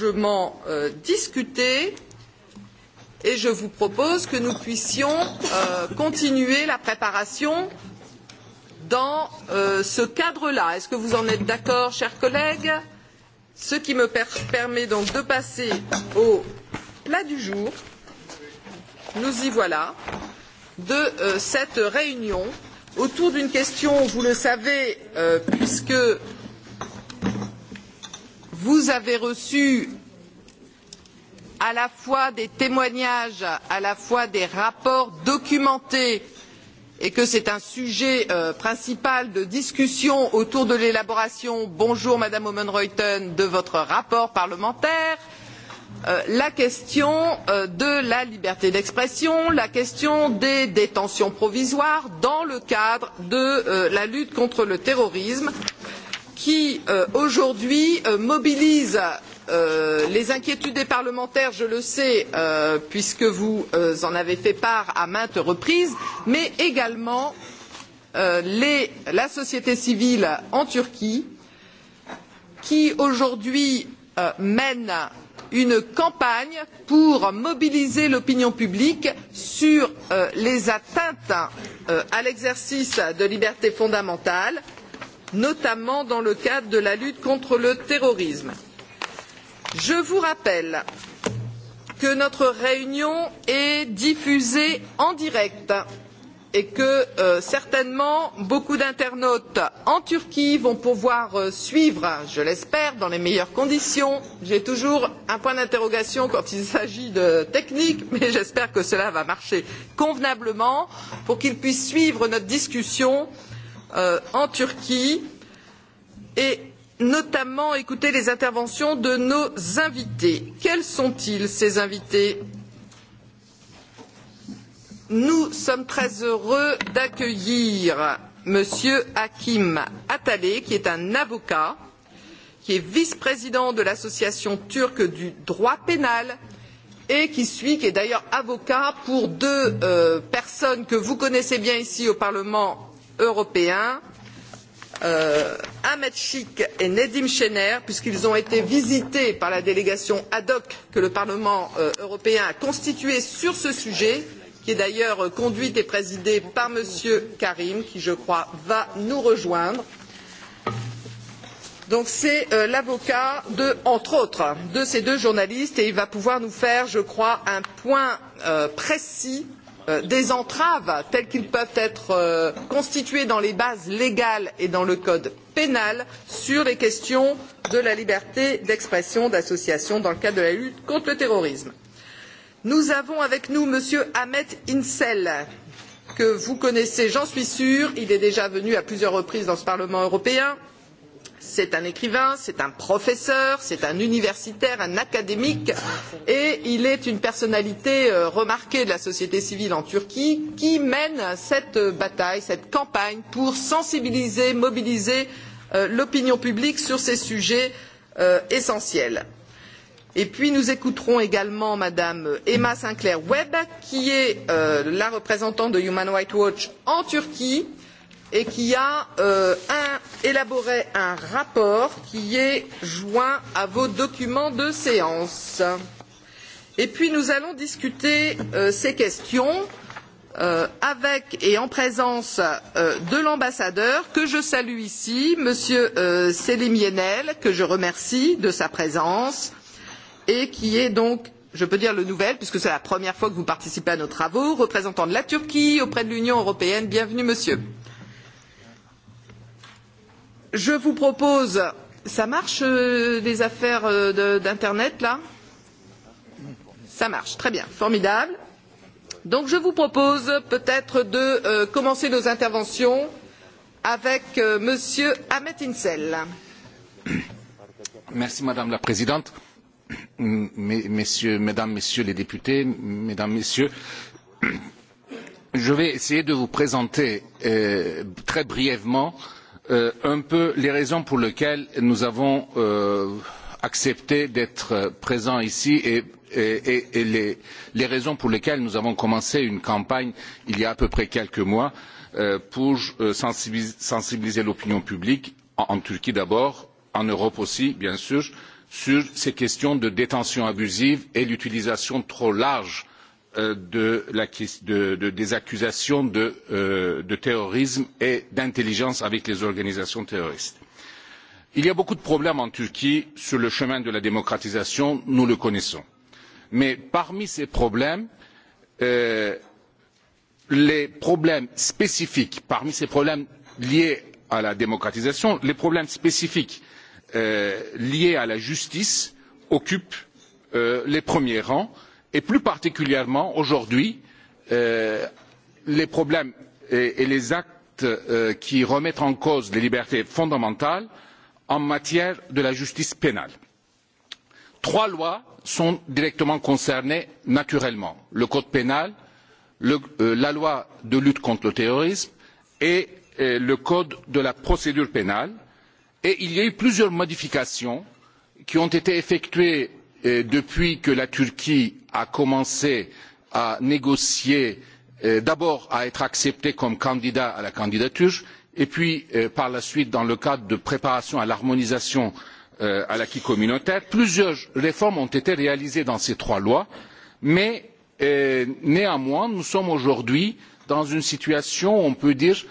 largement discuté et je vous propose que nous puissions continuer la préparation dans ce cadre là. est ce que vous en êtes d'accord chers collègues? ce qui me permet donc de passer au plat du jour nous y voilà de cette réunion autour d'une question vous le savez puisque vous avez reçu à la fois des témoignages, à la fois des rapports documentés et que c'est un sujet principal de discussion autour de l'élaboration bonjour madame oomen ruijten de votre rapport parlementaire la question de la liberté d'expression la question des détentions provisoires dans le cadre de la lutte contre le terrorisme et qui aujourd'hui mobilise les inquiétudes des parlementaires je le sais puisque vous en avez fait part à maintes reprises mais également la société civile en turquie qui aujourd'hui mène une campagne pour mobiliser l'opinion publique sur les atteintes à l'exercice de libertés fondamentales notamment dans le cadre de la lutte contre le terrorisme. Je vous rappelle que notre réunion est diffusée en direct et que certainement beaucoup d'internautes en Turquie vont pouvoir suivre, je l'espère, dans les meilleures conditions. J'ai toujours un point d'interrogation quand il s'agit de technique, mais j'espère que cela va marcher convenablement pour qu'ils puissent suivre notre discussion euh, en Turquie et notamment écouter les interventions de nos invités. Quels sont-ils, ces invités Nous sommes très heureux d'accueillir M. Hakim Atale, qui est un avocat, qui est vice-président de l'Association turque du droit pénal et qui suit, qui est d'ailleurs avocat pour deux personnes que vous connaissez bien ici au Parlement européens Ahmed Chik et Nedim Chener, puisqu'ils ont été visités par la délégation ad hoc que le Parlement européen a constituée sur ce sujet, qui est d'ailleurs conduite et présidée par M. Karim, qui, je crois, va nous rejoindre. Donc c'est l'avocat, entre autres, de ces deux journalistes, et il va pouvoir nous faire, je crois, un point précis euh, des entraves telles qu'elles peuvent être constituées dans les bases légales et dans le code pénal sur les questions de la liberté d'expression et d'association dans le cadre de la lutte contre le terrorisme. Nous avons avec nous M. Ahmed Insel, que vous connaissez, j'en suis sûre. Il est déjà venu à plusieurs reprises dans ce Parlement européen c'est un écrivain, c'est un professeur, c'est un universitaire, un académique, et il est une personnalité remarquée de la société civile en Turquie qui mène cette bataille, cette campagne pour sensibiliser, mobiliser l'opinion publique sur ces sujets essentiels. Et puis nous écouterons également Madame Emma Sinclair Webb, qui est la représentante de Human Rights Watch en Turquie, et qui a élaboré un rapport qui est joint à vos documents de séance. Et puis nous allons discuter ces questions avec et en présence de l'ambassadeur que je salue ici, M. Selim Yenel, que je remercie de sa présence et qui est donc je peux dire le nouvel puisque c'est la première fois que vous participez à nos travaux représentant de la Turquie auprès de l'Union européenne. Bienvenue, monsieur. Merci je vous propose. Ça marche les affaires d'internet là Ça marche, très bien, formidable. Donc je vous propose peut-être de commencer nos interventions avec Monsieur Ahmed Insel. Madame la Présidente, Messieurs, Mesdames, Messieurs les députés, Mesdames, Messieurs, je vais essayer de vous présenter très brièvement euh, un peu les raisons pour lesquelles nous avons accepté d'être présents ici et et, les, raisons pour lesquelles nous avons commencé une campagne il y a à peu près quelques mois pour sensibiliser l'opinion publique en Turquie d'abord, en Europe aussi bien sûr, sur ces questions de détention abusive et l'utilisation trop large des accusations de terrorisme et d'intelligence avec les organisations terroristes. Il y a beaucoup de problèmes en Turquie sur le chemin de la démocratisation, nous le connaissons. Mais parmi ces problèmes, les problèmes spécifiques, parmi ces problèmes liés à la démocratisation, les problèmes spécifiques liés à la justice occupent les premiers rangs et plus particulièrement aujourd'hui les problèmes et les actes qui remettent en cause les libertés fondamentales en matière de justice pénale. trois lois sont directement concernées naturellement le code pénal la loi de lutte contre le terrorisme et le code de la procédure pénale et il y a eu plusieurs modifications qui ont été effectuées depuis que la Turquie a commencé à négocier, d'abord à être acceptée comme candidat à la candidature, et puis par la suite dans le cadre de préparation à l'harmonisation à l'acquis communautaire, plusieurs réformes ont été réalisées dans ces trois lois, mais néanmoins, nous sommes aujourd'hui dans une situation, on peut dire,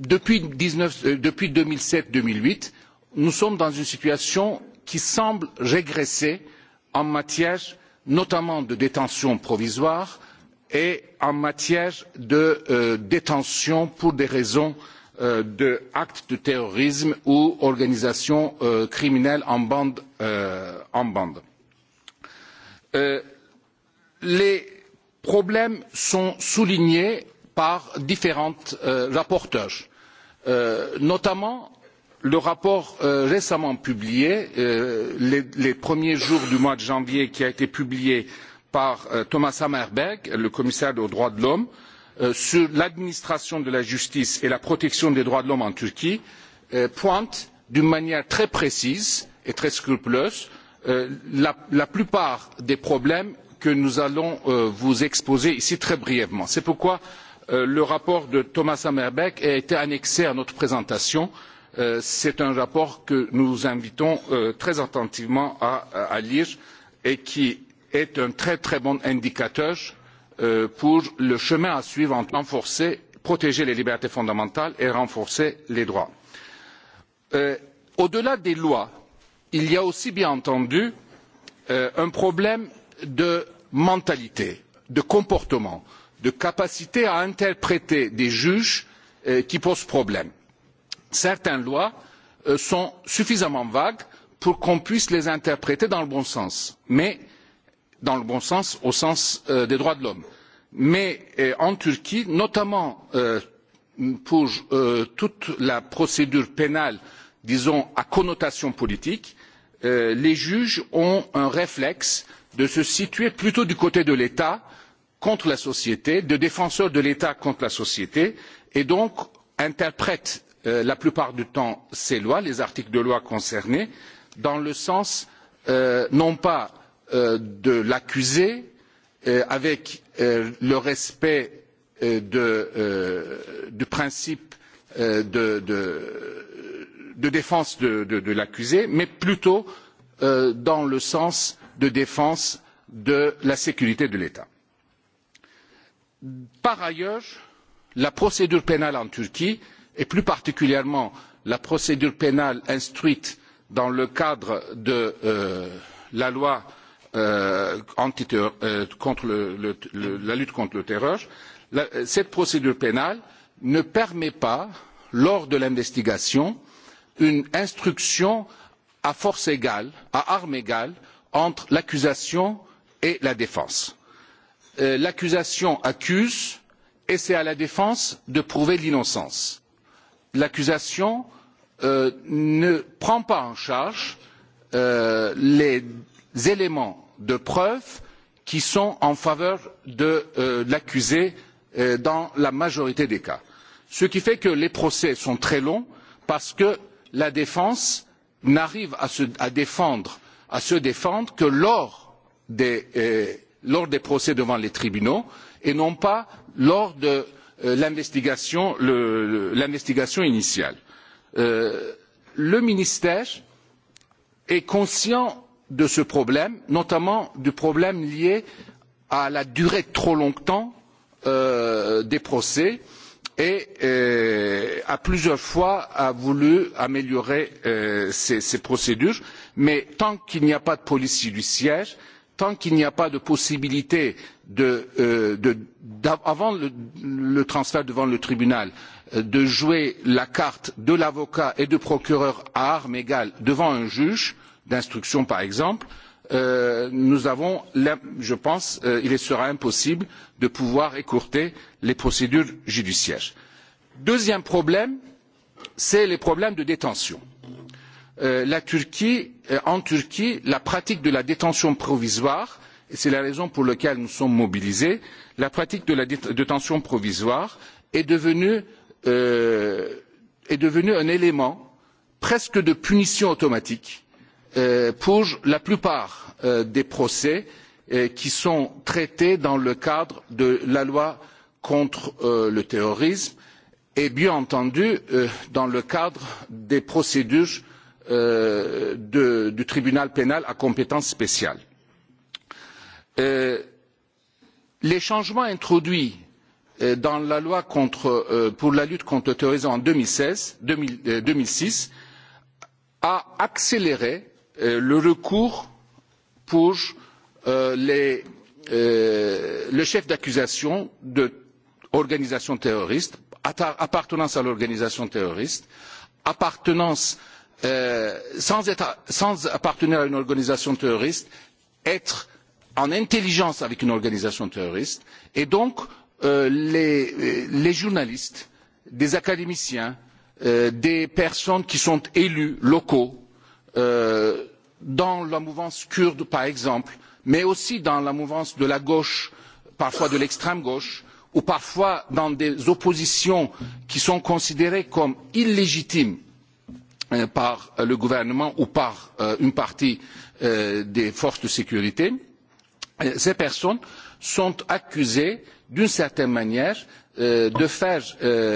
depuis deux mille sept deux mille huit, nous sommes dans une situation qui semble régresser en matière notamment de détention provisoire et en matière de détention pour des raisons d'actes de terrorisme ou d'organisation criminelle en bande. Les problèmes sont soulignés par différents rapporteurs, notamment le rapport récemment publié les, premiers jours du mois de janvier qui a été publié par Thomas Hammerberg, le commissaire aux droits de l'homme, sur l'administration de la justice et la protection des droits de l'homme en Turquie pointe d'une manière très précise et très scrupuleuse la, plupart des problèmes que nous allons vous exposer ici très brièvement. C'est pourquoi le rapport de Thomas Hammerbeck a été annexé à notre présentation c'est un rapport que nous vous invitons très attentivement à, lire et qui est un très très bon indicateur pour le chemin à suivre entre renforcer, protéger les libertés fondamentales et renforcer les droits. Au-delà des lois, il y a aussi bien entendu un problème de mentalité, de comportement, de capacité à interpréter des juges qui pose problème certaines lois sont suffisamment vagues pour qu'on puisse les interpréter dans le bon sens, mais dans le bon sens au sens des droits de l'homme. Mais en Turquie, notamment pour toute la procédure pénale, disons, à connotation politique, les juges ont un réflexe de se situer plutôt du côté de l'État contre la société, de défenseurs de l'État contre la société, et donc interprètent la plupart du temps ces lois, les articles de loi concernés, dans le sens non pas de l'accuser avec le respect du principe de défense de l'accusé, mais plutôt dans le sens de défense de la sécurité de l'État. Par ailleurs, la procédure pénale en Turquie et plus particulièrement la procédure pénale instruite dans le cadre de la loi contre la lutte contre le terrorisme, cette procédure pénale ne permet pas, lors de l'investigation, une instruction à force égale, à armes égales, entre l'accusation et la défense. L'accusation accuse et c'est à la défense de prouver l'innocence l'accusation ne prend pas en charge les éléments de preuve qui sont en faveur de l'accusé dans la majorité des cas. Ce qui fait que les procès sont très longs parce que la défense n'arrive à se défendre que lors des procès devant les tribunaux et non pas lors de l'investigation initiale. le ministère est conscient de ce problème, notamment du problème lié à la durée trop longtemps des procès et a plusieurs fois voulu améliorer ces procédures mais tant qu'il n'y a pas de police judiciaire tant qu'il n'y a pas de possibilité avant le, transfert devant le tribunal, de jouer la carte de l'avocat et de procureur à armes égales devant un juge d'instruction, par exemple, nous avons, je pense, il sera impossible de pouvoir écourter les procédures judiciaires. Deuxième problème, c'est les problèmes de détention. en Turquie, la pratique de la détention provisoire c'est la raison pour laquelle nous sommes mobilisés, la pratique de la détention provisoire est devenue, un élément presque de punition automatique pour la plupart des procès qui sont traités dans le cadre de la loi contre le terrorisme et bien entendu dans le cadre des procédures du tribunal pénal à compétence spéciale les changements introduits dans la loi pour la lutte contre le terrorisme en deux mille six ont accéléré le recours pour le chef d'accusation d'organisation terroriste appartenance à l'organisation terroriste appartenance sans appartenir à une organisation terroriste être en intelligence avec une organisation terroriste et donc les, journalistes, des académiciens, des personnes qui sont élus locaux dans la mouvance kurde par exemple, mais aussi dans la mouvance de la gauche, parfois de l'extrême gauche, ou parfois dans des oppositions qui sont considérées comme illégitimes par le gouvernement ou par une partie des forces de sécurité ces personnes sont accusées d'une certaine manière de faire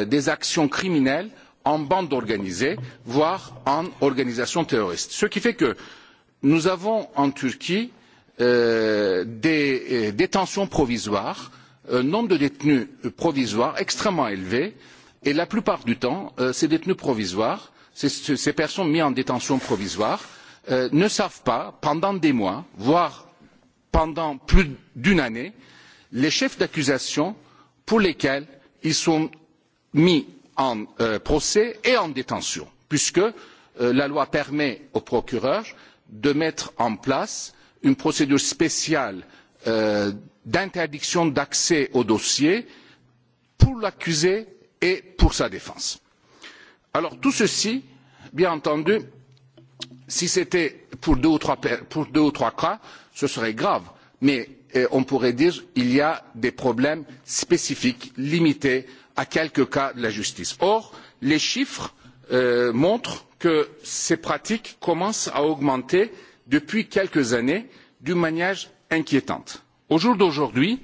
des actions criminelles en bande organisée voire en organisation terroriste ce qui fait que nous avons en turquie des détentions provisoires un nombre de détenus provisoires extrêmement élevé et la plupart du temps ces détenus provisoires ces personnes mises en détention provisoire ne savent pas pendant des mois voire pendant plus d'une année les chefs d'accusation pour lesquels ils sont mis en procès et en détention puisque la loi permet au procureur de mettre en place une procédure spéciale d'interdiction d'accès au dossier pour l'accusé et pour sa défense. Alors tout ceci, bien entendu, si c'était pour deux ou trois cas, ce serait grave. Mais on pourrait dire qu'il y a des problèmes spécifiques, limités à quelques cas de la justice. Or, les chiffres montrent que ces pratiques commencent à augmenter depuis quelques années d'une manière inquiétante. Au jour d'aujourd'hui,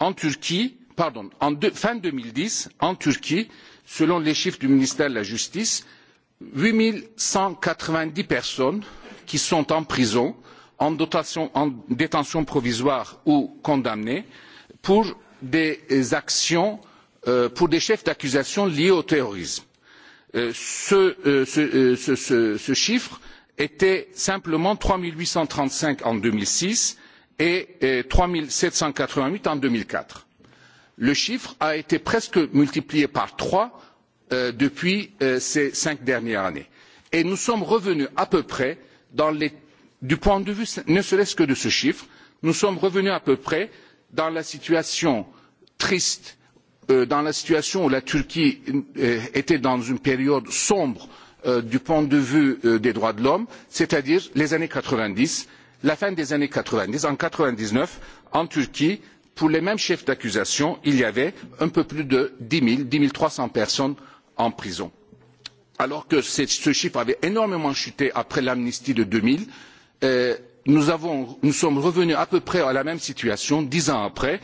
en Turquie, pardon, en fin deux mille dix, en Turquie, selon les chiffres du ministère de la Justice, huit cent quatre-vingt-dix personnes qui sont en prison en détention provisoire ou condamnés pour des actions pour des chefs d'accusation liés au terrorisme. ce chiffre était simplement trois huit cent trente cinq en deux mille six et trois sept cent quatre vingt huit en. deux mille quatre le chiffre a été presque multiplié par trois depuis ces cinq dernières années et nous sommes revenus à peu près dans les du point de vue ne serait ce que de ce chiffre nous sommes revenus à peu près dans la situation triste dans la situation où la turquie était dans une période sombre du point de vue des droits de l'homme c'est à dire les années quatre vingt dix la fin des années quatre vingt dix en quatre vingt dix neuf en turquie pour les mêmes chefs d'accusation il y avait un peu plus de dix zéro dix trois cents personnes en prison alors que ce chiffre avait énormément chuté après l'amnistie de deux mille nous, sommes revenus à peu près à la même situation dix ans après,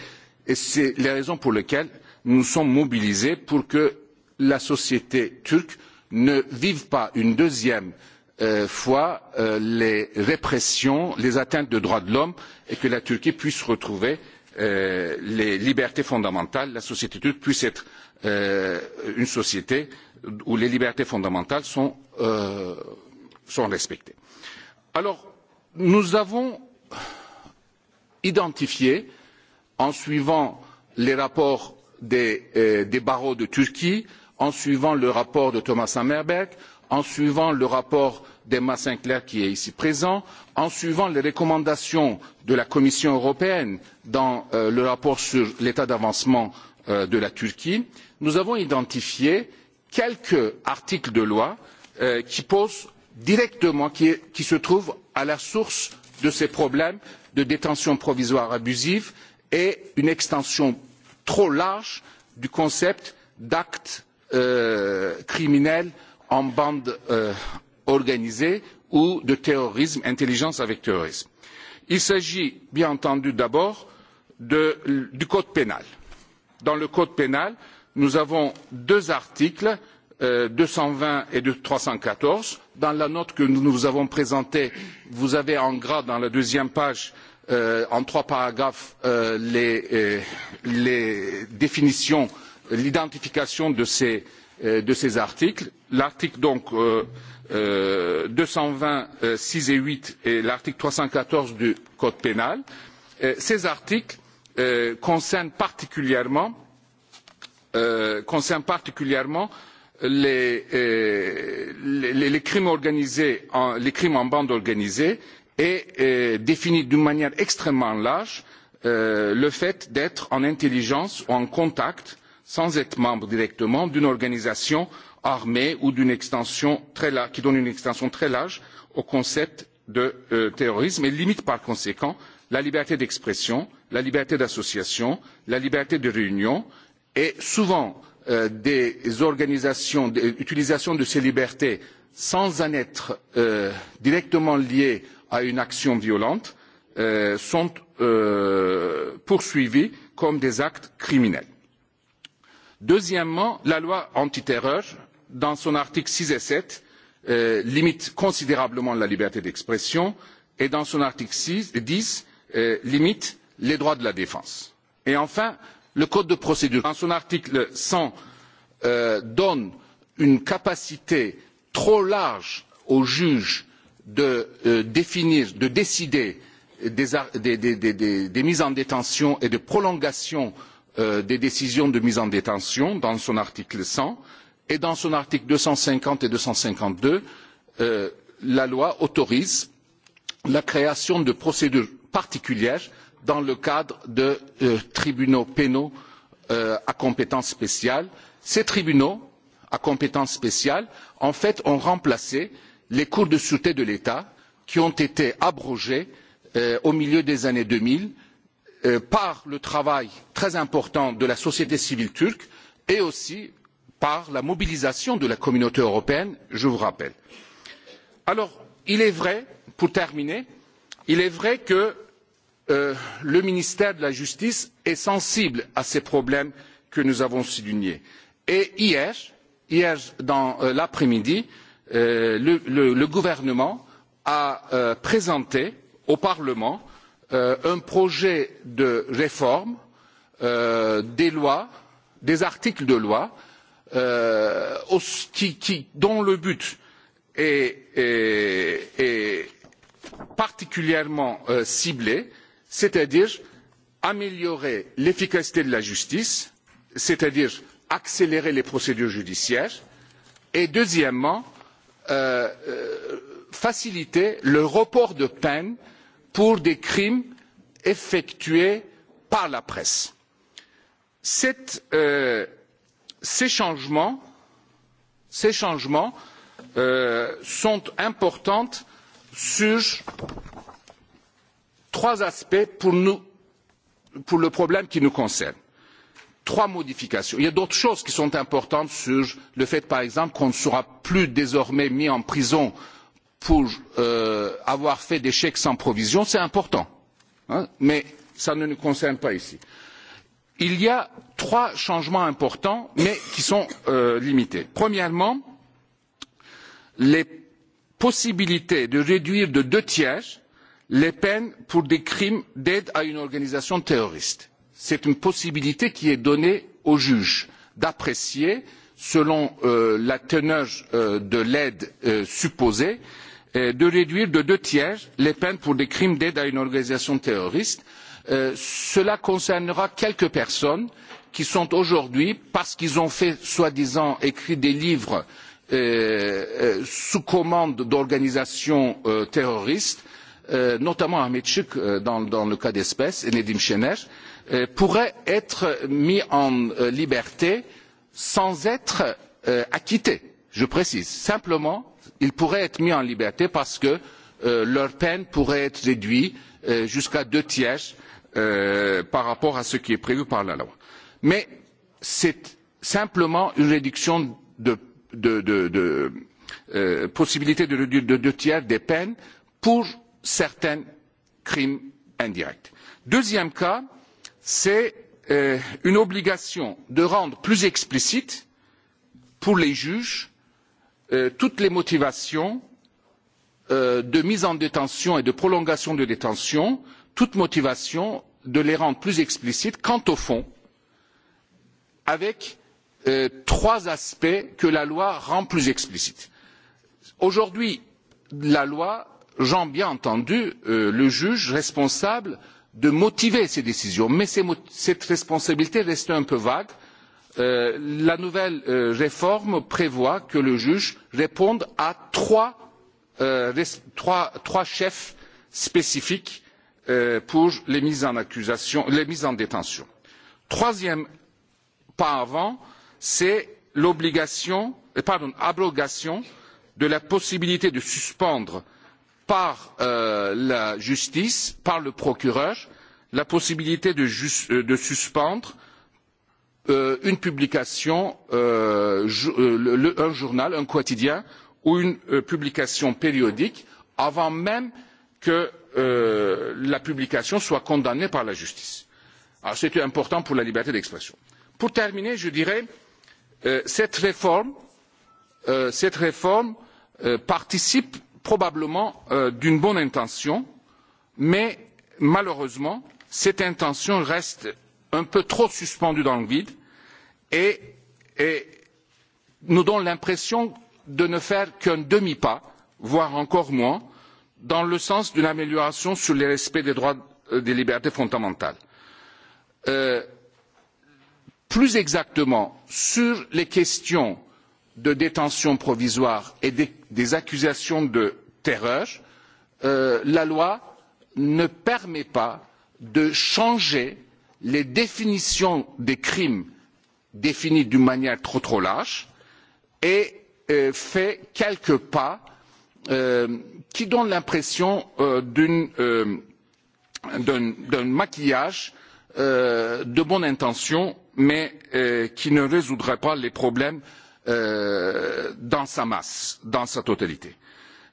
et c'est la raison pour laquelle nous nous sommes mobilisés pour que la société turque ne vive pas une deuxième fois les répressions, les atteintes aux droits de l'homme et que la Turquie puisse retrouver les libertés fondamentales, la société turque puisse être une société où les libertés fondamentales sont, respectées. Alors, Nous avons identifié, en suivant les rapports des, barreaux de Turquie, en suivant le rapport de Thomas Hammerberg, en suivant le rapport d'Emma Sinclair qui est ici présent, en suivant les recommandations de la Commission européenne dans le rapport sur l'état d'avancement de la Turquie, nous avons identifié quelques articles de loi qui posent directement, qui se trouvent à la source de ces problèmes de détention provisoire abusive et une extension trop large du concept d'actes criminels en bande organisée ou de terrorisme intelligence avec terrorisme. il s'agit bien entendu d'abord du code pénal. dans le code pénal nous avons deux articles deux cent vingt et trois cent quatorze dans la note que nous vous avons présentée vous avez en gras dans la deuxième page en trois paragraphes les définitions l'identification de ces articles l'article donc deux cent vingt six et huit et l'article trois cent quatorze du code pénal. ces articles concernent particulièrement les, crimes organisés, les crimes en bande organisée et définit d'une manière extrêmement large le fait d'être en intelligence ou en contact, sans être membre directement, d'une organisation armée ou d'une extension très large, qui donne une extension très large au concept de terrorisme et limite par conséquent la liberté d'expression, la liberté d'association, la liberté de réunion et souvent des organisations, l'utilisation de ces libertés sans en être directement liées à une action violente sont poursuivis comme des actes criminels. Deuxièmement, la loi antiterreur, dans son article six et sept, limite considérablement la liberté d'expression et dans son article dix limite les droits de la défense. Et enfin, le code de procédure en son article cent donne une capacité trop large au juge de définir de décider des mises en détention et de prolongation des décisions de mise en détention dans son article cent et dans son article deux cent cinquante et deux cent cinquante deux la loi autorise la création de procédures particulières dans le cadre de tribunaux pénaux à compétence spéciale. ces tribunaux à compétence spéciale en fait ont remplacé les cours de sûreté de l'état qui ont été abrogées au milieu des années deux mille par le travail très important de la société civile turque et aussi par la mobilisation de la communauté européenne je vous rappelle. alors il est vrai pour terminer que le ministère de la Justice est sensible à ces problèmes que nous avons soulignés. Et hier, dans l'après-midi, le, gouvernement a présenté au Parlement un projet de réforme des lois, des articles de loi, dont le but est, particulièrement ciblé c'est-à-dire améliorer l'efficacité de la justice, c'est-à-dire accélérer les procédures judiciaires, et deuxièmement, faciliter le report de peine pour des crimes effectués par la presse. ces changements, sont importants sur trois aspects pour le problème qui nous concerne trois modifications. Il y a d'autres choses qui sont importantes sur le fait, par exemple, qu'on ne sera plus désormais mis en prison pour avoir fait des chèques sans provision. C'est important, mais cela ne nous concerne pas ici. Il y a trois changements importants, mais qui sont limités. Premièrement, les possibilités de réduire de deux tiers les peines pour des crimes d'aide à une organisation terroriste. C'est une possibilité qui est donnée au juge d'apprécier, selon la teneur de l'aide supposée, de réduire de deux tiers les peines pour des crimes d'aide à une organisation terroriste. cela concernera quelques personnes qui sont aujourd'hui, parce qu'ils ont fait, soi-disant, écrit des livres sous commande d'organisations terroristes, notamment Ahmed Chouk dans, le cas d'espèce, et Nedim Chener, pourraient être mis en liberté sans être acquittés, je précise. Simplement, ils pourraient être mis en liberté parce que leur peine pourrait être réduite jusqu'à deux tiers par rapport à ce qui est prévu par la loi. Mais c'est simplement une réduction de, possibilité de réduire de deux tiers des peines pour certains crimes indirects. deuxième cas c'est une obligation de rendre plus explicites pour les juges toutes les motivations de mise en détention et de prolongation de détention toutes motivations de les rendre plus explicites quant au fond avec trois aspects que la loi rend plus explicites. aujourd'hui la loi j'ai bien entendu le juge responsable de motiver ses décisions mais cette responsabilité reste un peu vague. la nouvelle réforme prévoit que le juge réponde à trois chefs spécifiques pour les mises en détention. troisième pas avant c'est l'abrogation de la possibilité de suspendre par la justice, par le procureur, la possibilité de, suspendre une publication, un journal, un quotidien ou une publication périodique avant même que la publication soit condamnée par la justice. Alors important pour la liberté d'expression. Pour terminer, je dirais que cette réforme, participe probablement d'une bonne intention mais malheureusement cette intention reste un peu trop suspendue dans le vide et nous donne l'impression de ne faire qu'un demi pas voire encore moins dans le sens d'une amélioration sur le respect des droits et des libertés fondamentales. plus exactement sur les questions de détention provisoire et des accusations de terreur, la loi ne permet pas de changer les définitions des crimes définis d'une manière trop trop large et fait quelques pas qui donnent l'impression d'un maquillage de bonnes intentions, mais qui ne résoudrait pas les problèmes dans sa masse, dans sa totalité.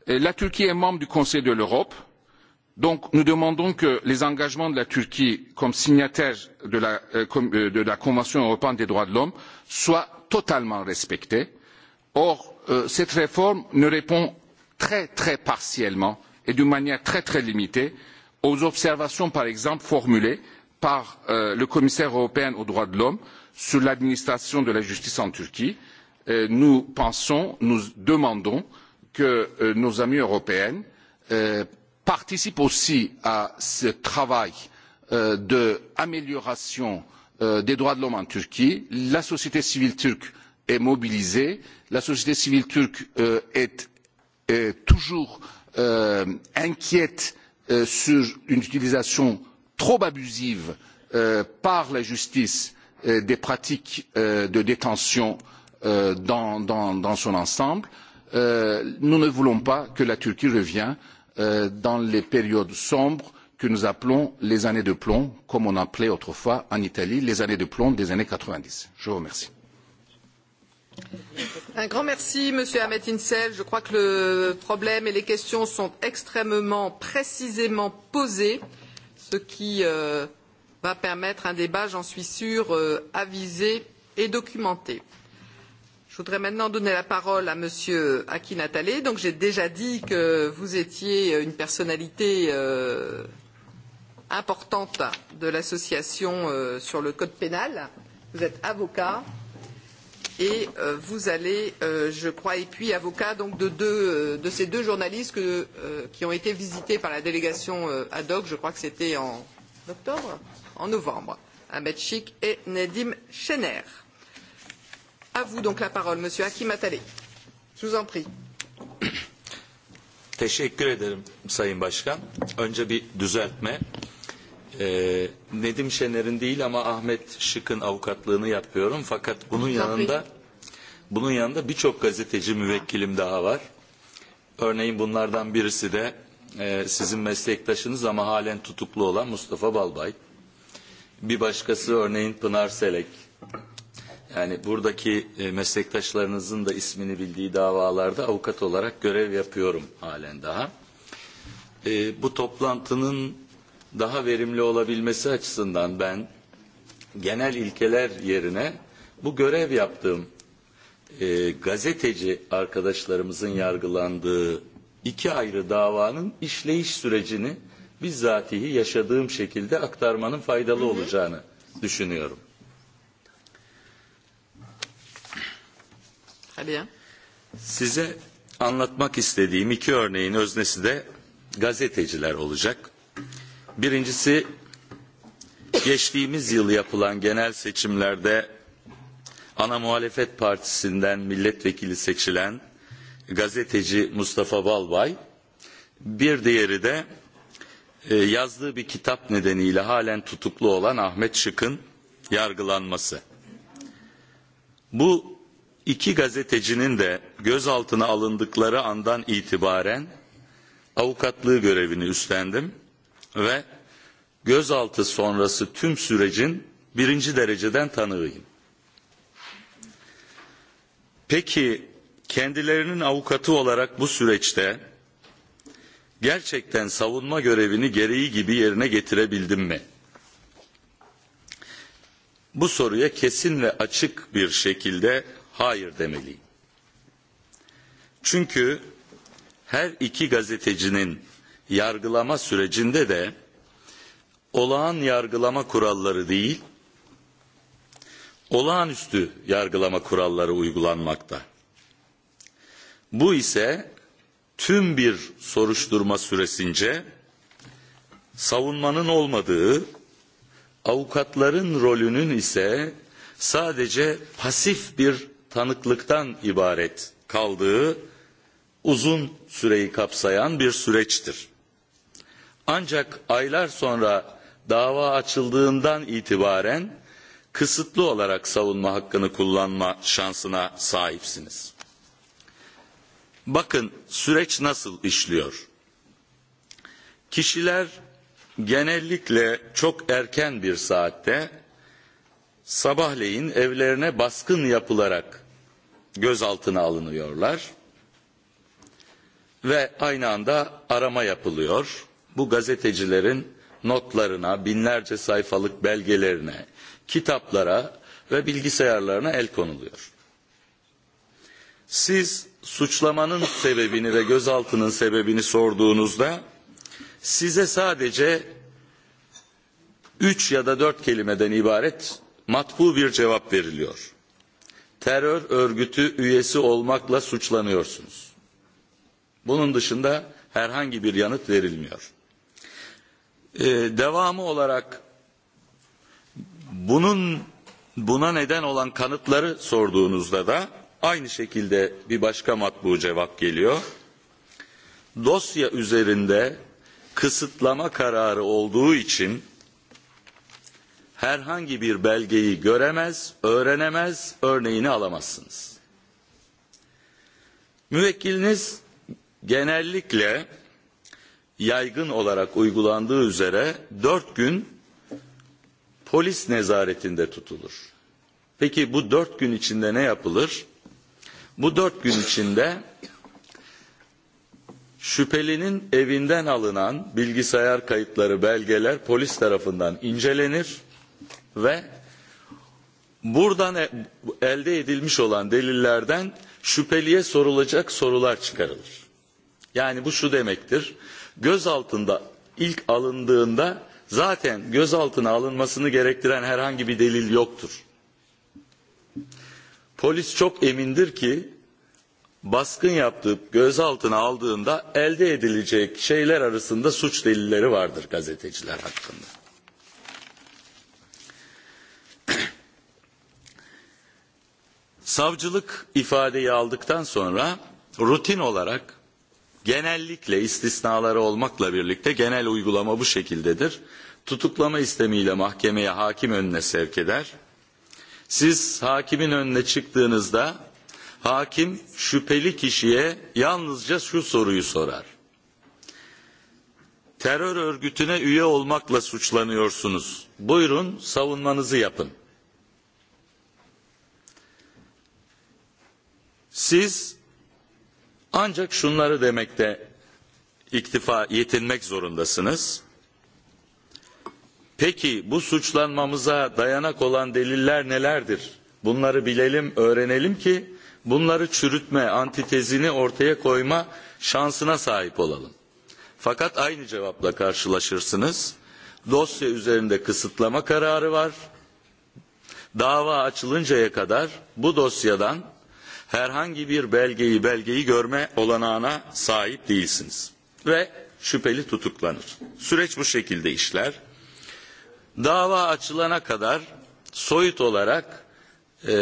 La Turquie est membre du Conseil de l'Europe, donc nous demandons que les engagements de la Turquie comme signataire de la, Convention européenne des droits de l'homme soient totalement respectés. Or, cette réforme ne répond très très partiellement et d'une manière très très limitée aux observations, par exemple, formulées par le commissaire européen aux droits de l'homme sur l'administration de la justice en Turquie, nous pensons, nous demandons que nos amis européennes participent aussi à ce travail d'amélioration des droits de l'homme en Turquie. La société civile turque est mobilisée, la société civile turque est toujours inquiète sur une utilisation trop abusive par la justice des pratiques de détention dans, son ensemble. nous ne voulons pas que la Turquie revienne dans les périodes sombres que nous appelons les années de plomb, comme on appelait autrefois en Italie les années de plomb des années quatre vingt dix. Je vous remercie. Un grand merci, Monsieur Ahmet Insel. Je crois que le problème et les questions sont extrêmement précisément posées, ce qui va permettre un débat, j'en suis sûre, avisé et documenté. Je voudrais maintenant donner la parole à Monsieur Aki Nathalie. Donc j'ai déjà dit que vous étiez une personnalité importante de l'association sur le code pénal. Vous êtes avocat et vous allez, je crois, et puis avocat donc de, ces deux journalistes qui ont été visités par la délégation ad hoc. Je crois que c'était en octobre, en novembre, Ahmed Chik et Nedim Chener À vous donc la parole, Monsieur Hakim Attalé. Je vous en prie. Teşekkür ederim Sayın Başkan. Önce bir düzeltme. Ee, Nedim Şener'in değil ama Ahmet Şık'ın avukatlığını yapıyorum. Fakat bunun yanında bunun yanında birçok gazeteci müvekkilim daha var. Örneğin bunlardan birisi de e, sizin meslektaşınız ama halen tutuklu olan Mustafa Balbay. Bir başkası örneğin Pınar Selek, Yani buradaki meslektaşlarınızın da ismini bildiği davalarda avukat olarak görev yapıyorum halen daha. E, Bu toplantının daha verimli olabilmesi açısından ben genel ilkeler yerine bu görev yaptığım e, gazeteci arkadaşlarımızın yargılandığı iki ayrı davanın işleyiş sürecini bizzatihi yaşadığım şekilde aktarmanın faydalı hı hı. olacağını düşünüyorum. bien. Size anlatmak istediğim iki örneğin öznesi de gazeteciler olacak. Birincisi geçtiğimiz yıl yapılan genel seçimlerde ana muhalefet partisinden milletvekili seçilen gazeteci Mustafa Balbay. Bir diğeri de yazdığı bir kitap nedeniyle halen tutuklu olan Ahmet Şık'ın yargılanması. Bu iki gazetecinin de gözaltına alındıkları andan itibaren avukatlığı görevini üstlendim ve gözaltı sonrası tüm sürecin birinci dereceden tanığıyım. Peki kendilerinin avukatı olarak bu süreçte gerçekten savunma görevini gereği gibi yerine getirebildim mi? Bu soruya kesin ve açık bir şekilde hayır demeliyim. Çünkü her iki gazetecinin yargılama sürecinde de olağan yargılama kuralları değil, olağanüstü yargılama kuralları uygulanmakta. Bu ise tüm bir soruşturma süresince savunmanın olmadığı, avukatların rolünün ise sadece pasif bir tanıklıktan ibaret kaldığı uzun süreyi kapsayan bir süreçtir. Ancak aylar sonra dava açıldığından itibaren kısıtlı olarak savunma hakkını kullanma şansına sahipsiniz. Bakın süreç nasıl işliyor? Kişiler genellikle çok erken bir saatte sabahleyin evlerine baskın yapılarak gözaltına alınıyorlar ve aynı anda arama yapılıyor. Bu gazetecilerin notlarına, binlerce sayfalık belgelerine, kitaplara ve bilgisayarlarına el konuluyor. Siz suçlamanın sebebini ve gözaltının sebebini sorduğunuzda size sadece üç ya da dört kelimeden ibaret matbu bir cevap veriliyor. Terör örgütü üyesi olmakla suçlanıyorsunuz. Bunun dışında herhangi bir yanıt verilmiyor. Ee, devamı olarak bunun buna neden olan kanıtları sorduğunuzda da aynı şekilde bir başka matbu cevap geliyor. Dosya üzerinde kısıtlama kararı olduğu için herhangi bir belgeyi göremez, öğrenemez, örneğini alamazsınız. Müvekkiliniz genellikle yaygın olarak uygulandığı üzere dört gün polis nezaretinde tutulur. Peki bu dört gün içinde ne yapılır? Bu dört gün içinde şüphelinin evinden alınan bilgisayar kayıtları, belgeler polis tarafından incelenir ve buradan elde edilmiş olan delillerden şüpheliye sorulacak sorular çıkarılır. Yani bu şu demektir. Göz altında ilk alındığında zaten gözaltına alınmasını gerektiren herhangi bir delil yoktur. Polis çok emindir ki baskın yaptığı gözaltına aldığında elde edilecek şeyler arasında suç delilleri vardır gazeteciler hakkında. savcılık ifadeyi aldıktan sonra rutin olarak genellikle istisnaları olmakla birlikte genel uygulama bu şekildedir. Tutuklama istemiyle mahkemeye hakim önüne sevk eder. Siz hakimin önüne çıktığınızda hakim şüpheli kişiye yalnızca şu soruyu sorar. Terör örgütüne üye olmakla suçlanıyorsunuz. Buyurun savunmanızı yapın. Siz ancak şunları demekte iktifa yetinmek zorundasınız. Peki bu suçlanmamıza dayanak olan deliller nelerdir? Bunları bilelim, öğrenelim ki bunları çürütme, antitezini ortaya koyma şansına sahip olalım. Fakat aynı cevapla karşılaşırsınız. Dosya üzerinde kısıtlama kararı var. Dava açılıncaya kadar bu dosyadan herhangi bir belgeyi belgeyi görme olanağına sahip değilsiniz ve şüpheli tutuklanır. Süreç bu şekilde işler. Dava açılana kadar soyut olarak e,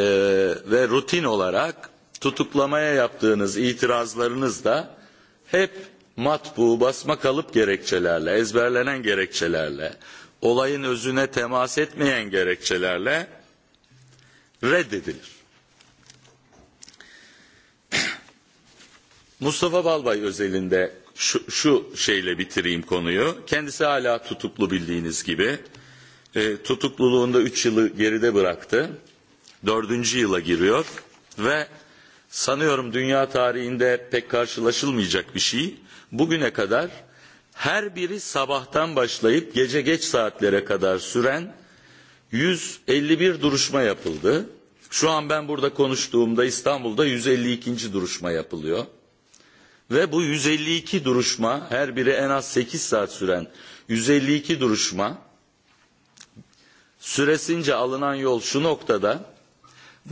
ve rutin olarak tutuklamaya yaptığınız itirazlarınız da hep matbu, basma kalıp gerekçelerle, ezberlenen gerekçelerle, olayın özüne temas etmeyen gerekçelerle reddedilir. Mustafa Balbay özelinde şu, şu şeyle bitireyim konuyu. Kendisi hala tutuklu bildiğiniz gibi. E, tutukluluğunda 3 yılı geride bıraktı. 4. yıla giriyor ve sanıyorum dünya tarihinde pek karşılaşılmayacak bir şey. Bugüne kadar her biri sabahtan başlayıp gece geç saatlere kadar süren 151 duruşma yapıldı. Şu an ben burada konuştuğumda İstanbul'da 152. duruşma yapılıyor. Ve bu 152 duruşma her biri en az 8 saat süren 152 duruşma süresince alınan yol şu noktada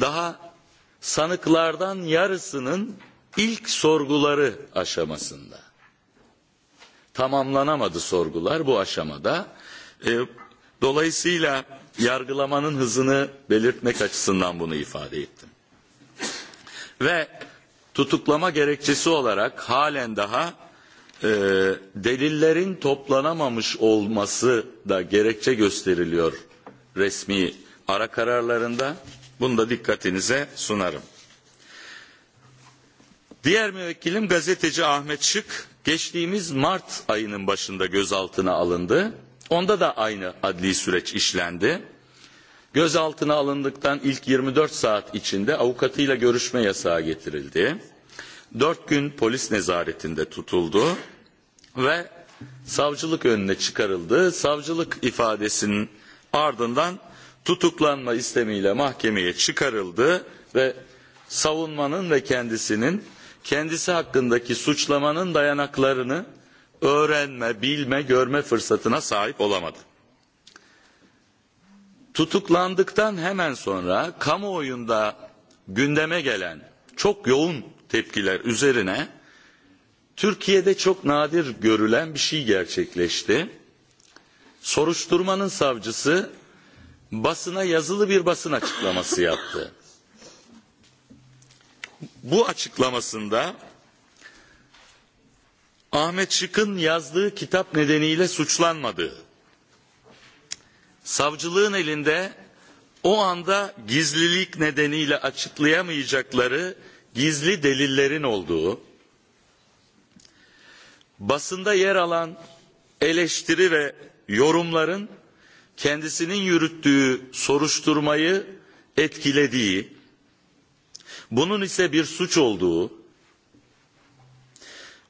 daha sanıklardan yarısının ilk sorguları aşamasında. Tamamlanamadı sorgular bu aşamada. E, dolayısıyla yargılamanın hızını belirtmek açısından bunu ifade ettim. Ve tutuklama gerekçesi olarak halen daha e, delillerin toplanamamış olması da gerekçe gösteriliyor resmi ara kararlarında. Bunu da dikkatinize sunarım. Diğer müvekkilim gazeteci Ahmet Şık geçtiğimiz Mart ayının başında gözaltına alındı. Onda da aynı adli süreç işlendi gözaltına alındıktan ilk 24 saat içinde avukatıyla görüşme yasağı getirildi. 4 gün polis nezaretinde tutuldu ve savcılık önüne çıkarıldı. Savcılık ifadesinin ardından tutuklanma istemiyle mahkemeye çıkarıldı ve savunmanın ve kendisinin kendisi hakkındaki suçlamanın dayanaklarını öğrenme, bilme, görme fırsatına sahip olamadı tutuklandıktan hemen sonra kamuoyunda gündeme gelen çok yoğun tepkiler üzerine Türkiye'de çok nadir görülen bir şey gerçekleşti. Soruşturmanın savcısı basına yazılı bir basın açıklaması yaptı. Bu açıklamasında Ahmet Şık'ın yazdığı kitap nedeniyle suçlanmadığı savcılığın elinde o anda gizlilik nedeniyle açıklayamayacakları gizli delillerin olduğu, basında yer alan eleştiri ve yorumların kendisinin yürüttüğü soruşturmayı etkilediği, bunun ise bir suç olduğu,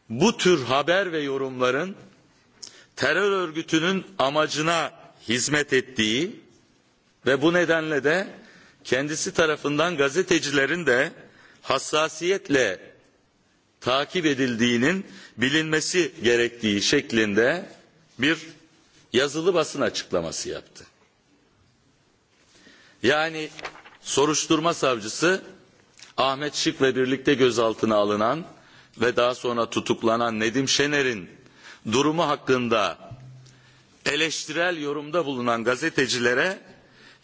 bu tür haber ve yorumların terör örgütünün amacına hizmet ettiği ve bu nedenle de kendisi tarafından gazetecilerin de hassasiyetle takip edildiğinin bilinmesi gerektiği şeklinde bir yazılı basın açıklaması yaptı. Yani soruşturma savcısı Ahmet Şık ve birlikte gözaltına alınan ve daha sonra tutuklanan Nedim Şener'in durumu hakkında eleştirel yorumda bulunan gazetecilere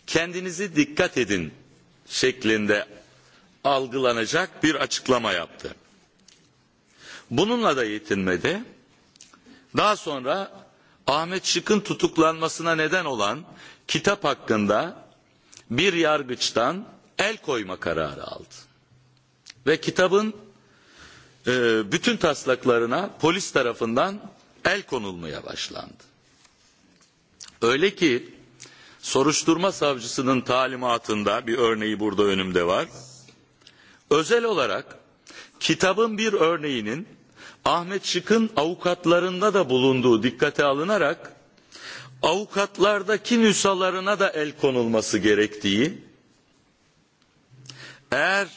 kendinizi dikkat edin şeklinde algılanacak bir açıklama yaptı. Bununla da yetinmedi. Daha sonra Ahmet Şık'ın tutuklanmasına neden olan kitap hakkında bir yargıçtan el koyma kararı aldı. Ve kitabın bütün taslaklarına polis tarafından el konulmaya başlandı. Öyle ki soruşturma savcısının talimatında bir örneği burada önümde var. Özel olarak kitabın bir örneğinin Ahmet Şık'ın avukatlarında da bulunduğu dikkate alınarak avukatlardaki nüshalarına da el konulması gerektiği eğer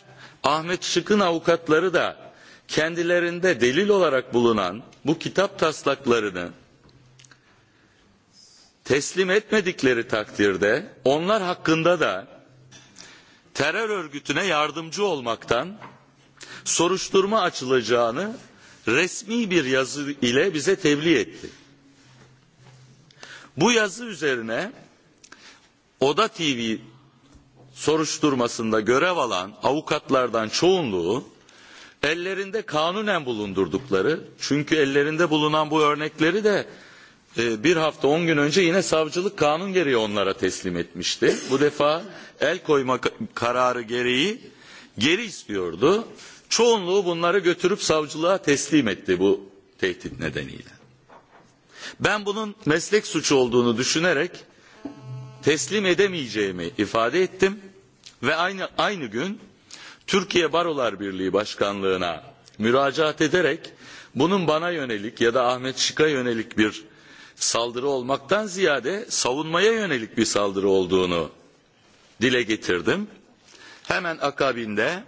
Ahmet Şık'ın avukatları da kendilerinde delil olarak bulunan bu kitap taslaklarını teslim etmedikleri takdirde onlar hakkında da terör örgütüne yardımcı olmaktan soruşturma açılacağını resmi bir yazı ile bize tebliğ etti. Bu yazı üzerine Oda TV soruşturmasında görev alan avukatlardan çoğunluğu ellerinde kanunen bulundurdukları çünkü ellerinde bulunan bu örnekleri de bir hafta on gün önce yine savcılık kanun gereği onlara teslim etmişti. Bu defa el koyma kararı gereği geri istiyordu. Çoğunluğu bunları götürüp savcılığa teslim etti bu tehdit nedeniyle. Ben bunun meslek suçu olduğunu düşünerek teslim edemeyeceğimi ifade ettim ve aynı aynı gün Türkiye Barolar Birliği Başkanlığına müracaat ederek bunun bana yönelik ya da Ahmet Şık'a yönelik bir saldırı olmaktan ziyade savunmaya yönelik bir saldırı olduğunu dile getirdim. Hemen akabinde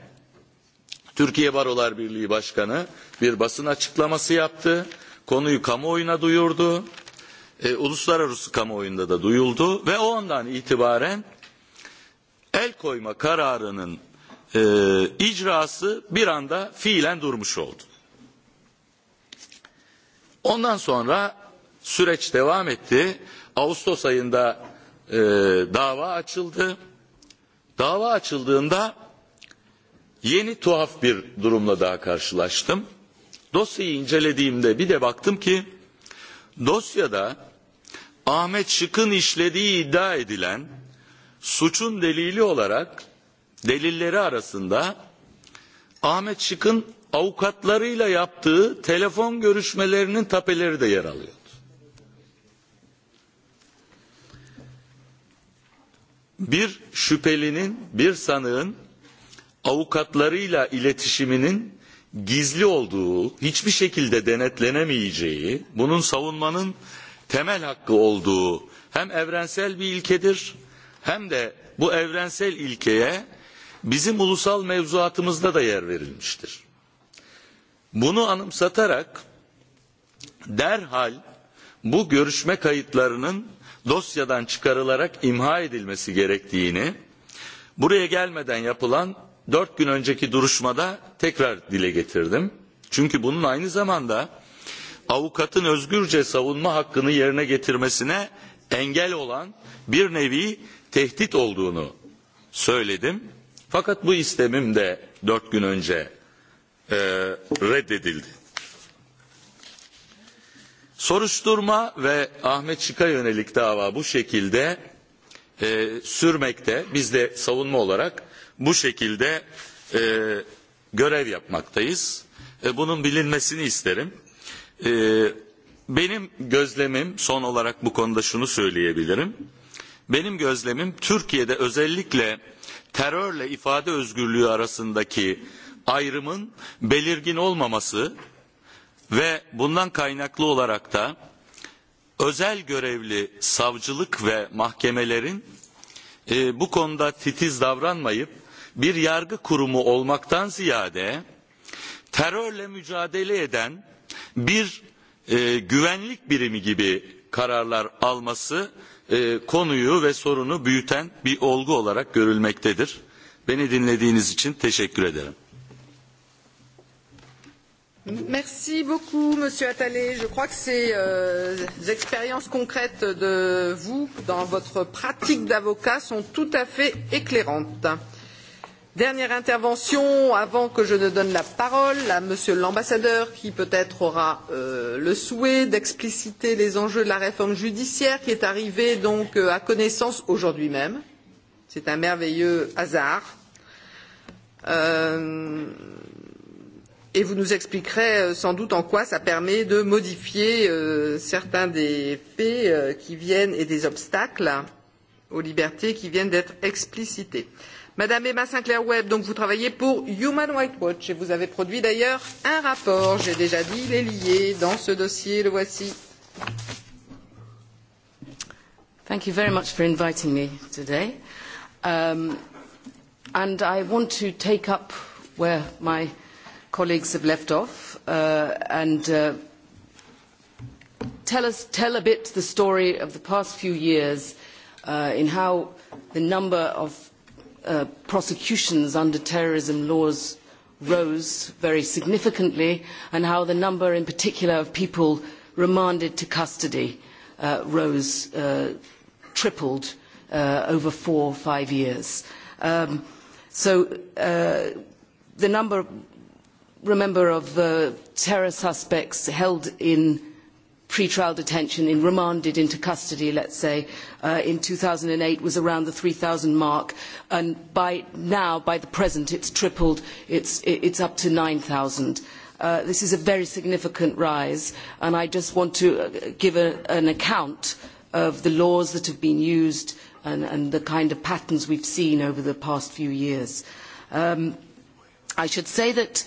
Türkiye Barolar Birliği Başkanı bir basın açıklaması yaptı. Konuyu kamuoyuna duyurdu. E, uluslararası kamuoyunda da duyuldu ve o andan itibaren el koyma kararının e, icrası bir anda fiilen durmuş oldu. Ondan sonra Süreç devam etti. Ağustos ayında e, dava açıldı. Dava açıldığında yeni tuhaf bir durumla daha karşılaştım. Dosyayı incelediğimde bir de baktım ki dosyada Ahmet Şık'ın işlediği iddia edilen suçun delili olarak delilleri arasında Ahmet Şık'ın avukatlarıyla yaptığı telefon görüşmelerinin tapeleri de yer alıyor. bir şüphelinin, bir sanığın avukatlarıyla iletişiminin gizli olduğu, hiçbir şekilde denetlenemeyeceği, bunun savunmanın temel hakkı olduğu hem evrensel bir ilkedir hem de bu evrensel ilkeye bizim ulusal mevzuatımızda da yer verilmiştir. Bunu anımsatarak derhal bu görüşme kayıtlarının dosyadan çıkarılarak imha edilmesi gerektiğini buraya gelmeden yapılan dört gün önceki duruşmada tekrar dile getirdim. Çünkü bunun aynı zamanda avukatın özgürce savunma hakkını yerine getirmesine engel olan bir nevi tehdit olduğunu söyledim. Fakat bu istemim de dört gün önce reddedildi. Soruşturma ve Ahmet Çık'a yönelik dava bu şekilde e, sürmekte. Biz de savunma olarak bu şekilde e, görev yapmaktayız. E, bunun bilinmesini isterim. E, benim gözlemim son olarak bu konuda şunu söyleyebilirim. Benim gözlemim Türkiye'de özellikle terörle ifade özgürlüğü arasındaki ayrımın belirgin olmaması ve bundan kaynaklı olarak da özel görevli savcılık ve mahkemelerin e, bu konuda titiz davranmayıp bir yargı kurumu olmaktan ziyade terörle mücadele eden bir e, güvenlik birimi gibi kararlar alması e, konuyu ve sorunu büyüten bir olgu olarak görülmektedir. Beni dinlediğiniz için teşekkür ederim. Merci beaucoup, Monsieur Attalé. Je crois que ces expériences concrètes de vous dans votre pratique d'avocat sont tout à fait éclairantes. Dernière intervention avant que je ne donne la parole à Monsieur l'ambassadeur qui peut-être aura le souhait d'expliciter les enjeux de la réforme judiciaire qui est arrivée donc à connaissance aujourd'hui même. C'est un merveilleux hasard. Euh, et vous nous expliquerez sans doute en quoi cela permet de modifier certains des faits qui viennent et des obstacles aux libertés qui viennent d'être explicités. Madame Emma Sinclair Webb, donc vous travaillez pour Human Rights Watch et vous avez produit d'ailleurs un rapport, j'ai déjà dit, il est lié dans ce dossier, le voici. Thank you very much for inviting me today. and I want to take up where my colleagues have left off and tell a bit the story of the past few years in how the number of prosecutions under terrorism laws rose very significantly and how the number in particular of people remanded to custody rose, tripled over four or five years. So the number remember of terror suspects held in pre-trial detention, in remanded into custody, let us say, in two thousand eight was around the three 3,000 mark. And by now, by the present, it has tripled. it is up to nine 9,000. this is a very significant rise, and I just want to give an account of the laws that have been used and, the kind of patterns we have seen over the past few years. I should say that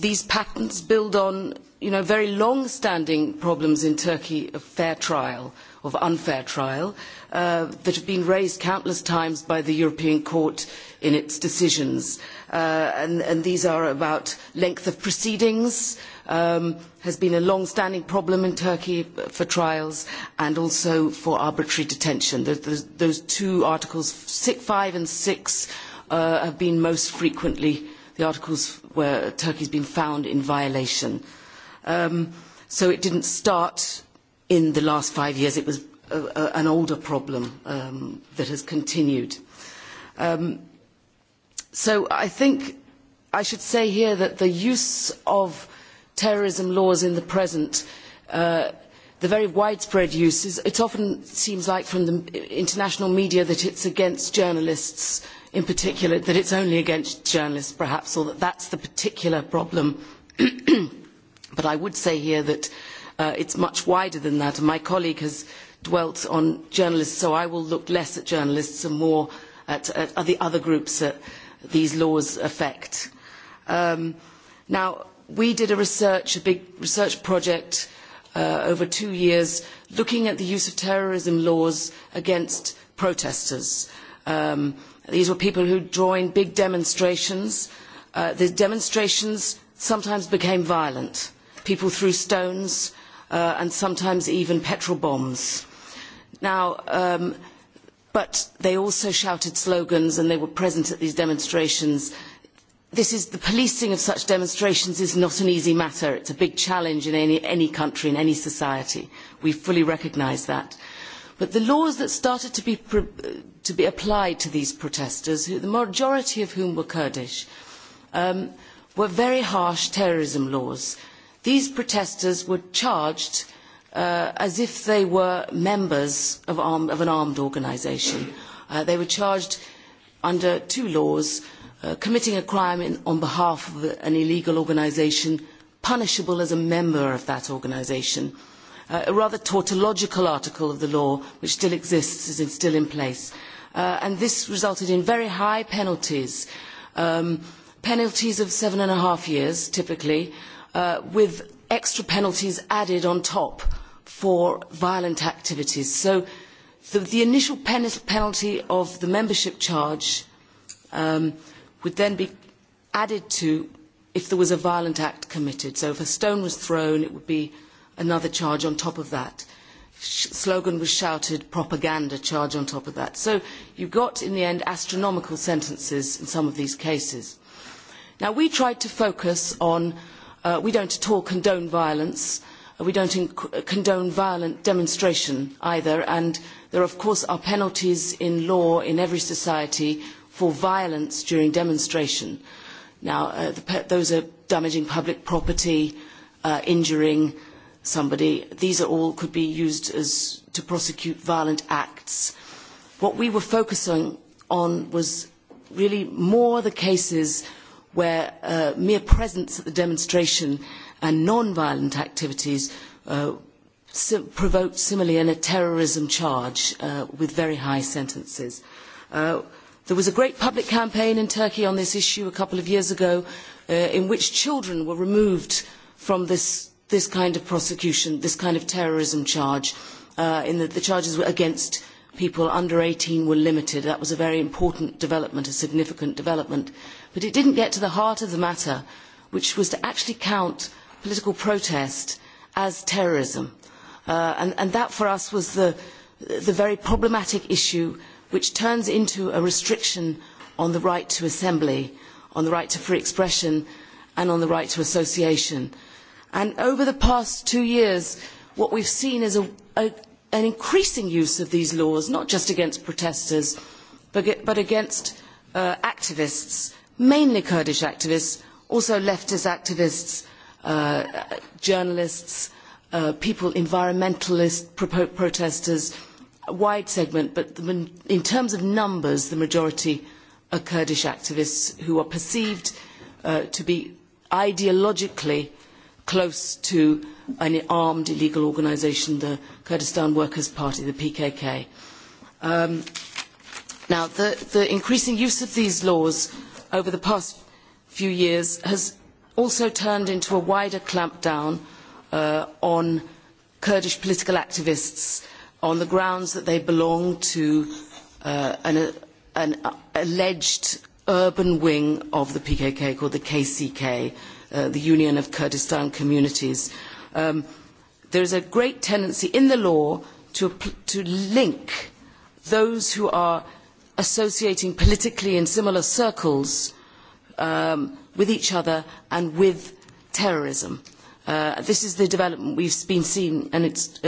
these patents build on very long-standing problems in Turkey of fair trial, of unfair trial, that have been raised countless times by the European Court in its decisions. and, these are about length of proceedings, has been a long-standing problem in Turkey for trials and also for arbitrary detention. Those, two articles, five and six, have been most frequently the articles where Turkey's been found in violation. so it didn't start in the last five years. It was an older problem that has continued. so I think I should say here that the use of terrorism laws in the present the very widespread use is it often seems like from the international media that it is against journalists in particular that it is only against journalists perhaps or that that is the particular problem but I would say here that it is much wider than that and my colleague has dwelt on journalists so I will look less at journalists and more at, the other groups that these laws affect. now we did a research, a big research project over two years looking at the use of terrorism laws against protesters. these were people who joined big demonstrations. the demonstrations sometimes became violent. People threw stones and sometimes even petrol bombs. but they also shouted slogans and they were present at these demonstrations the policing of such demonstrations is not an easy matter. It is a big challenge in any, country, in any society. We fully recognise that. But the laws that started to be, applied to these protesters, the majority of whom were Kurdish, were very harsh terrorism laws. These protesters were charged as if they were members of, an armed organisation. they were charged under two laws committing a crime on behalf of an illegal organisation punishable as a member of that organisation. a rather tautological article of the law which still exists is still in place. and this resulted in very high penalties, penalties of seven and a half years typically, with extra penalties added on top for violent activities. So the, initial penalty of the membership charge um, would then be added to if there was a violent act committed. So if a stone was thrown, it would be another charge on top of that. Sh- slogan was shouted, propaganda charge on top of that. So you got, in the end, astronomical sentences in some of these cases. Now, we tried to focus on, uh, we don't at all condone violence. We don't inc- condone violent demonstration either, and there, of course, are penalties in law in every society for violence during demonstration. Now, those are damaging public property, injuring somebody. These are all could be used as to prosecute violent acts. What we were focusing on was really more the cases where mere presence at the demonstration and non-violent activities provoked similarly in a terrorism charge with very high sentences. There was a great public campaign in Turkey on this issue a couple of years ago in which children were removed from this, kind of prosecution, this kind of terrorism charge, in that the charges were against people under eighteen were limited. That was a very important development, a significant development. But it did not get to the heart of the matter, which was to actually count political protest as terrorism. and, that for us was the, very problematic issue which turns into a restriction on the right to assembly, on the right to free expression, and on the right to association. over the past two years, what we have seen is an increasing use of these laws, not just against protesters, but against activists, mainly Kurdish activists, also leftist activists, journalists, people, environmentalist protesters, wide segment, but in terms of numbers, the majority are Kurdish activists who are perceived to be ideologically close to an armed illegal organisation, the Kurdistan Workers' Party, the PKK. now, the, increasing use of these laws over the past few years has also turned into a wider clampdown on Kurdish political activists on the grounds that they belong to an, alleged urban wing of the PKK called the KCK, the Union of Kurdistan Communities. there is a great tendency in the law to link those who are associating politically in similar circles with each other and with terrorism. this is the development we have been seeing, and it's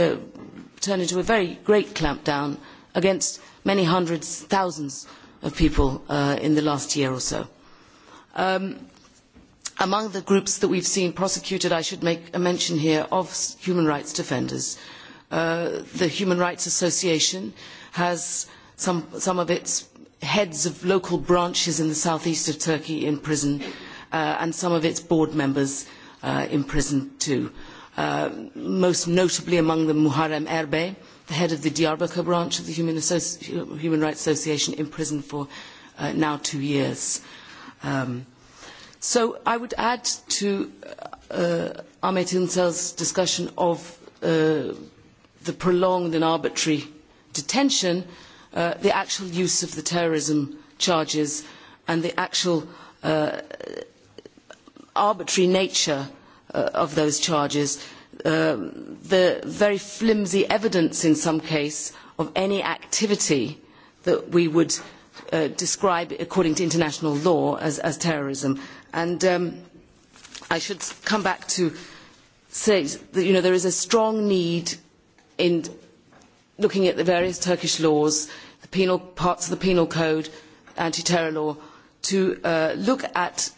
turn into a very great clampdown against many hundreds, thousands of people in the last year or so. among the groups that we have seen prosecuted, I should make a mention here of human rights defenders. the Human Rights Association has some, of its heads of local branches in the south east of Turkey in prison, and some of its board members in prison too most notably among them Muharrem Erbe, the head of the Diyarbakir branch of the Human, Associ- Human Rights Association, in prison for uh, now two years. Um, so I would add to uh, Ahmet Insel's discussion of uh, the prolonged and arbitrary detention, uh, the actual use of the terrorism charges and the actual uh, arbitrary nature uh, of those charges, the very flimsy evidence in some case of any activity that we would describe according to international law as, terrorism. And I should come back to say that you know, there is a strong need in looking at the various Turkish laws, the penal parts of the penal code, anti-terror law, to look at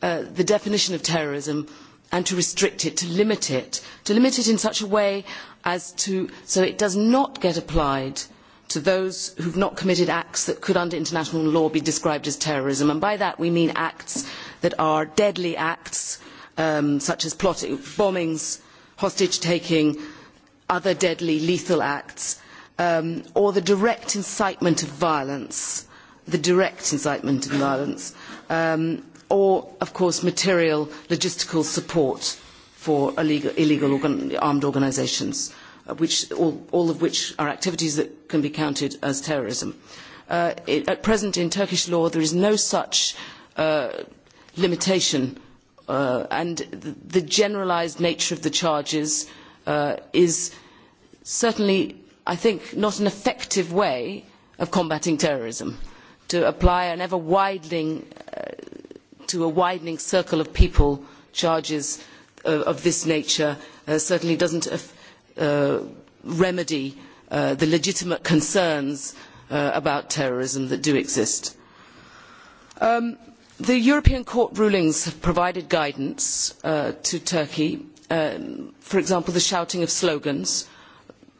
the definition of terrorism and to restrict it, to limit it, to limit it in such a way as to so it does not get applied to those who have not committed acts that could under international law be described as terrorism. And by that we mean acts that are deadly acts such as plotting, bombings, hostage taking, other deadly lethal acts, or the direct incitement of violence, the direct incitement of violence, or, of course, material logistical support for illegal, armed organisations, all, of which are activities that can be counted as terrorism. at present, in Turkish law, there is no such limitation, and the generalised nature of the charges is certainly, I think, not an effective way of combating terrorism. To apply an ever widening to a widening circle of people charges of this nature certainly does not remedy the legitimate concerns about terrorism that do exist. The European Court rulings have provided guidance to Turkey, for example, the shouting of slogans,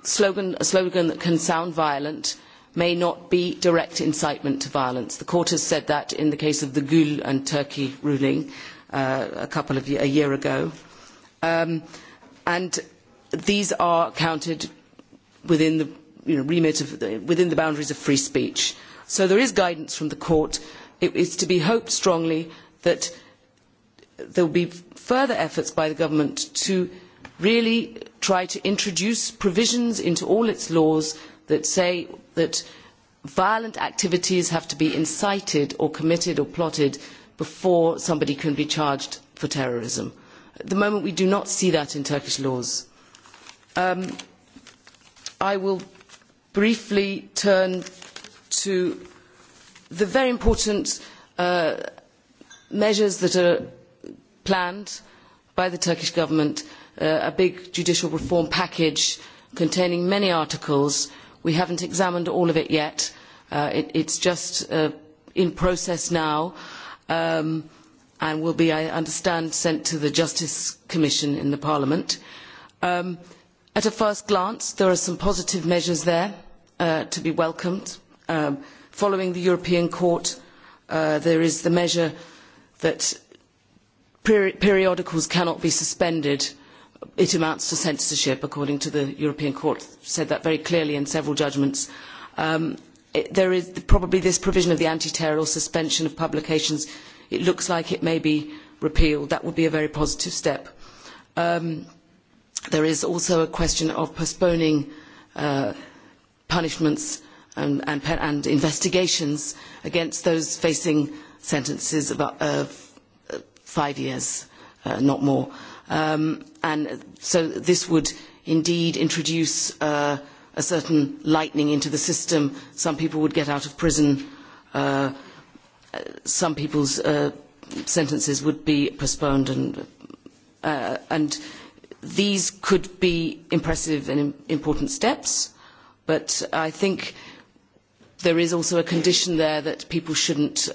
a slogan that can sound violent may not be direct incitement to violence. The court has said that in the case of the Gül and Turkey ruling a couple of a year ago. and these are counted within the remit of within the boundaries of free speech. So there is guidance from the court. It is to be hoped strongly that there will be further efforts by the government to really try to introduce provisions into all its laws that say that violent activities have to be incited or committed or plotted before somebody can be charged for terrorism. At the moment, we do not see that in Turkish laws. I will briefly turn to the very important measures that are planned by the Turkish government, a big judicial reform package containing many articles uh, We haven't examined all of it yet. Uh, it, it's just uh, in process now um, and will be, I understand, sent to the Justice Commission in the Parliament. Um, at a first glance, there are some positive measures there uh, to be welcomed. Um, following the European Court, uh, there is the measure that periodicals cannot be suspended uh, it amounts to censorship, according to the European Court, said that very clearly in several judgments. there is probably this provision of the anti-terror or suspension of publications. It looks like it may be repealed. That would be a very positive step. there is also a question of postponing punishments and, investigations against those facing sentences of five years, not more and so this would indeed introduce a certain lightning into the system. Some people would get out of prison. some people's sentences would be postponed, and these could be impressive and important steps. But I think there is also a condition there that people shouldn't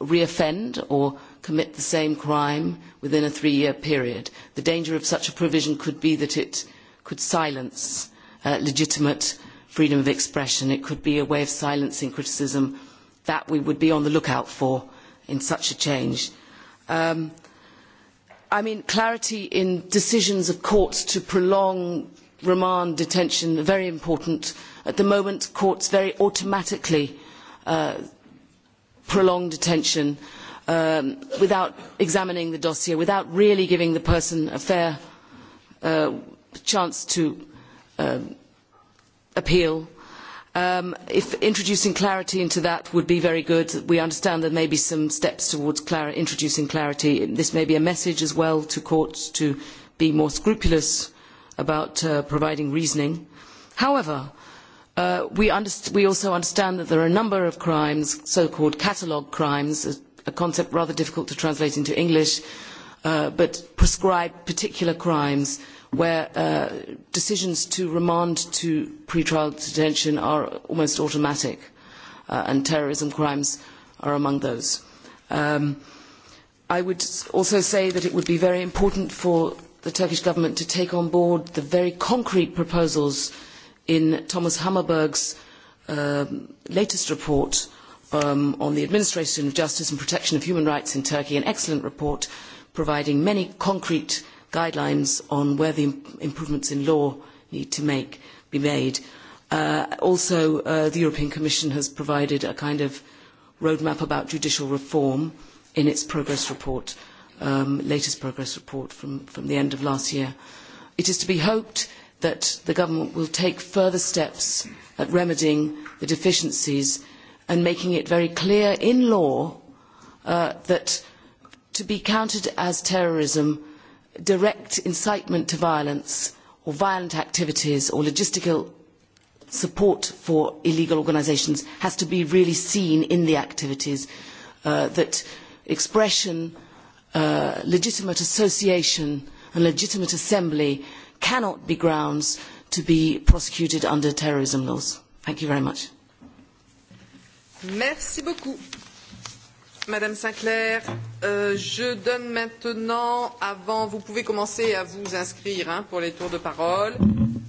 re-offend or commit the same crime within a three-year period. The danger of such a provision could be that it could silence legitimate freedom of expression. It could be a way of silencing criticism that we would be on the lookout for in such a change. I mean, clarity in decisions of courts to prolong remand detention, very important. At the moment, courts very automatically prolong detention without examining the dossier, without really giving the person a fair chance to appeal. if introducing clarity into that would be very good, we understand there may be some steps towards introducing clarity. This may be a message as well to courts to be more scrupulous about providing reasoning. However, we, also understand that there are a number of crimes, so-called catalogue crimes, a concept rather difficult to translate into English, but prescribe particular crimes where decisions to remand to pre-trial detention are almost automatic, and terrorism crimes are among those. I would also say that it would be very important for the Turkish government to take on board the very concrete proposals in Thomas Hammerberg's latest report on the administration of justice and protection of human rights in Turkey, an excellent report providing many concrete guidelines on where the improvements in law need to be made. also, the European Commission has provided a kind of roadmap about judicial reform in its progress report, latest progress report from, the end of last year. It is to be hoped that the government will take further steps at remedying the deficiencies and making it very clear in law that to be counted as terrorism, direct incitement to violence or violent activities or logistical support for illegal organisations has to be really seen in the activities that expression, legitimate association and legitimate assembly cannot be grounds to be prosecuted under terrorism laws. Thank you very much. Merci beaucoup. Madame Sinclair, je donne maintenant, avant, vous pouvez commencer à vous inscrire pour les tours de parole.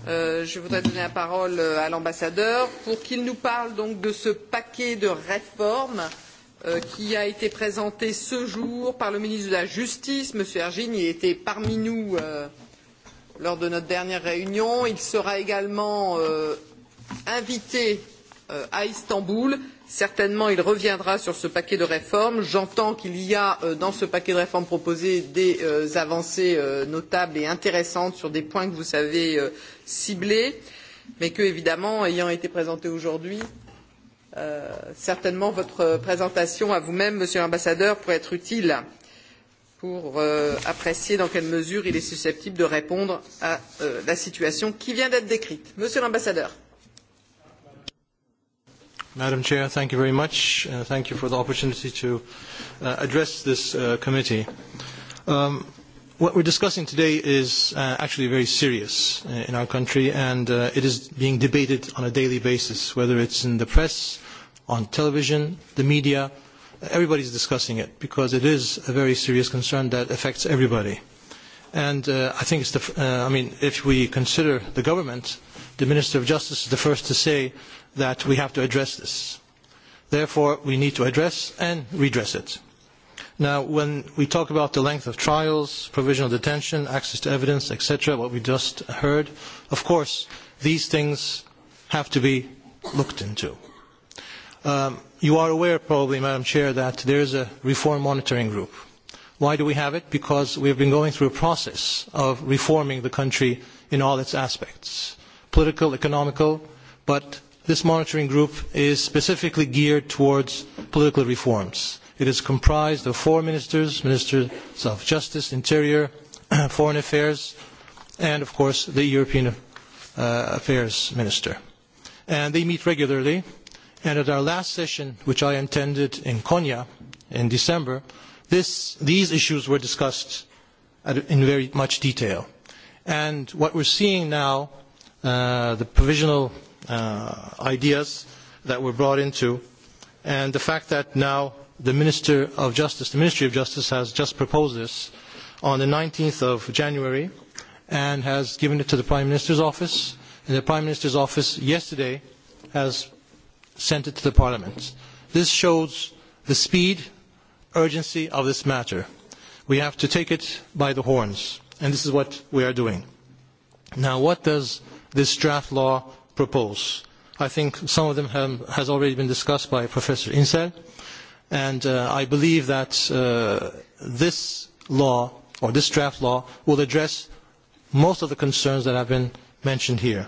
je voudrais donner la parole à l'ambassadeur pour qu'il nous parle donc de ce paquet de réformes qui a été présenté ce jour par le ministre de la Justice, M. Ergin. Il était parmi nous lors de notre dernière réunion. Il sera également invité à Istanbul Certainement, il reviendra sur ce paquet de réformes. J'entends qu'il y a dans ce paquet de réformes proposé des avancées notables et intéressantes sur des points que vous savez ciblés, mais que, évidemment, ayant été présenté aujourd'hui, certainement votre présentation à vous-même, Monsieur l'ambassadeur, pourrait être utile pour apprécier dans quelle mesure il est susceptible de répondre à la situation qui vient d'être décrite. Monsieur l'ambassadeur. Madam Chair, thank you very much. Uh, thank you for the opportunity to uh, address this uh, committee. Um, what we're discussing today is uh, actually very serious uh, in our country, and uh, it is being debated on a daily basis, whether it's in the press, on television, the media. Everybody's discussing it because it is a very serious concern that affects everybody. And uh, I think it's the, uh, I mean, if we consider the government, the Minister of Justice is the first to say that we have to address this. Therefore, we need to address and redress it. Now, when we talk about the length of trials, provisional detention, access to evidence, etc., what we just heard, of course, these things have to be looked into. you are aware probably, Madam Chair, that there is a reform monitoring group. Why do we have it? Because we have been going through a process of reforming the country in all its aspects, political, economical, but This monitoring group is specifically geared towards political reforms. It is comprised of four ministers, ministers of justice, interior, foreign affairs, and of course the European affairs minister. And they meet regularly. And at our last session, which I attended in Konya in December, these issues were discussed in very much detail. And what we are seeing now, the provisional ideas that were brought into, and the fact that now the Minister of Justice, the Ministry of Justice, has just proposed this on the 19th of January and has given it to the Prime Minister's office, and the Prime Minister's office yesterday has sent it to the Parliament. This shows the speed, urgency of this matter. We have to take it by the horns, and this is what we are doing. Now, what does this draft law propose. I think some of them have, has already been discussed by Professor Insel, and I believe that this law or this draft law will address most of the concerns that have been mentioned here.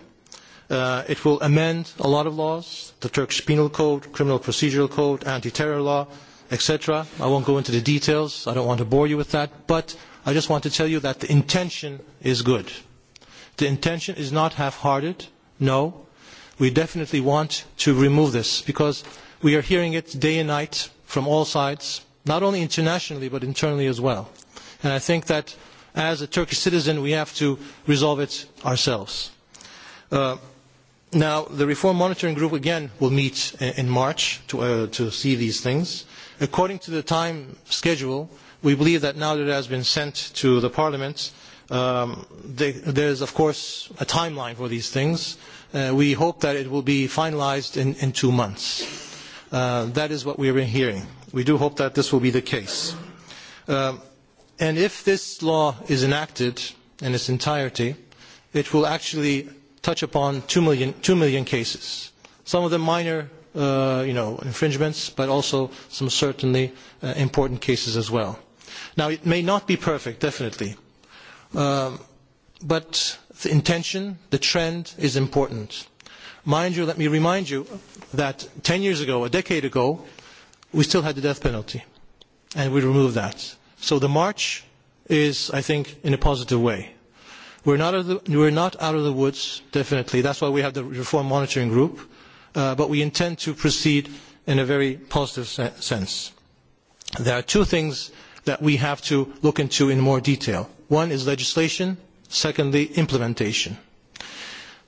it will amend a lot of laws, the Turkish Penal Code, Criminal Procedural Code, Anti-Terror Law, etc. I won't go into the details. I don't want to bore you with that. But I just want to tell you that the intention is good. The intention is not half-hearted. No, we definitely want to remove this because we are hearing it day and night from all sides, not only internationally but internally as well. And I think that as a Turkish citizen we have to resolve it ourselves. now, the Reform Monitoring Group again will meet in March to, see these things. According to the time schedule, we believe that now that it has been sent to the Parliament, there is, of course, a timeline for these things. we hope that it will be finalized in, in two months. that is what we are hearing. We do hope that this will be the case. and if this law is enacted in its entirety, it will actually touch upon two million, million cases, some of them minor you know, infringements, but also some certainly important cases as well. Now, it may not be perfect, definitely, but the intention, the trend is important. Mind you, let me remind you that ten years ago, a decade ago, we still had the death penalty, and we removed that. So the march is, I think, in a positive way. We're not, of the, we're not out of the woods, definitely. That's why we have the Reform Monitoring Group, uh, but we intend to proceed in a very positive se sense. There are two things that we have to look into in more detail. One is legislation, secondly, implementation.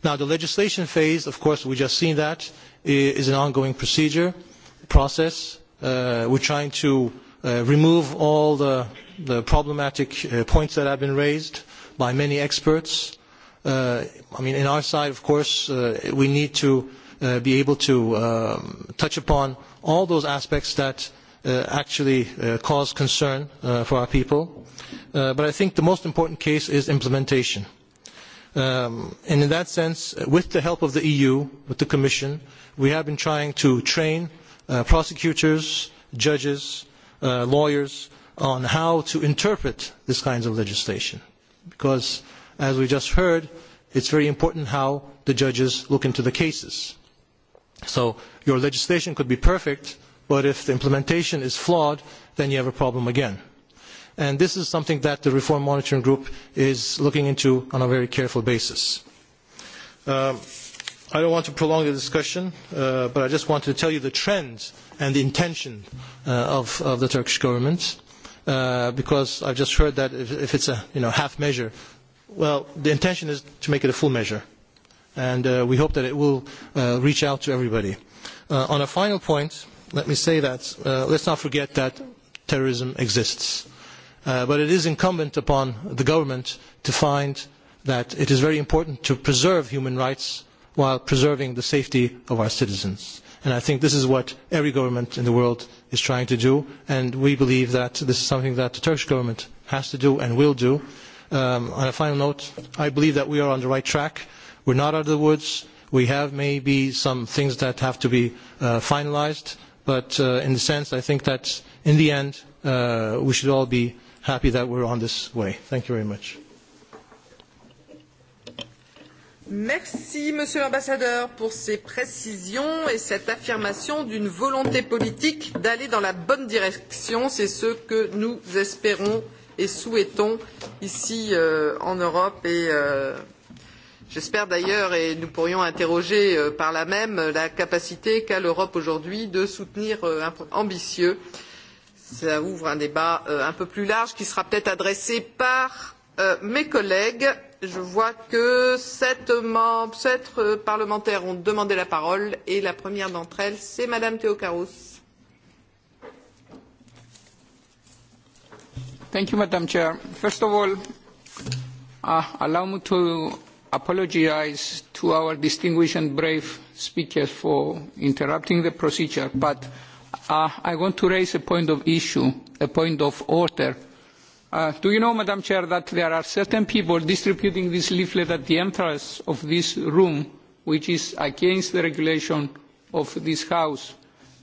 Now, the legislation phase, of course, we just seen that, is an ongoing procedure, process. Uh, we're trying to uh, remove all the, the problematic uh, points that have been raised by many experts. Uh, I mean, in our side, of course, uh, we need to uh, be able to um, touch upon all those aspects that actually cause concern for our people. but I think the most important case is implementation. and in that sense, with the help of the EU, with the Commission, we have been trying to train prosecutors, judges, lawyers on how to interpret this kinds of legislation. Because, as we just heard, it's very important how the judges look into the cases. So your legislation could be perfect, But if the implementation is flawed, then you have a problem again. And this is something that the Reform Monitoring Group is looking into on a very careful basis. I don't want to prolong the discussion, but I just wanted to tell you the trend and the intention of, the Turkish government, because I've just heard that if, if it's a you know, half measure, well, the intention is to make it a full measure. And we hope that it will reach out to everybody. on a final point, let me say that. Uh, let's not forget that terrorism exists. Uh, but it is incumbent upon the government to find that it is very important to preserve human rights while preserving the safety of our citizens. And I think this is what every government in the world is trying to do. And we believe that this is something that the Turkish government has to do and will do. on a final note, I believe that we are on the right track. We are not out of the woods. We have maybe some things that have to be finalised But in the sense, I think that in the end, we should all be happy that we're on this way. Thank you very much. Merci, Monsieur l'Ambassadeur, pour ces précisions et cette affirmation d'une volonté politique d'aller dans la bonne direction. C'est ce que nous espérons et souhaitons ici en Europe et J'espère d'ailleurs, et nous pourrions interroger par là même, la capacité qu'a l'Europe aujourd'hui de soutenir un ambitieux. Cela ouvre un débat un peu plus large qui sera peut-être adressé par mes collègues. Je vois que sept, parlementaires ont demandé la parole et la première d'entre elles, c'est Madame Théocarous. Thank you, Madam Chair. First of all, allow me to apologise to our distinguished and brave speakers for interrupting the procedure, but I want to raise a point of issue, a point of order. do you know, Madam Chair, that there are certain people distributing this leaflet at the entrance of this room, which is against the regulation of this House,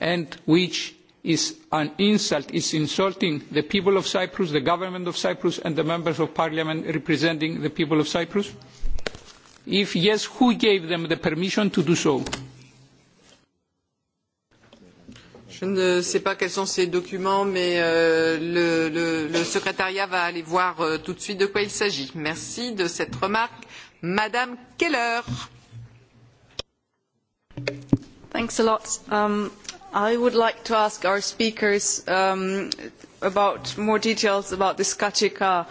and which is an insult, is insulting the people of Cyprus, the government of Cyprus, and the members of parliament representing the people of Cyprus? If yes, who gave them the permission to do so? Je ne sais pas quels sont ces documents, mais le, secrétariat va aller voir tout de suite de quoi il s'agit. Merci de cette remarque. Madame Keller. Thanks a lot. I would like to ask our speakers about more details about this Kachika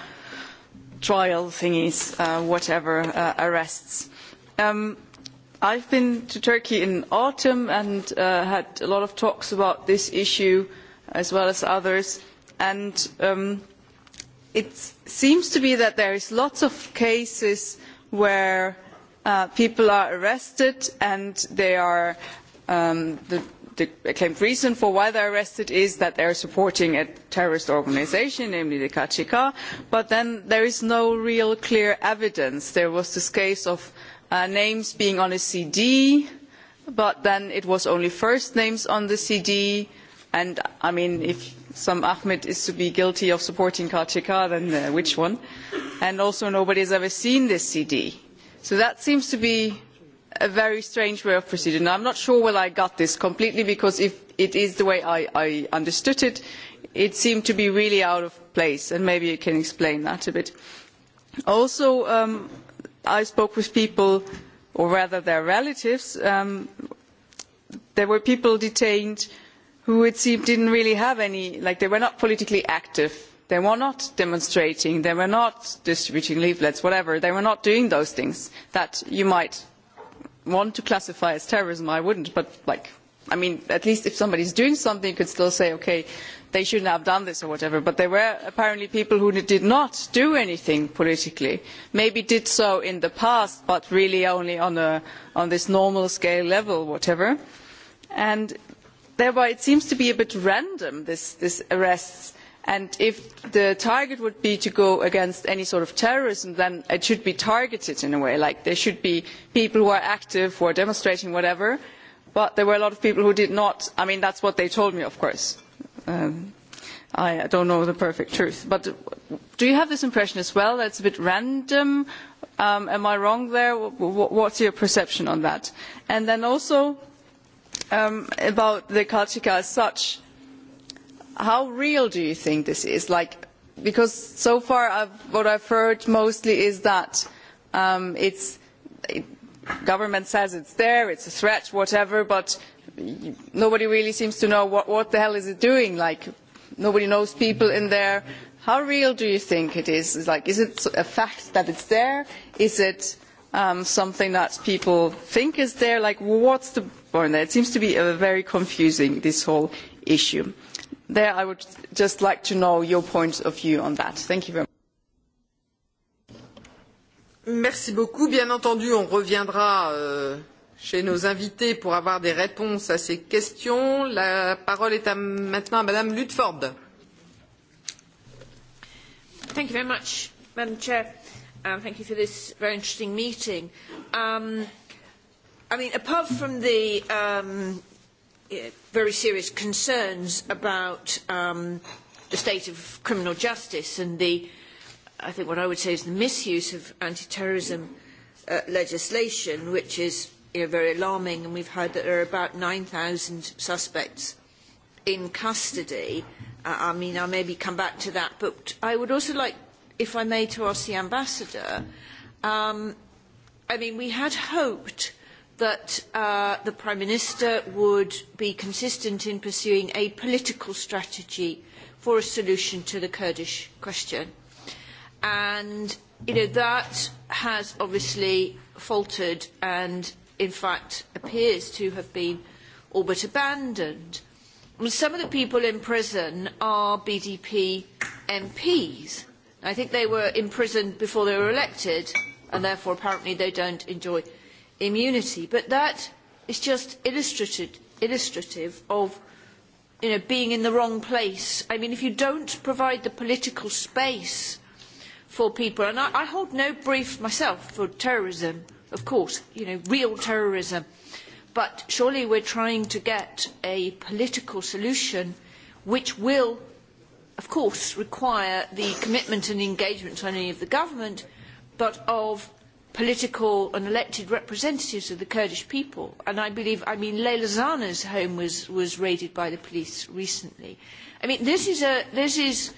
trial thingies, uh, whatever, uh, arrests. Um, I've been to Turkey in autumn and uh, had a lot of talks about this issue as well as others. And um, it seems to be that there is lots of cases where uh, people are arrested and they are um, the the claimed reason for why they are arrested is that they are supporting a terrorist organisation, namely the KCK, but then there is no real clear evidence. There was this case of names being on a CD, but then it was only first names on the CD, and I mean, if some Ahmed is to be guilty of supporting Kachika, then which one? And also nobody has ever seen this CD. So that seems to be a very strange way of proceeding. I'm not sure whether I got this completely because if it is the way I, I understood it, it seemed to be really out of place and maybe you can explain that a bit. Also, I spoke with people, or rather their relatives. there were people detained who it seemed didn't really have any, like they were not politically active. They were not demonstrating. They were not distributing leaflets, whatever. They were not doing those things that you might want to classify as terrorism, I wouldn't, but like, I mean, at least if somebody's doing something, you could still say, okay, they shouldn't have done this or whatever. But there were apparently people who did not do anything politically, maybe did so in the past, but really only on, a, on this normal scale level, whatever. And thereby it seems to be a bit random, this, this arrests and if the target would be to go against any sort of terrorism then it should be targeted in a way like there should be people who are active or demonstrating whatever but there were a lot of people who did not i mean that's what they told me of course I don't know the perfect truth, but do you have this impression as well? That's a bit random. am I wrong there? What's your perception on that? And then also about the Kalchika as such how real do you think this is? Like, because so far I've, what I've heard mostly is that um, it's, it, government says it's there, it's a threat, whatever, but nobody really seems to know what, what the hell is it doing. Like, nobody knows people in there. How real do you think it is? It's like, is it a fact that it's there? Is it um, something that people think is there? Like, what's the point? It seems to be a very confusing, this whole issue there I would just like to know your point of view on that. Thank you very much. Merci beaucoup. Bien entendu, on reviendra chez nos invités pour avoir des réponses à ces questions. La parole est maintenant à Madame Ludford. Thank you very much, Madam Chair, and thank you for this very interesting meeting. Um, I mean, apart from the um, very serious concerns about um, the state of criminal justice and the, I think what I would say is the misuse of anti-terrorism uh, legislation, which is you know, very alarming. And we've heard that there are about 9,000 suspects in custody. Uh, I mean, I'll maybe come back to that. But I would also like, if I may, to ask the ambassador. Um, I mean, we had hoped – that the Prime Minister would be consistent in pursuing a political strategy for a solution to the Kurdish question. And that has obviously faltered and in fact appears to have been all but abandoned. Some of the people in prison are BDP MPs. I think they were imprisoned before they were elected and therefore apparently they don't enjoy immunity. But that is just illustrative of being in the wrong place. I mean, if you don't provide the political space for people, and I, I hold no brief myself for terrorism, of course, you know, real terrorism, but surely we are trying to get a political solution which will, of course, require the commitment and engagement not only of the government, but of political and elected representatives of the Kurdish people. And I believe, I mean, Leyla Zana's home was, was raided by the police recently. I mean, this is, a, this is,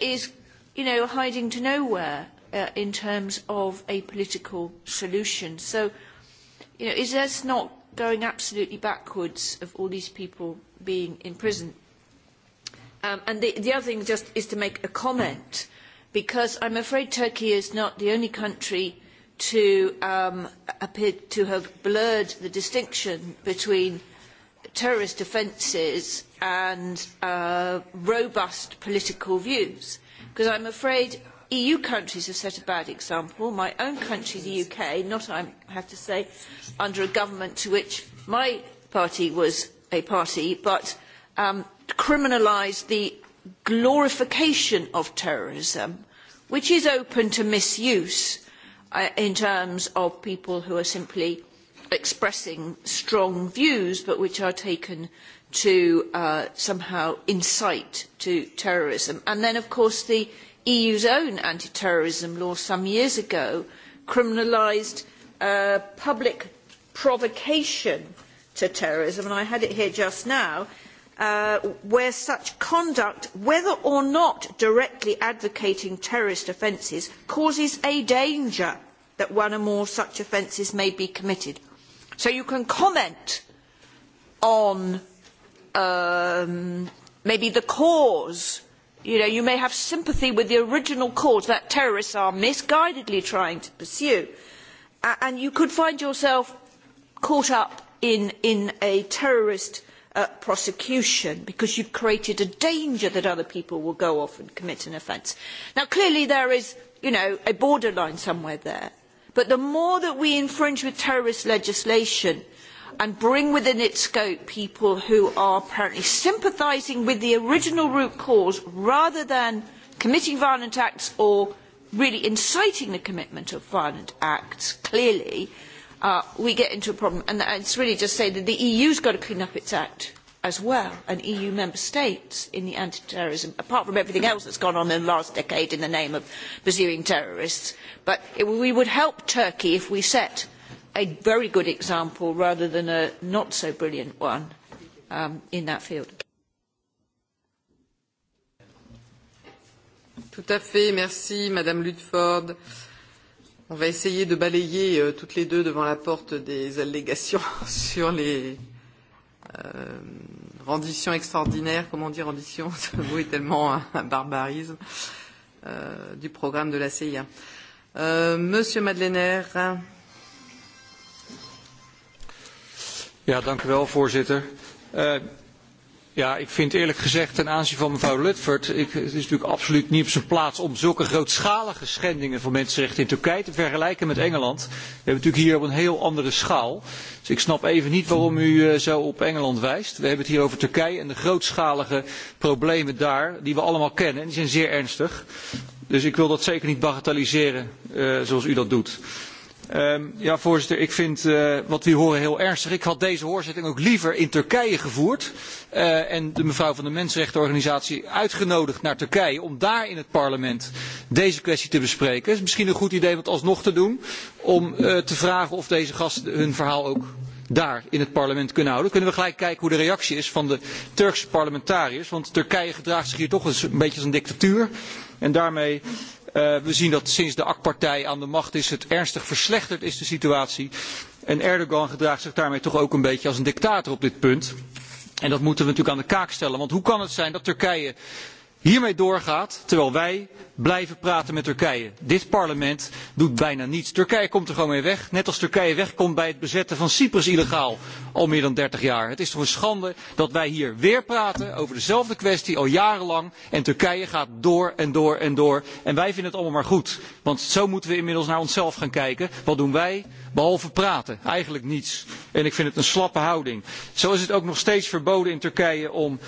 is you know, hiding to nowhere uh, in terms of a political solution. So, you know, is this not going absolutely backwards of all these people being in prison? Um, and the, the other thing just is to make a comment because I'm afraid Turkey is not the only country to um, appear to have blurred the distinction between terrorist offences and uh, robust political views. Because I'm afraid EU countries have set a bad example. My own country, the UK, not, I have to say, under a government to which my party was a party, but um, criminalised the glorification of terrorism, which is open to misuse in terms of people who are simply expressing strong views but which are taken to somehow incite to terrorism. And then, of course, the EU's own anti-terrorism law some years ago criminalised public provocation to terrorism, and I had it here just now, where such conduct, whether or not directly advocating terrorist offences, causes a danger that one or more such offences may be committed. So you can comment on maybe the cause. You know, you may have sympathy with the original cause that terrorists are misguidedly trying to pursue. And you could find yourself caught up in, in a terrorist prosecution because you have created a danger that other people will go off and commit an offence. Now, clearly there is, a borderline somewhere there. But the more that we infringe with terrorist legislation and bring within its scope people who are apparently sympathising with the original root cause rather than committing violent acts or really inciting the commitment of violent acts, clearly, we get into a problem. And it's really just saying that the EU's got to clean up its act as well, and EU member states in the anti-terrorism, apart from everything else that's gone on in the last decade in the name of pursuing terrorists. But it, we would help Turkey if we set a very good example rather than a not so brilliant one in that field. Tout à fait, merci Madame Euh, On va essayer de balayer euh, toutes les deux devant la porte des allégations sur les euh, renditions extraordinaires, comment dire rendition, ce mot est tellement un, un barbarisme, euh, du programme de la CIA. Euh, Monsieur Madeleiner. Ja, dank u wel, voorzitter. Uh, Ja, ik vind eerlijk gezegd ten aanzien van mevrouw ik, het is natuurlijk absoluut niet op zijn plaats om zulke grootschalige schendingen van mensenrechten in Turkije te vergelijken met Engeland. We hebben het natuurlijk hier op een heel andere schaal. Dus ik snap even niet waarom u zo op Engeland wijst. We hebben het hier over Turkije en de grootschalige problemen daar, die we allemaal kennen. En die zijn zeer ernstig. Dus ik wil dat zeker niet bagatelliseren zoals u dat doet ja, voorzitter, ik vind wat we horen heel ernstig. Ik had deze hoorzitting ook liever in Turkije gevoerd en de mevrouw van de Mensenrechtenorganisatie uitgenodigd naar Turkije om daar in het parlement deze kwestie te bespreken. Het is misschien een goed idee om het alsnog te doen, om te vragen of deze gasten hun verhaal ook daar in het parlement kunnen houden. Kunnen we gelijk kijken hoe de reactie is van de Turkse parlementariërs, want Turkije gedraagt zich hier toch een beetje als een dictatuur en daarmee we zien dat sinds de AK partij aan de macht is, het ernstig verslechterd is de situatie. En Erdogan gedraagt zich daarmee toch ook een beetje als een dictator op dit punt. En dat moeten we natuurlijk aan de kaak stellen. Want hoe kan het zijn dat Turkije hiermee doorgaat terwijl wij blijven praten met Turkije. Dit parlement doet bijna niets. Turkije komt er gewoon mee weg, net als Turkije wegkomt bij het bezetten van Cyprus illegaal al meer dan dertig jaar. Het is toch een schande dat wij hier weer praten over dezelfde kwestie al jarenlang en Turkije gaat door en door en door en wij vinden het allemaal maar goed. Want zo moeten we inmiddels naar onszelf gaan kijken. Wat doen wij? Behalve praten, eigenlijk niets. En ik vind het een slappe houding. Zo is het ook nog steeds verboden in Turkije om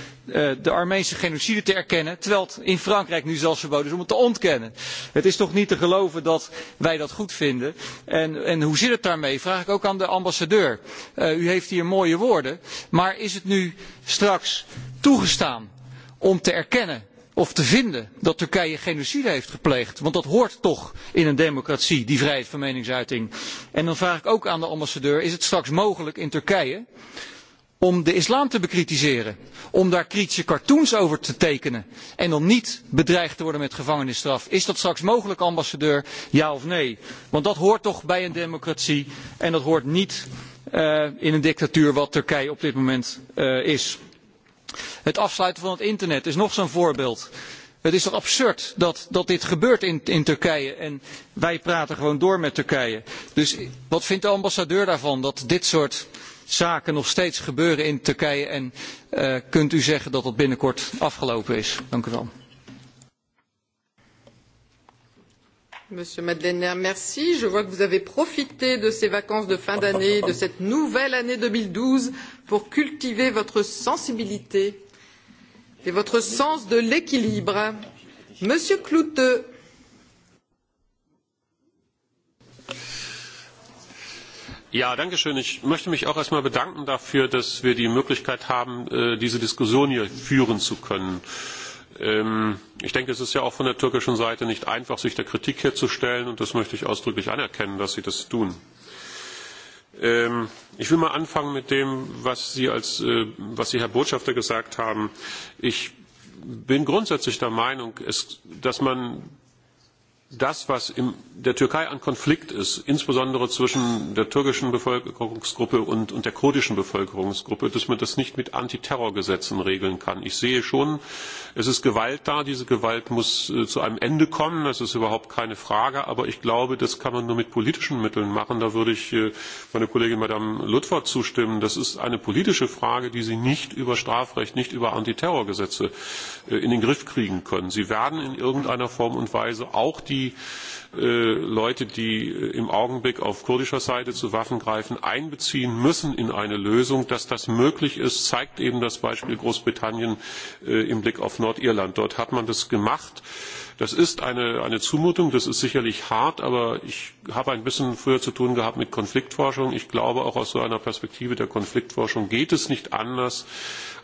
de Armeense genocide te erkennen, terwijl het in Frankrijk nu zelfs verboden is om het te ontkennen. Het is toch niet te geloven dat wij dat goed vinden. En, hoe zit het daarmee? Vraag ik ook aan de ambassadeur. u heeft hier mooie woorden, maar is het nu straks toegestaan om te erkennen of te vinden dat Turkije genocide heeft gepleegd. Want dat hoort toch in een democratie, die vrijheid van meningsuiting. En dan vraag ik ook aan de ambassadeur, is het straks mogelijk in Turkije om de islam te bekritiseren? Om daar kritische cartoons over te tekenen en dan niet bedreigd te worden met gevangenisstraf? Is dat straks mogelijk, ambassadeur? Ja of nee? Want dat hoort toch bij een democratie en dat hoort niet in een dictatuur wat Turkije op dit moment is. Het afsluiten van het internet is nog zo'n voorbeeld. Het is toch absurd dat, dit gebeurt in, Turkije en wij praten gewoon door met Turkije. Dus wat vindt de ambassadeur daarvan dat dit soort zaken nog steeds gebeuren in Turkije en kunt u zeggen dat dat binnenkort afgelopen is? Dank u wel. Monsieur Madeleine, merci. Je vois que vous avez profité de ces vacances de fin d'année, de cette nouvelle année pour cultiver votre sensibilité et votre sens de l'équilibre. Monsieur Cloute. Ja, danke schön. Ich möchte mich auch erst bedanken dafür, dass wir die Möglichkeit haben, diese Diskussion hier führen zu können. Ich denke, es ist ja auch von der türkischen Seite nicht einfach, sich der Kritik herzustellen, und das möchte ich ausdrücklich anerkennen, dass Sie das tun Ich will mal anfangen mit dem, was Sie, als, was Sie Herr Botschafter, gesagt haben. Ich bin grundsätzlich der Meinung, dass man das, was in der Türkei an Konflikt ist, insbesondere zwischen der türkischen Bevölkerungsgruppe und, der kurdischen Bevölkerungsgruppe, dass man das nicht mit Antiterrorgesetzen regeln kann. Ich sehe schon, es ist Gewalt da, diese Gewalt muss zu einem Ende kommen, das ist überhaupt keine Frage, aber ich glaube, das kann man nur mit politischen Mitteln machen. Da würde ich meiner Kollegin Madame Ludford zustimmen. Das ist eine politische Frage, die Sie nicht über Strafrecht, nicht über Antiterrorgesetze in den Griff kriegen können. Sie werden in irgendeiner Form und Weise auch die Leute, die im Augenblick auf kurdischer Seite zu Waffen greifen, einbeziehen müssen in eine Lösung. Dass das möglich ist, zeigt eben das Beispiel Großbritannien im Blick auf Nordirland. Dort hat man das gemacht. Das ist eine, Zumutung, das ist sicherlich hart, aber ich habe ein bisschen früher zu tun gehabt mit Konfliktforschung. Ich glaube, auch aus so einer Perspektive der Konfliktforschung geht es nicht anders,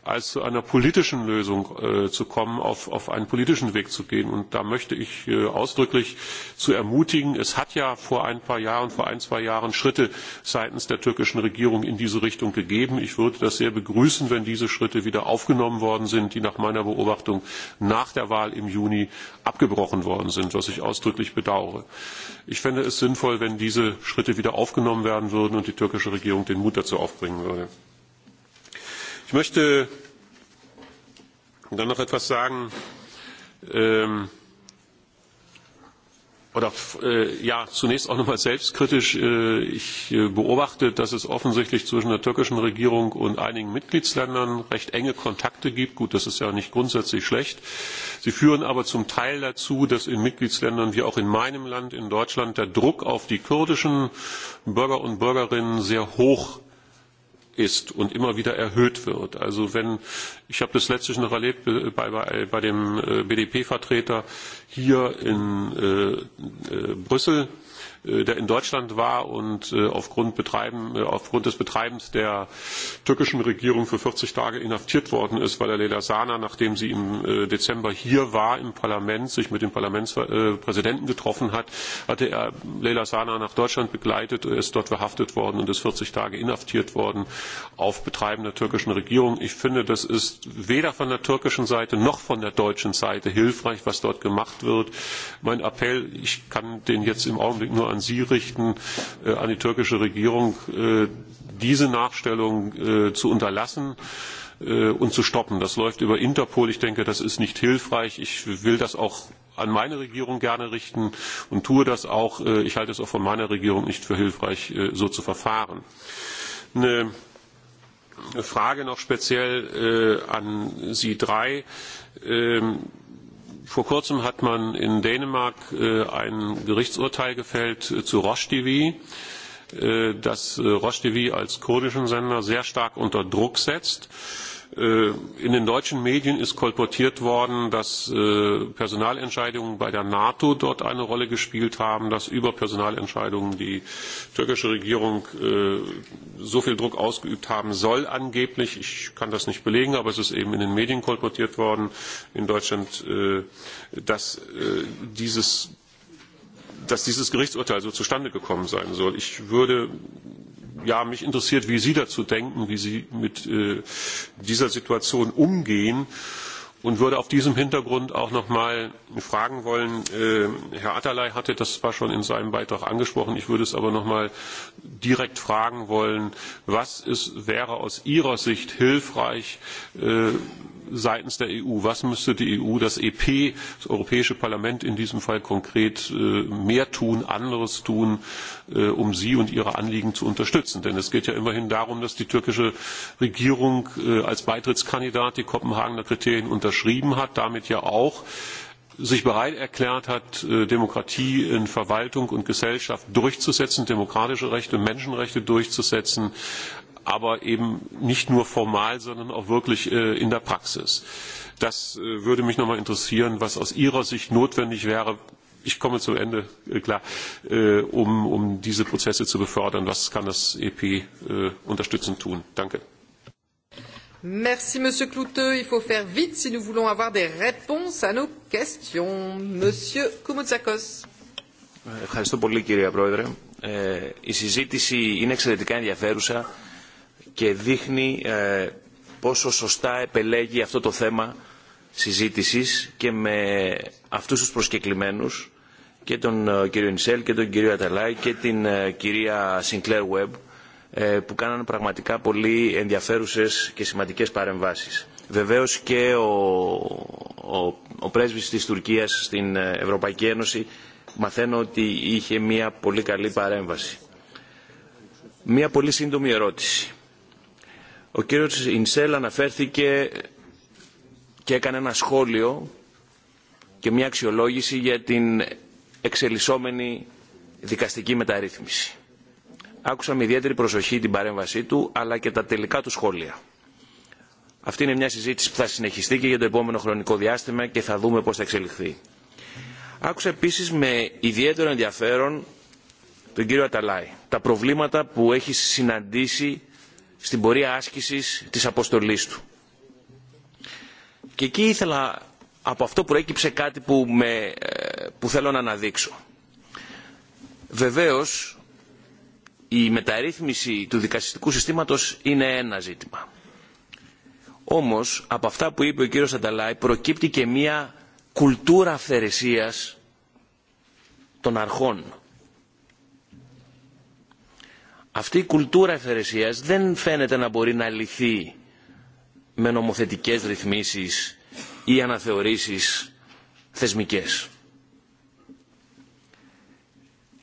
als zu einer politischen Lösung zu kommen, auf, einen politischen Weg zu gehen. Und da möchte ich ausdrücklich zu ermutigen, es hat ja vor ein paar Jahren, vor ein, zwei Jahren Schritte seitens der türkischen Regierung in diese Richtung gegeben. Ich würde das sehr begrüßen, wenn diese Schritte wieder aufgenommen worden sind, die nach meiner Beobachtung nach der Wahl im Juni abgebrochen worden sind, was ich ausdrücklich bedauere. Ich fände es sinnvoll, wenn diese Schritte wieder aufgenommen werden würden und die türkische Regierung den Mut dazu aufbringen würde. Ich möchte dann noch etwas sagen, oder ja, zunächst auch nochmal selbstkritisch. Ich beobachte, dass es offensichtlich zwischen der türkischen Regierung und einigen Mitgliedsländern recht enge Kontakte gibt. Gut, das ist ja nicht grundsätzlich schlecht. Sie führen aber zum Teil dazu, dass in Mitgliedsländern wie auch in meinem Land, in Deutschland, der Druck auf die kurdischen Bürger und Bürgerinnen sehr hoch ist ist und immer wieder erhöht wird. Also wenn ich habe das letztlich noch erlebt bei, bei, bei dem BDP-Vertreter hier in äh, äh, Brüssel, äh, der in Deutschland war und aufgrund, des Betreibens der türkischen Regierung für vierzig Tage inhaftiert worden ist, weil er Leyla Sana, nachdem sie im Dezember hier war im Parlament, sich mit dem Parlamentspräsidenten getroffen hat, hatte er Leyla Sana nach Deutschland begleitet, ist dort verhaftet worden und ist vierzig Tage inhaftiert worden auf Betreiben der türkischen Regierung. Ich finde, das ist weder von der türkischen Seite noch von der deutschen Seite hilfreich, was dort gemacht wird. Mein Appell, ich kann den jetzt im Augenblick nur an Sie richten, an die türkische Regierung, diese Nachstellung zu unterlassen und zu stoppen. Das läuft über Interpol. Ich denke, das ist nicht hilfreich. Ich will das auch an meine Regierung gerne richten und tue das auch. Ich halte es auch von meiner Regierung nicht für hilfreich, so zu verfahren. Eine Frage noch speziell an Sie drei Vor kurzem hat man in Dänemark ein Gerichtsurteil gefällt zu Roche TV, das Roche TV als kurdischen Sender sehr stark unter Druck setzt In den deutschen Medien ist kolportiert worden, dass Personalentscheidungen bei der NATO dort eine Rolle gespielt haben, dass über Personalentscheidungen die türkische Regierung so viel Druck ausgeübt haben soll angeblich. Ich kann das nicht belegen, aber es ist eben in den Medien kolportiert worden in Deutschland, dass dieses dass dieses Gerichtsurteil so zustande gekommen sein soll. Ich würde ja, mich interessiert, wie Sie dazu denken, wie Sie mit dieser Situation umgehen und würde auf diesem Hintergrund auch noch mal fragen wollen. Herr Atalay hatte das zwar schon in seinem Beitrag angesprochen, ich würde es aber noch mal direkt fragen wollen, was wäre aus Ihrer Sicht hilfreich, seitens der EU? Was müsste die EU, das EP, das Europäische Parlament in diesem Fall konkret mehr tun, anderes tun, um Sie und Ihre Anliegen zu unterstützen? Denn es geht ja immerhin darum, dass die türkische Regierung als Beitrittskandidat die Kopenhagener Kriterien unterschrieben hat, damit ja auch sich bereit erklärt hat, Demokratie in Verwaltung und Gesellschaft durchzusetzen, demokratische Rechte und Menschenrechte durchzusetzen aber eben nicht nur formal, sondern auch wirklich in der Praxis. Das würde mich nochmal interessieren, was aus Ihrer Sicht notwendig wäre. Ich komme zum Ende, klar, um, um diese Prozesse zu befördern. Was kann das EP unterstützend tun? Danke. Merci, Monsieur Clouteux. Il faut faire vite si nous voulons avoir des réponses à nos questions. Monsieur Koumoutsakos. Ευχαριστώ πολύ, κυρία Πρόεδρε. Ε, η συζήτηση είναι εξαιρετικά ενδιαφέρουσα και δείχνει πόσο σωστά επελέγει αυτό το θέμα συζήτησης και με αυτούς τους προσκεκλημένους και τον κύριο Νισελ και τον κύριο Αταλάη και την κυρία Σινκλέρ ε, που κάνανε πραγματικά πολύ ενδιαφέρουσες και σημαντικές παρεμβάσεις. Βεβαίως και ο, ο, ο πρέσβης της Τουρκίας στην Ευρωπαϊκή Ένωση μαθαίνω ότι είχε μια πολύ καλή παρέμβαση. Μια πολύ σύντομη ερώτηση Ο κύριος Ινσέλ αναφέρθηκε και έκανε ένα σχόλιο και μια αξιολόγηση για την εξελισσόμενη δικαστική μεταρρύθμιση. Άκουσα με ιδιαίτερη προσοχή την παρέμβασή του, αλλά και τα τελικά του σχόλια. Αυτή είναι μια συζήτηση που θα συνεχιστεί και για το επόμενο χρονικό διάστημα και θα δούμε πώς θα εξελιχθεί. Άκουσα επίσης με ιδιαίτερο ενδιαφέρον τον κύριο Αταλάη, τα προβλήματα που έχει συναντήσει στην πορεία άσκησης της αποστολής του. Και εκεί ήθελα από αυτό προέκυψε κάτι που, με, που θέλω να αναδείξω. Βεβαίως η μεταρρύθμιση του δικαστικού συστήματος είναι ένα ζήτημα. Όμως από αυτά που είπε ο κύριος Ανταλάη προκύπτει και μια κουλτούρα αυθαιρεσίας των αρχών αυτή η κουλτούρα ευθαιρεσίας δεν φαίνεται να μπορεί να λυθεί με νομοθετικές ρυθμίσεις ή αναθεωρήσεις θεσμικές.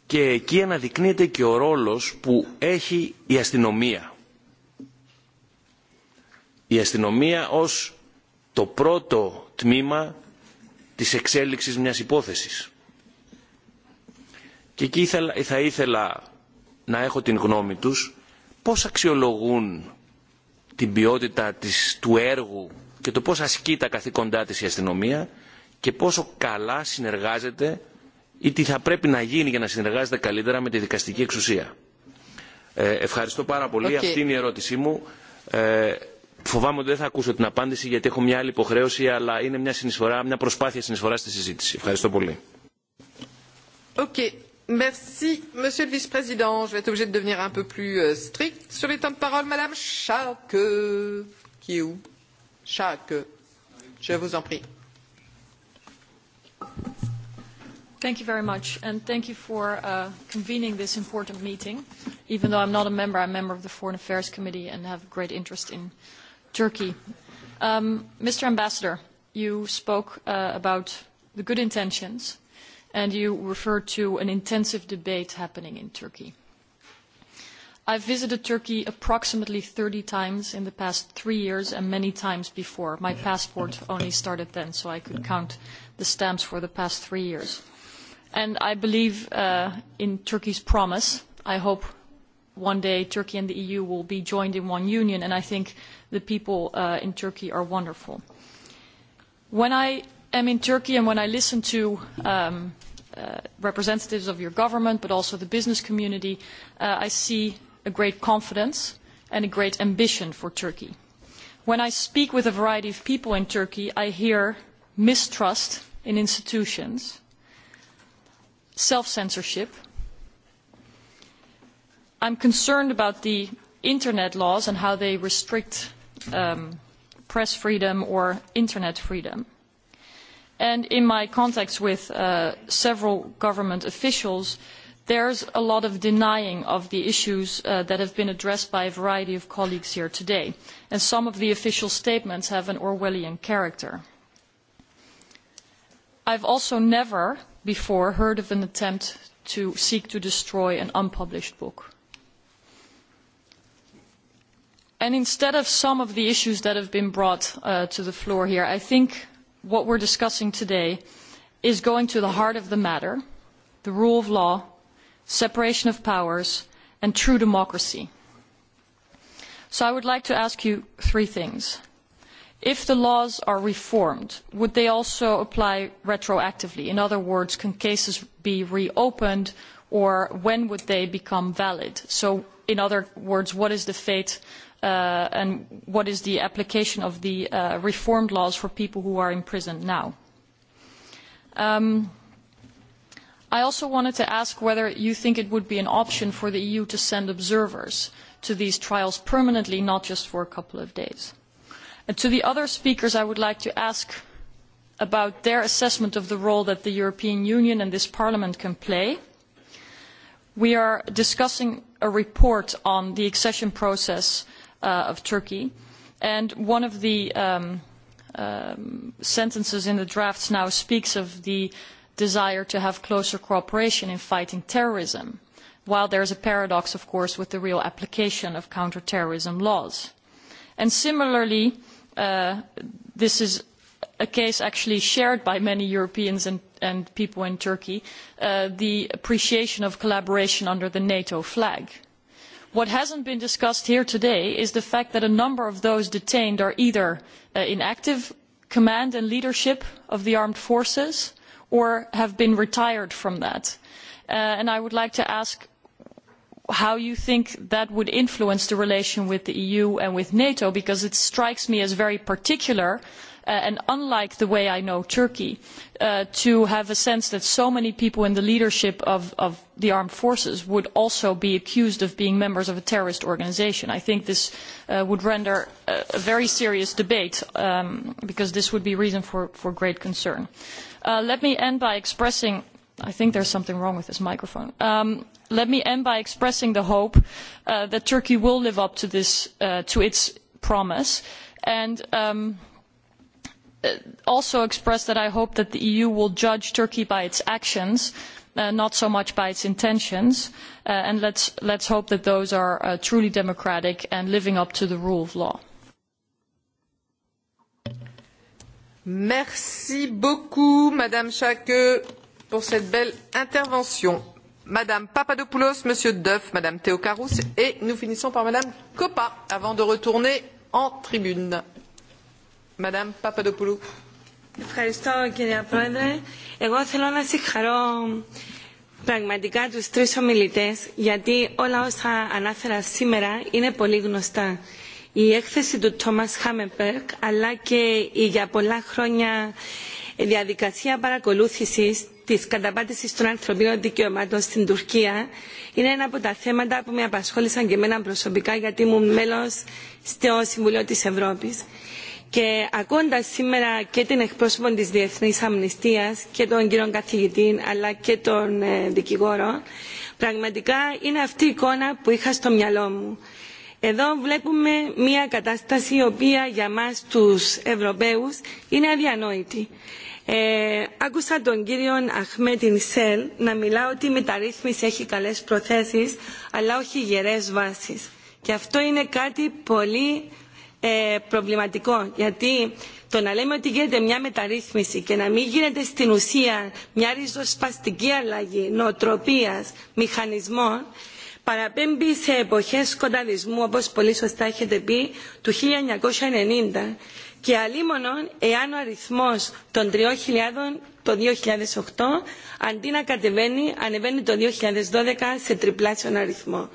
Και εκεί αναδεικνύεται και ο ρόλος που έχει η αστυνομία. Η αστυνομία ως το πρώτο τμήμα της εξέλιξης μιας υπόθεσης. Και εκεί θα ήθελα να έχω την γνώμη τους πώς αξιολογούν την ποιότητα της, του έργου και το πώς ασκεί τα καθήκοντά της η αστυνομία και πόσο καλά συνεργάζεται ή τι θα πρέπει να γίνει για να συνεργάζεται καλύτερα με τη δικαστική εξουσία. Ε, ευχαριστώ πάρα πολύ. Okay. Αυτή είναι η ερώτησή μου. Ε, φοβάμαι ότι δεν θα ακούσω την απάντηση γιατί έχω μια άλλη υποχρέωση, αλλά είναι μια, συνεισφορά, μια προσπάθεια συνεισφορά στη συζήτηση. Ευχαριστώ πολύ. Okay. Merci, Monsieur le Vice-président. Je vais être obligée de devenir un peu plus stricte sur les temps de parole. Madame Schaake. qui est où Schalke, je vous en prie. Thank you very much, and thank you for uh, convening this important meeting. Even though I'm not a member, I'm a member of the Foreign Affairs Committee and have great interest in Turkey. Um, Mr. Ambassador, you spoke uh, about the good intentions and you referred to an intensive debate happening in Turkey. I have visited Turkey approximately thirty times in the past three years and many times before. My passport only started then, so I could count the stamps for the past three years. And I believe in Turkey's promise. I hope one day Turkey and the EU will be joined in one union, and I think the people in Turkey are wonderful. When I am in Turkey and when I listen to representatives of your government, but also the business community, I see a great confidence and a great ambition for Turkey. When I speak with a variety of people in Turkey, I hear mistrust in institutions, self-censorship. I am concerned about the internet laws and how they restrict press freedom or internet freedom and in my contacts with several government officials there is a lot of denying of the issues that have been addressed by a variety of colleagues here today and some of the official statements have an orwellian character. i have also never before heard of an attempt to seek to destroy an unpublished book. instead of some of the issues that have been brought to the floor here i think what we're discussing today is going to the heart of the matter, the rule of law, separation of powers, and true democracy. So I would like to ask you three things. If the laws are reformed, would they also apply retroactively? In other words, can cases be reopened or when would they become valid? So in other words, what is the fate and what is the application of the reformed laws for people who are imprisoned now. I also wanted to ask whether you think it would be an option for the EU to send observers to these trials permanently, not just for a couple of days. And to the other speakers, I would like to ask about their assessment of the role that the European Union and this Parliament can play. We are discussing a report on the accession process of Turkey. And one of the sentences in the drafts now speaks of the desire to have closer cooperation in fighting terrorism, while there is a paradox, of course, with the real application of counterterrorism laws. And similarly, this is a case actually shared by many Europeans and, people in Turkey, the appreciation of collaboration under the NATO flag what has not been discussed here today is the fact that a number of those detained are either in active command and leadership of the armed forces or have been retired from that. i would like to ask how you think that would influence the relation with the eu and with nato because it strikes me as very particular that and unlike the way I know Turkey, to have a sense that so many people in the leadership of, the armed forces would also be accused of being members of a terrorist organisation. I think this would render a, very serious debate because this would be reason for, great concern. let me end by expressing I think there's something wrong with this microphone. let me end by expressing the hope that Turkey will live up to its promise and also express that I hope that the EU will judge Turkey by its actions, not so much by its intentions. and let us hope that those are truly democratic and living up to the rule of law. Merci beaucoup, Madame Schaake, pour cette belle intervention. Madame Papadopoulos, Monsieur Duff, Madame Théocarous et nous finissons par Madame Coppa avant de retourner en tribune. Madame Papadopoulou. Ευχαριστώ κυρία Πρόεδρε. Εγώ θέλω να συγχαρώ πραγματικά τους τρεις ομιλητές γιατί όλα όσα ανάφερα σήμερα είναι πολύ γνωστά. Η έκθεση του Τόμας Χάμεμπερκ αλλά και η για πολλά χρόνια διαδικασία παρακολούθησης της καταπάτησης των ανθρωπίνων δικαιωμάτων στην Τουρκία είναι ένα από τα θέματα που με απασχόλησαν και εμένα προσωπικά γιατί ήμουν μέλος στο Συμβουλίο της Ευρώπης. Και ακούγοντα σήμερα και την εκπρόσωπο τη Διεθνή Αμνηστία και τον κύριο καθηγητή αλλά και τον δικηγόρο, πραγματικά είναι αυτή η εικόνα που είχα στο μυαλό μου. Εδώ βλέπουμε μια κατάσταση η οποία για μας τους Ευρωπαίους είναι αδιανόητη. Ε, άκουσα τον κύριο Αχμέτιν Σελ να μιλά ότι η μεταρρύθμιση έχει καλές προθέσεις αλλά όχι γερές βάσεις. Και αυτό είναι κάτι πολύ ε, προβληματικό. Γιατί το να λέμε ότι γίνεται μια μεταρρύθμιση και να μην γίνεται στην ουσία μια ριζοσπαστική αλλαγή νοοτροπίας, μηχανισμών, παραπέμπει σε εποχές σκοταδισμού, όπως πολύ σωστά έχετε πει, του 1990 και αλίμονον εάν ο αριθμός των 3.000 το 2008 αντί να κατεβαίνει, ανεβαίνει το 2012 σε τριπλάσιο αριθμό.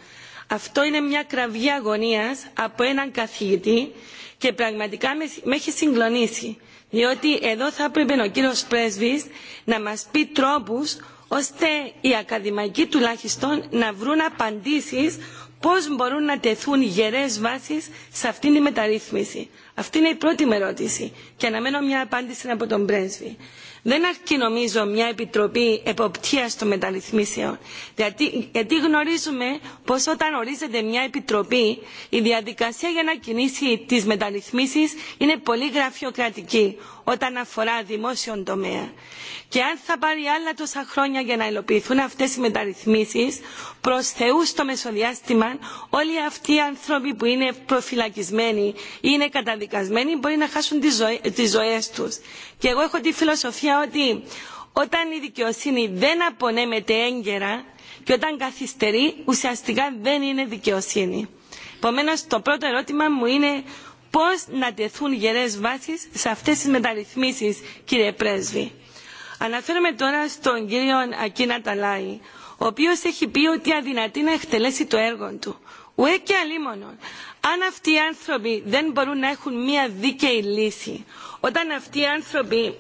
Αυτό είναι μια κραυγή αγωνίας από έναν καθηγητή και πραγματικά με έχει συγκλονίσει. Διότι εδώ θα έπρεπε ο κύριος Πρέσβης να μας πει τρόπους ώστε οι ακαδημαϊκοί τουλάχιστον να βρουν απαντήσεις πώς μπορούν να τεθούν γερές βάσεις σε αυτήν τη μεταρρύθμιση. Αυτή είναι η πρώτη με ερώτηση και αναμένω μια απάντηση από τον πρέσβη. Δεν αρκεί νομίζω μια επιτροπή εποπτεία των μεταρρυθμίσεων. Γιατί, γιατί γνωρίζουμε πω όταν ορίζεται μια επιτροπή η διαδικασία για να κινήσει τι μεταρρυθμίσει είναι πολύ γραφειοκρατική όταν αφορά δημόσιον τομέα. Και αν θα πάρει άλλα τόσα χρόνια για να υλοποιηθούν αυτέ οι μεταρρυθμίσει, προ Θεού στο μεσοδιάστημα όλοι αυτοί οι άνθρωποι που είναι προφυλακισμένοι ή είναι καταδικασμένοι μπορεί να χάσουν τι ζωέ, του. τους. Και εγώ έχω τη φιλοσοφία ότι όταν η δικαιοσύνη δεν απονέμεται έγκαιρα και όταν καθυστερεί, ουσιαστικά δεν είναι δικαιοσύνη. Επομένω, το πρώτο ερώτημα μου είναι πώ να τεθούν γερέ βάσει σε αυτέ τι μεταρρυθμίσει, κύριε Πρέσβη. Αναφέρομαι τώρα στον κύριο Ακίνα Ταλάη, ο οποίο έχει πει ότι αδυνατεί να εκτελέσει το έργο του. Ουέ και αλίμονον. Αν αυτοί οι άνθρωποι δεν μπορούν να έχουν μία δίκαιη λύση, όταν αυτοί οι άνθρωποι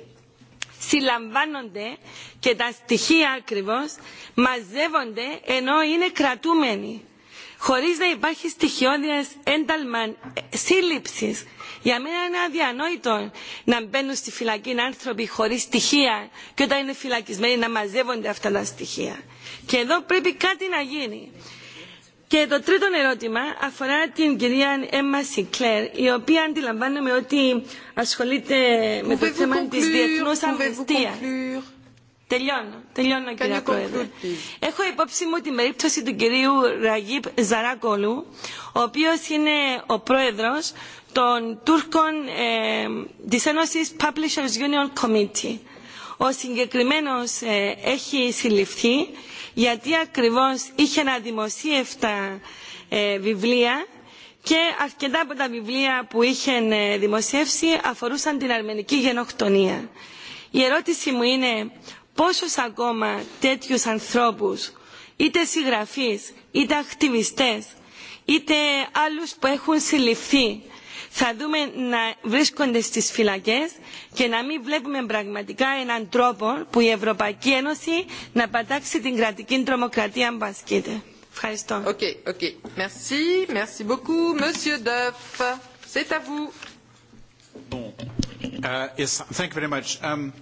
συλλαμβάνονται και τα στοιχεία ακριβώς μαζεύονται ενώ είναι κρατούμενοι χωρίς να υπάρχει στοιχειώδες ένταλμα σύλληψης. Για μένα είναι αδιανόητο να μπαίνουν στη φυλακή άνθρωποι χωρίς στοιχεία και όταν είναι φυλακισμένοι να μαζεύονται αυτά τα στοιχεία. Και εδώ πρέπει κάτι να γίνει. Και το τρίτο ερώτημα αφορά την κυρία Έμμα Σικλέρ, η οποία αντιλαμβάνομαι ότι ασχολείται με το θέμα τη διεθνού αμνηστίας. Τελειώνω, τελειώνω κυρία Πρόεδρε. Έχω υπόψη μου την περίπτωση του κυρίου Ραγίπ Ζαράκολου, ο οποίος είναι ο πρόεδρος των Τούρκων ε, της Ένωσης Publishers Union Committee. Ο συγκεκριμένος ε, έχει συλληφθεί γιατί ακριβώς είχε να δημοσίευτα βιβλία και αρκετά από τα βιβλία που είχε δημοσιεύσει αφορούσαν την αρμενική γενοκτονία. Η ερώτηση μου είναι πόσους ακόμα τέτοιους ανθρώπους, είτε συγγραφείς, είτε ακτιβιστές, είτε άλλους που έχουν συλληφθεί θα δούμε να βρίσκονται στις φυλακές και να μην βλέπουμε πραγματικά έναν τρόπο που η Ευρωπαϊκή Ένωση να πατάξει την κρατική τρομοκρατία που ασκείται. Ευχαριστώ. Okay, okay. Merci, merci beaucoup, Monsieur Duff. C'est à vous. Uh, yes, thank you very much. Um,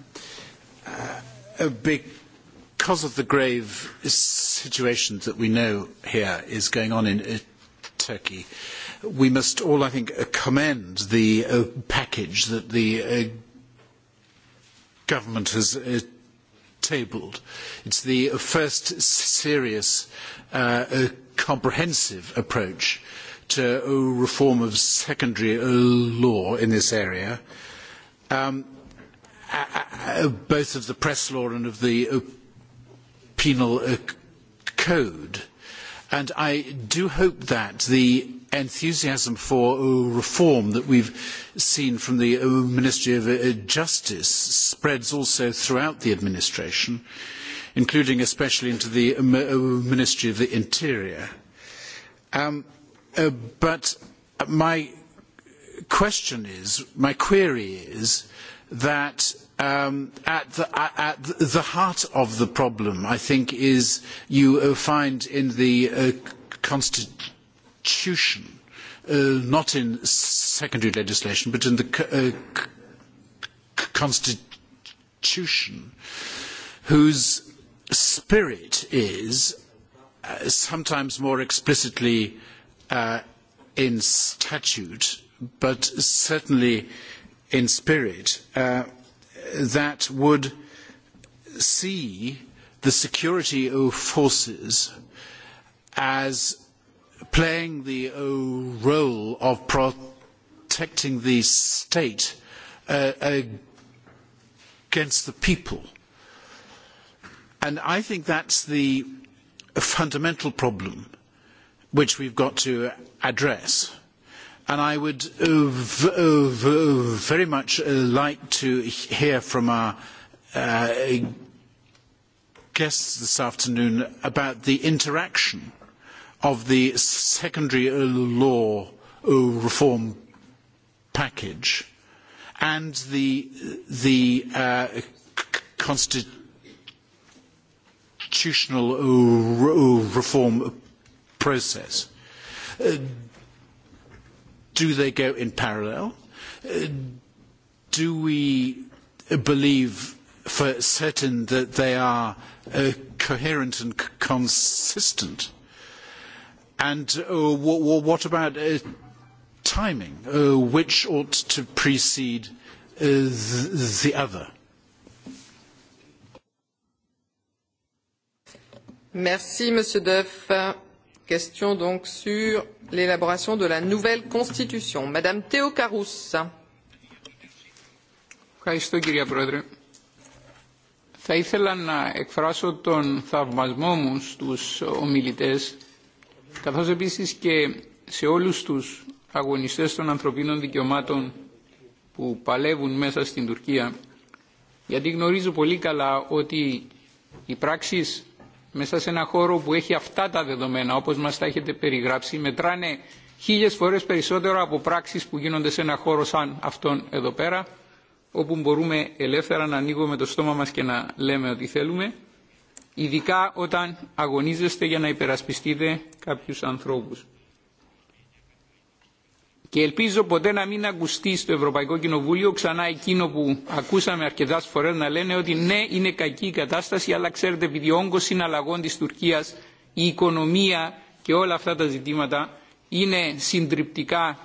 uh, because of the grave situation that we know here is going on in uh, Turkey, we must all, I think, commend the package that the government has tabled. It is the first serious, comprehensive approach to reform of secondary law in this area, both of the press law and of the penal code. And I do hope that the enthusiasm for reform that we have seen from the Ministry of Justice spreads also throughout the administration, including especially into the Ministry of the Interior. but my question is, my query is that at, the, heart of the problem, I think, is you find in the Constitution Constitution, not in secondary legislation, but in the Constitution, whose spirit is sometimes more explicitly in statute, but certainly in spirit, that would see the security forces as playing the role of protecting the state against the people. And I think that's the fundamental problem which we've got to address. And I would very much like to hear from our guests this afternoon about the interaction of the secondary law reform package and the constitutional reform process. Do they go in parallel? Do we believe for certain that they are coherent and consistent? And what about timing? Which ought to precede the other? Merci, Monsieur Duff. Question donc sur l'élaboration de la nouvelle constitution. Madame Theo Carous. Ευχαριστώ, κυρία Πρόεδρε. Θα ήθελα να εκφράσω τον θαυμασμό μου στους ομιλητές καθώς επίσης και σε όλους τους αγωνιστές των ανθρωπίνων δικαιωμάτων που παλεύουν μέσα στην Τουρκία γιατί γνωρίζω πολύ καλά ότι οι πράξεις μέσα σε ένα χώρο που έχει αυτά τα δεδομένα όπως μας τα έχετε περιγράψει μετράνε χίλιες φορές περισσότερο από πράξεις που γίνονται σε ένα χώρο σαν αυτόν εδώ πέρα όπου μπορούμε ελεύθερα να ανοίγουμε το στόμα μας και να λέμε ό,τι θέλουμε ειδικά όταν αγωνίζεστε για να υπερασπιστείτε κάποιους ανθρώπους. Και ελπίζω ποτέ να μην ακουστεί στο Ευρωπαϊκό Κοινοβούλιο ξανά εκείνο που ακούσαμε αρκετά φορέ να λένε ότι ναι, είναι κακή η κατάσταση, αλλά ξέρετε, επειδή ο όγκο συναλλαγών τη Τουρκία, η οικονομία και όλα αυτά τα ζητήματα είναι συντριπτικά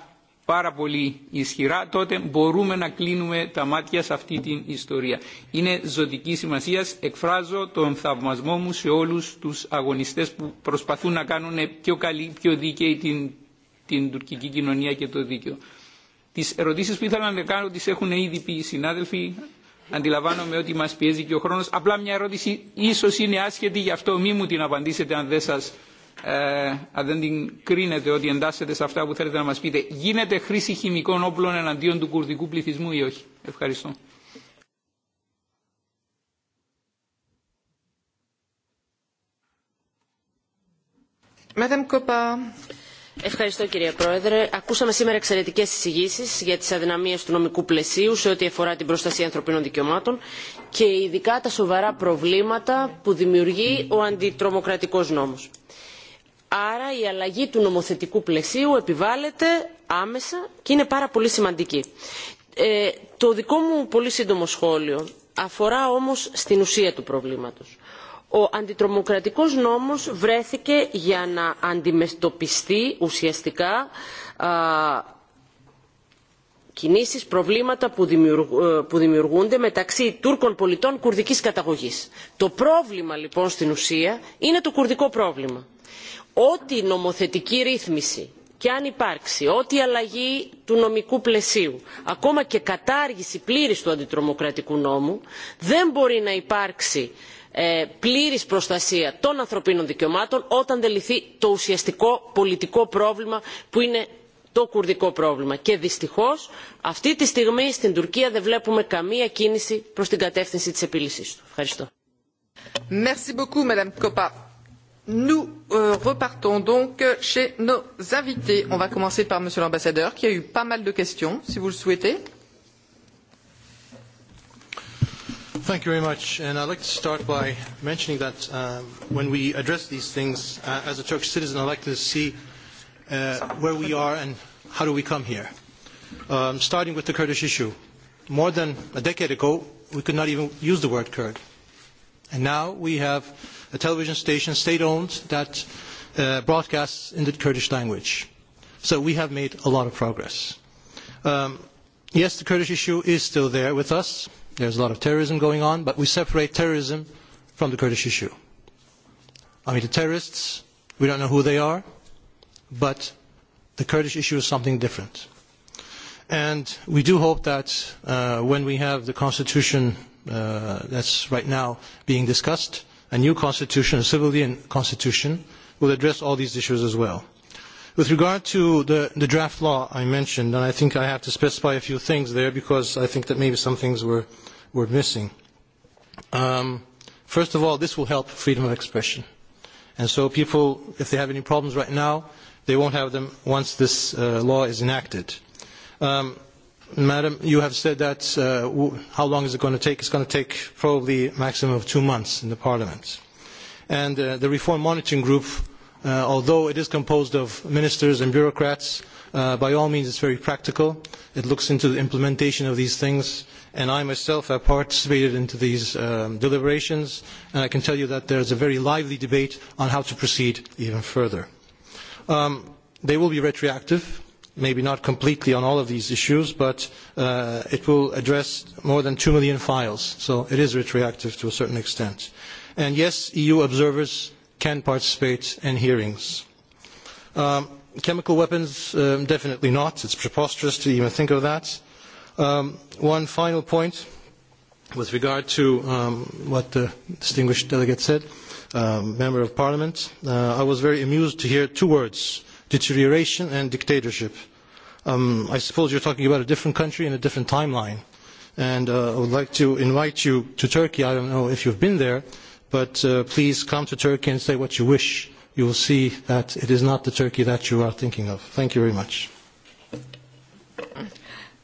πάρα πολύ ισχυρά, τότε μπορούμε να κλείνουμε τα μάτια σε αυτή την ιστορία. Είναι ζωτική σημασία. Εκφράζω τον θαυμασμό μου σε όλου του αγωνιστέ που προσπαθούν να κάνουν πιο καλή, πιο δίκαιη την, την τουρκική κοινωνία και το δίκαιο. Τι ερωτήσει που ήθελα να κάνω τι έχουν ήδη πει οι συνάδελφοι. Αντιλαμβάνομαι ότι μα πιέζει και ο χρόνο. Απλά μια ερώτηση ίσω είναι άσχετη, γι' αυτό μη μου την απαντήσετε αν δεν σα αν δεν την κρίνετε ότι εντάσσεται σε αυτά που θέλετε να μας πείτε, γίνεται χρήση χημικών όπλων εναντίον του κουρδικού πληθυσμού ή όχι. Ευχαριστώ. Ευχαριστώ κύριε Πρόεδρε. Ακούσαμε σήμερα εξαιρετικέ εισηγήσει για τι αδυναμίε του νομικού πλαισίου σε ό,τι αφορά την προστασία ανθρωπίνων δικαιωμάτων και ειδικά τα σοβαρά προβλήματα που δημιουργεί ο αντιτρομοκρατικό νόμο. Άρα η αλλαγή του νομοθετικού πλαισίου επιβάλλεται άμεσα και είναι πάρα πολύ σημαντική. το δικό μου πολύ σύντομο σχόλιο αφορά όμως στην ουσία του προβλήματος. Ο αντιτρομοκρατικός νόμος βρέθηκε για να αντιμετωπιστεί ουσιαστικά κινήσεις, προβλήματα που δημιουργούνται μεταξύ Τούρκων πολιτών κουρδικής καταγωγής. Το πρόβλημα λοιπόν στην ουσία είναι το κουρδικό πρόβλημα ό,τι νομοθετική ρύθμιση και αν υπάρξει ό,τι αλλαγή του νομικού πλαισίου, ακόμα και κατάργηση πλήρης του αντιτρομοκρατικού νόμου, δεν μπορεί να υπάρξει πλήρης προστασία των ανθρωπίνων δικαιωμάτων όταν δεν λυθεί το ουσιαστικό πολιτικό πρόβλημα που είναι το κουρδικό πρόβλημα. Και δυστυχώς αυτή τη στιγμή στην Τουρκία δεν βλέπουμε καμία κίνηση προς την κατεύθυνση της επίλυσής του. Ευχαριστώ. Merci beaucoup, Madame Nous repartons donc chez nos invités. On va commencer par Monsieur l'ambassadeur qui a eu pas mal de questions, si vous le souhaitez. Thank you very much. And I'd like to start by mentioning that when we address these things, as a Turkish citizen, I'd like to see where we are and how do we come here. starting with the Kurdish issue. More than a decade ago, we could not even use the word Kurd. And now we have a television station, state-owned, that broadcasts in the Kurdish language. So we have made a lot of progress. yes, the Kurdish issue is still there with us. There is a lot of terrorism going on, but we separate terrorism from the Kurdish issue. I mean, the terrorists, we don't know who they are, but the Kurdish issue is something different. And we do hope that when we have the constitution that's right now being discussed, A new constitution, a civilian constitution, will address all these issues as well. With regard to the, the draft law I mentioned, and I think I have to specify a few things there because I think that maybe some things were, were missing. Um, first of all, this will help freedom of expression. And so people, if they have any problems right now, they won't have them once this uh, law is enacted. Um, Madam, you have said that how long is it going to take? It's going to take probably a maximum of two months in the Parliament. And the Reform Monitoring Group, although it is composed of ministers and bureaucrats, by all means it's very practical. It looks into the implementation of these things. And I myself have participated in these deliberations, and I can tell you that there is a very lively debate on how to proceed even further. they will be retroactive maybe not completely on all of these issues, but it will address more than two million files. So it is retroactive to a certain extent. And yes, EU observers can participate in hearings. chemical weapons, definitely not. It's preposterous to even think of that. one final point with regard to what the distinguished delegate said, Member of Parliament. I was very amused to hear two words deterioration and dictatorship. Um, I suppose you're talking about a different country and a different timeline. And uh, I would like to invite you to Turkey. I don't know if you've been there, but uh, please come to Turkey and say what you wish. You will see that it is not the Turkey that you are thinking of. Thank you very much.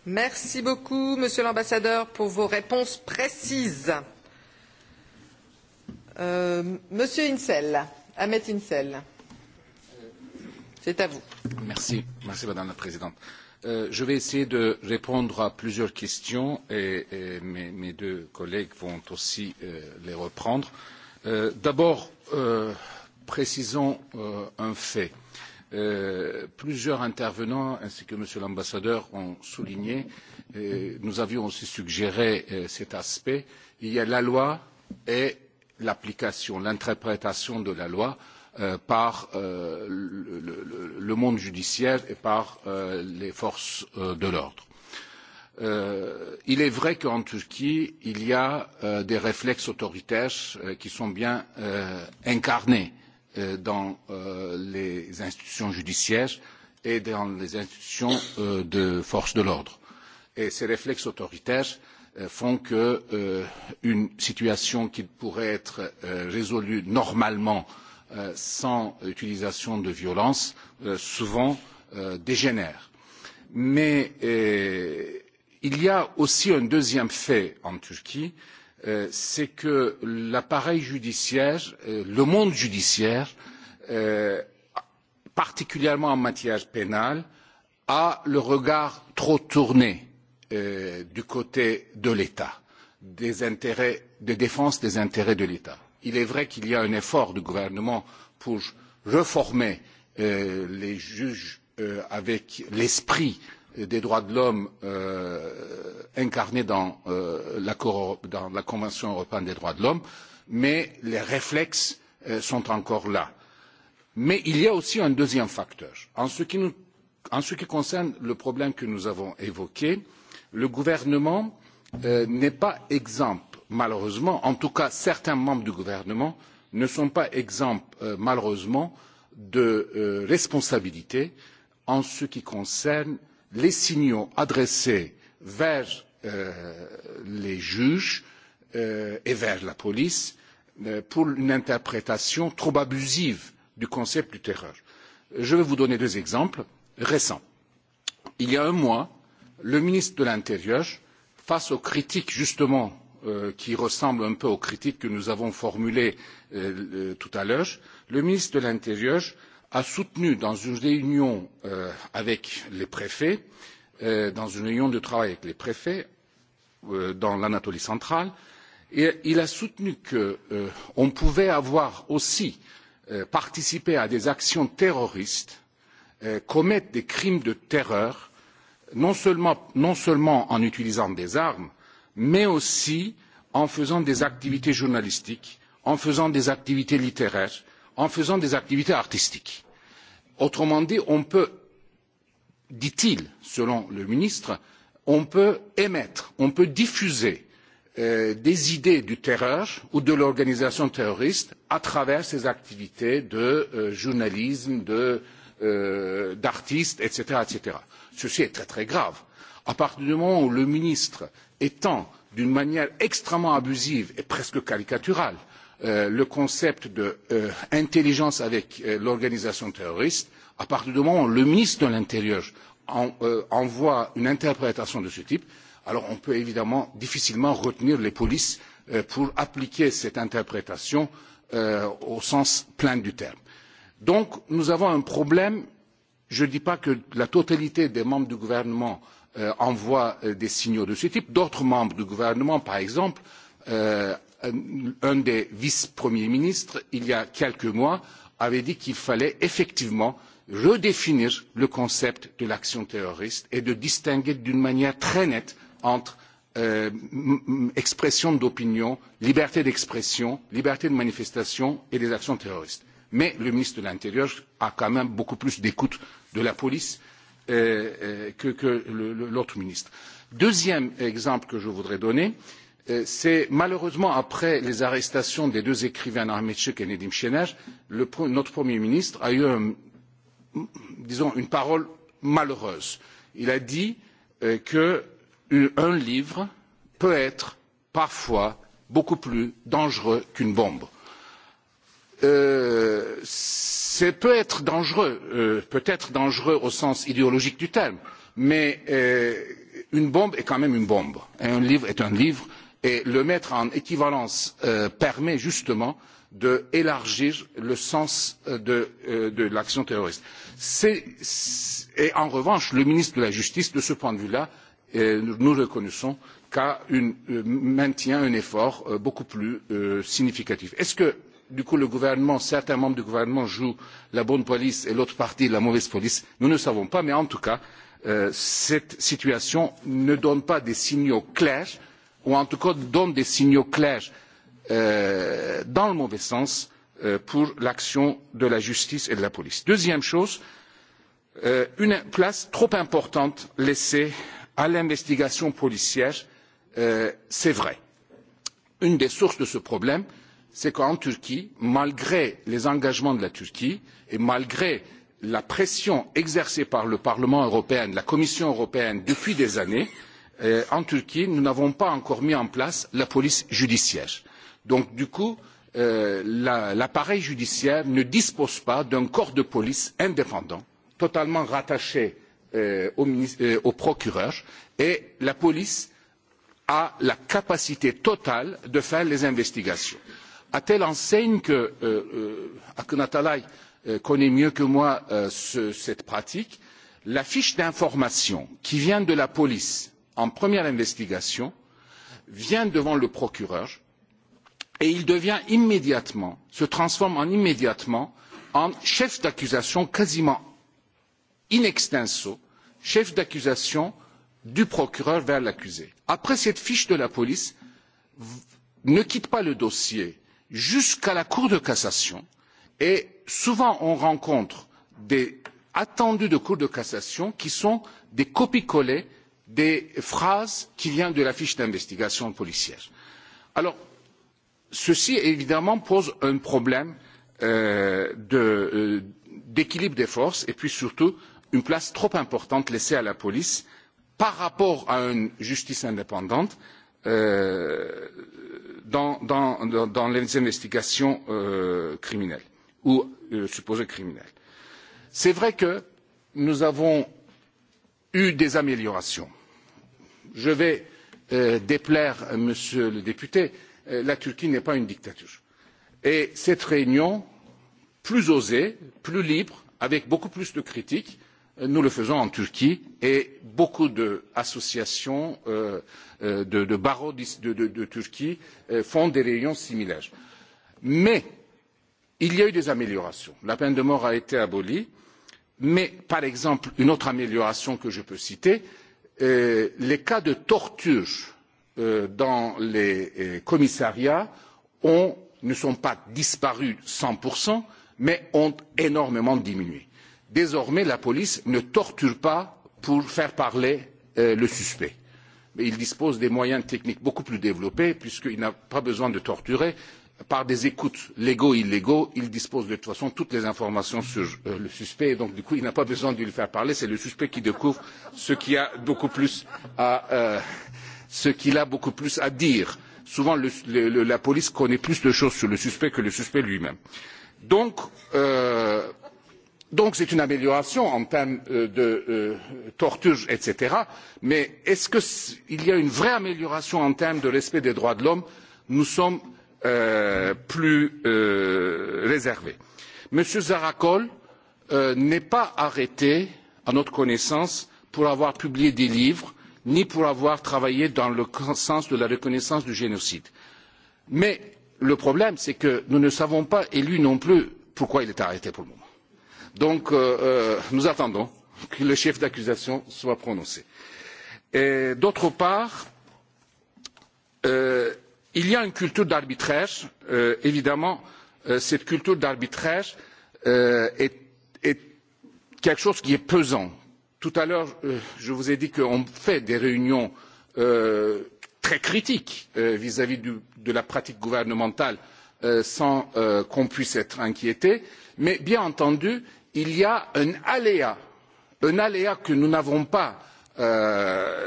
Merci beaucoup, Monsieur l'Ambassadeur, pour vos réponses précises. Euh, Monsieur Insel, Ahmed Insel. C'est à vous. Merci, Madame la Présidente. je vais essayer de répondre à plusieurs questions et, mes, deux collègues vont aussi les reprendre. D'abord, précisons un fait. plusieurs intervenants ainsi que Monsieur l'ambassadeur ont souligné, nous avions aussi suggéré cet aspect, il y a la loi et l'application, l'interprétation de la loi par le, monde judiciaire et par les forces de l'ordre. il est vrai qu'en Turquie, il y a des réflexes autoritaires qui sont bien incarnés dans les institutions judiciaires et dans les institutions de forces de l'ordre. Et ces réflexes autoritaires font qu'une situation qui pourrait être résolue normalement euh, sans utilisation de violence souvent dégénère. Mais il y a aussi un deuxième fait en Turquie, c'est que l'appareil judiciaire, le monde judiciaire, particulièrement en matière pénale, a le regard trop tourné du côté de l'État, des intérêts de défense des intérêts de l'État il est vrai qu'il y a un effort du gouvernement pour reformer les juges avec l'esprit des droits de l'homme incarné dans la Convention européenne des droits de l'homme, mais les réflexes sont encore là. Mais il y a aussi un deuxième facteur. En ce qui, concerne le problème que nous avons évoqué, le gouvernement n'est pas exempt malheureusement, en tout cas certains membres du gouvernement, ne sont pas exempts, malheureusement, de responsabilité en ce qui concerne les signaux adressés vers les juges et vers la police pour une interprétation trop abusive du concept du terreur. Je vais vous donner deux exemples récents. Il y a un mois, le ministre de l'Intérieur, face aux critiques justement qui ressemble un peu aux critiques que nous avons formulées tout à l'heure, le ministre de l'Intérieur a soutenu dans une réunion avec les préfets, dans une réunion de travail avec les préfets dans l'Anatolie centrale, et il a soutenu qu'on pouvait avoir aussi participé à des actions terroristes, commettre des crimes de terreur, non seulement en utilisant des armes, mais aussi en faisant des activités journalistiques, en faisant des activités littéraires, en faisant des activités artistiques. Autrement dit, on peut, dit-il, selon le ministre, on peut émettre, on peut diffuser des idées du terreur ou de l'organisation terroriste à travers ces activités de journalisme, d'artiste, etc., Ceci est très très grave. À partir du moment où le ministre étend d'une manière extrêmement abusive et presque caricaturale le concept d'intelligence avec l'organisation terroriste, à partir du moment où le ministre de l'Intérieur envoie une interprétation de ce type, alors on peut évidemment difficilement retenir les polices pour appliquer cette interprétation au sens plein du terme. Donc nous avons un problème, je ne dis pas que la totalité des membres du gouvernement envoient des signaux de ce type. D'autres membres du gouvernement, par exemple, un des vice-premiers ministres, il y a quelques mois, avait dit qu'il fallait effectivement redéfinir le concept de l'action terroriste et de distinguer d'une manière très nette entre expression d'opinion, liberté d'expression, liberté de manifestation et des actions terroristes. Mais le ministre de l'Intérieur a quand même beaucoup plus d'écoute de la police que, l'autre ministre. Deuxième exemple que je voudrais donner, c'est malheureusement après les arrestations des deux écrivains Narmetchuk et Nedim Chenaj, notre Premier ministre a eu, disons, une parole malheureuse. Il a dit qu'un livre peut être parfois beaucoup plus dangereux qu'une bombe c'est peut être dangereux, peut être dangereux au sens idéologique du terme, mais une bombe est quand même une bombe. Et un livre est un livre. Et le mettre en équivalence permet justement d'élargir le sens de, l'action terroriste. et en revanche, le ministre de la Justice, de ce point de vue-là, nous reconnaissons qu'a maintient un effort beaucoup plus significatif. Est-ce que du coup le gouvernement, certains membres du gouvernement jouent la bonne police et l'autre partie la mauvaise police, nous ne savons pas, mais en tout cas, cette situation ne donne pas des signaux clairs, ou en tout cas donne des signaux clairs dans le mauvais sens pour l'action de la justice et de la police. Deuxième chose, une place trop importante laissée à l'investigation policière, c'est vrai. Une des sources de ce problème, c'est qu'en Turquie, malgré les engagements de la Turquie et malgré la pression exercée par le Parlement européen, la Commission européenne depuis des années, en Turquie, nous n'avons pas encore mis en place la police judiciaire. Donc, du coup, l'appareil judiciaire ne dispose pas d'un corps de police indépendant, totalement rattaché au procureur, et la police a la capacité totale de faire les investigations à telle enseigne que Akunatalaï connaît mieux que moi cette pratique, la fiche d'information qui vient de la police en première investigation vient devant le procureur et il devient immédiatement, se transforme immédiatement en chef d'accusation quasiment in extenso, chef d'accusation du procureur vers l'accusé. Après cette fiche de la police ne quitte pas le dossier jusqu'à la Cour de cassation. Et souvent, on rencontre des attendus de Cour de cassation qui sont des copies-collées des phrases qui viennent de la fiche d'investigation policière. Alors, ceci évidemment pose un problème d'équilibre des forces et puis surtout une place trop importante laissée à la police par rapport à une justice indépendante dans, les investigations criminelles ou supposées criminelles. C'est vrai que nous avons eu des améliorations. Je vais déplaire, monsieur le député, la Turquie n'est pas une dictature. Et cette réunion, plus osée, plus libre, avec beaucoup plus de critiques, nous le faisons en Turquie et beaucoup d'associations de, barreaux de, Turquie font des réunions similaires. Mais il y a eu des améliorations. La peine de mort a été abolie, mais par exemple, une autre amélioration que je peux citer, les cas de torture dans les commissariats ne sont pas disparus cent, mais ont énormément diminué désormais la police ne torture pas pour faire parler le suspect. Mais il dispose des moyens techniques beaucoup plus développés puisqu'il n'a pas besoin de torturer. Par des écoutes légaux illégaux, il dispose de toute façon toutes les informations sur le suspect et donc du coup il n'a pas besoin de lui faire parler. C'est le suspect qui découvre ce qu'il a beaucoup plus à, dire. Souvent la police connaît plus de choses sur le suspect que le suspect lui-même. Donc donc c'est une amélioration en termes de torture etc. mais est ce qu'il y a une vraie amélioration en termes de respect des droits de l'homme? nous sommes plus réservés. m. zarakol n'est pas arrêté à notre connaissance pour avoir publié des livres ni pour avoir travaillé dans le sens de la reconnaissance du génocide. mais le problème c'est que nous ne savons pas et lui non plus pourquoi il est arrêté pour le moment. Donc, nous attendons que le chef d'accusation soit prononcé. D'autre part, il y a une culture d'arbitrage. évidemment, cette culture d'arbitrage est, quelque chose qui est pesant. Tout à l'heure, je vous ai dit qu'on fait des réunions très critiques vis à vis de la pratique gouvernementale sans qu'on puisse être inquiété. Mais bien entendu, il y a un aléa, un aléa que nous n'avons pas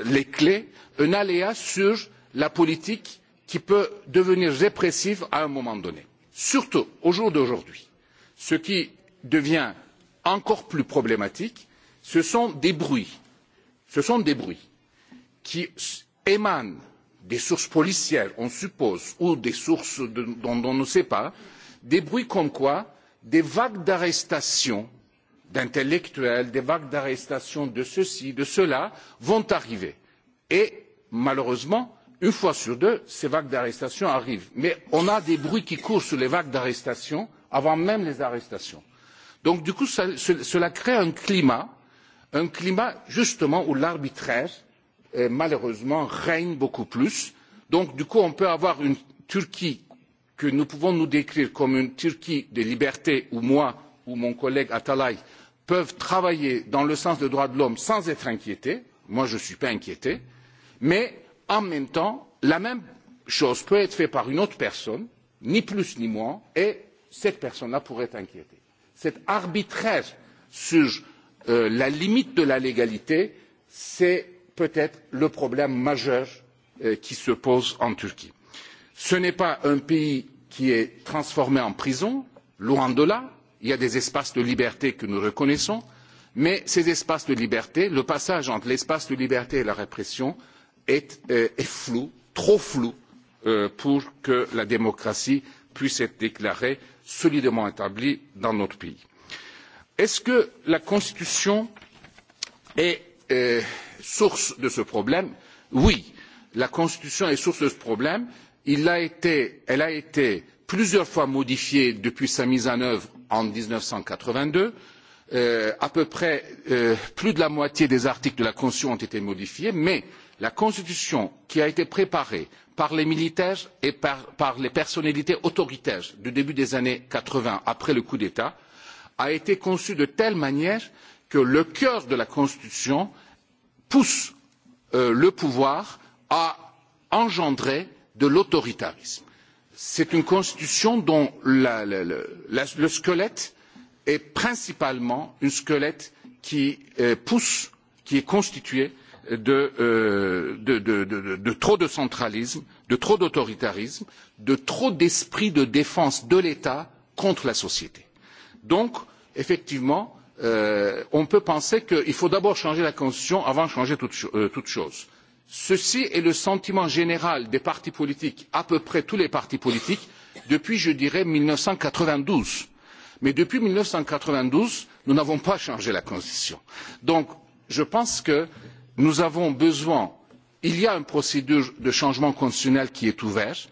les clés, un aléa sur la politique qui peut devenir répressive à un moment donné. Surtout au jour d'aujourd'hui, ce qui devient encore plus problématique, ce sont des bruits, ce sont des bruits qui émanent des sources policières, on suppose, ou des sources dont on ne sait pas, des bruits comme quoi des vagues d'arrestations d'intellectuels, des vagues d'arrestation de ceci, de cela vont arriver. Et malheureusement, une fois sur deux, ces vagues d'arrestation arrivent. Mais on a des bruits qui courent sur les vagues d'arrestation, avant même les arrestations. Donc du coup, cela crée un climat, un climat justement où l'arbitraire, malheureusement, règne beaucoup plus. Donc du coup, on peut avoir une Turquie que nous pouvons nous décrire comme une Turquie des libertés, où moi ou mon collègue Atalay peuvent travailler dans le sens des droits de l'homme sans être inquiétés, moi je ne suis pas inquiété, mais en même temps, la même chose peut être faite par une autre personne, ni plus ni moins, et cette personne-là pourrait être inquiétée. Cet arbitraire sur la limite de la légalité, c'est peut-être le problème majeur qui se pose en Turquie. Ce n'est pas un pays qui est transformé en prison, loin de là, il y a des espaces de liberté que nous reconnaissons, mais ces espaces de liberté, le passage entre l'espace de liberté et la répression est, flou, trop flou pour que la démocratie puisse être déclarée solidement établie dans notre pays. Est-ce que la Constitution est source de ce problème Oui, la Constitution est source de ce problème. elle a été plusieurs fois modifiée depuis sa mise en œuvre en mille neuf cent quatre vingt deux à peu près plus de la moitié des articles de la constitution ont été modifiés mais la constitution qui a été préparée par les militaires et par les personnalités autoritaires du début des années quatre vingts après le coup d'état a été conçue de telle manière que le cœur de la constitution pousse le pouvoir à engendrer de l'autoritarisme c'est une constitution dont le squelette est principalement un squelette qui pousse, qui est constitué de, trop de centralisme, de trop d'autoritarisme, de trop d'esprit de défense de l'État contre la société. Donc, effectivement, on peut penser qu'il faut d'abord changer la Constitution avant de changer toute chose. Ceci est le sentiment général des partis politiques, à peu près tous les partis politiques, depuis, je dirais, mille neuf cent quatre-vingt-douze. Mais depuis mille neuf cent quatre-vingt-douze, nous n'avons pas changé la Constitution. Donc, je pense que nous avons besoin. Il y a une procédure de changement constitutionnel qui est ouverte.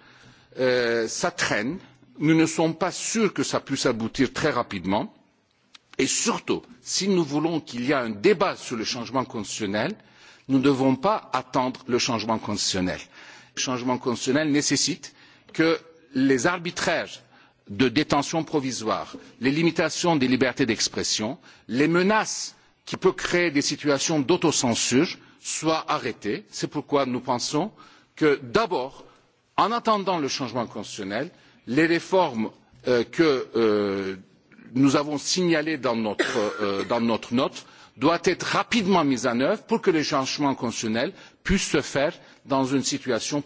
cela traîne. Nous ne sommes pas sûrs que cela puisse aboutir très rapidement Et surtout, si nous voulons qu'il y ait un débat sur le changement constitutionnel, nous ne devons pas attendre le changement constitutionnel. Le changement constitutionnel nécessite que les arbitrages de détention provisoire, les limitations des libertés d'expression, les menaces qui peuvent créer des situations d'autocensure soient arrêtées. C'est pourquoi nous pensons que d'abord, en attendant le changement constitutionnel, les réformes que nous avons signalé dans notre note doit être rapidement mise en œuvre pour que les changements constitutionnels puissent se faire dans une situation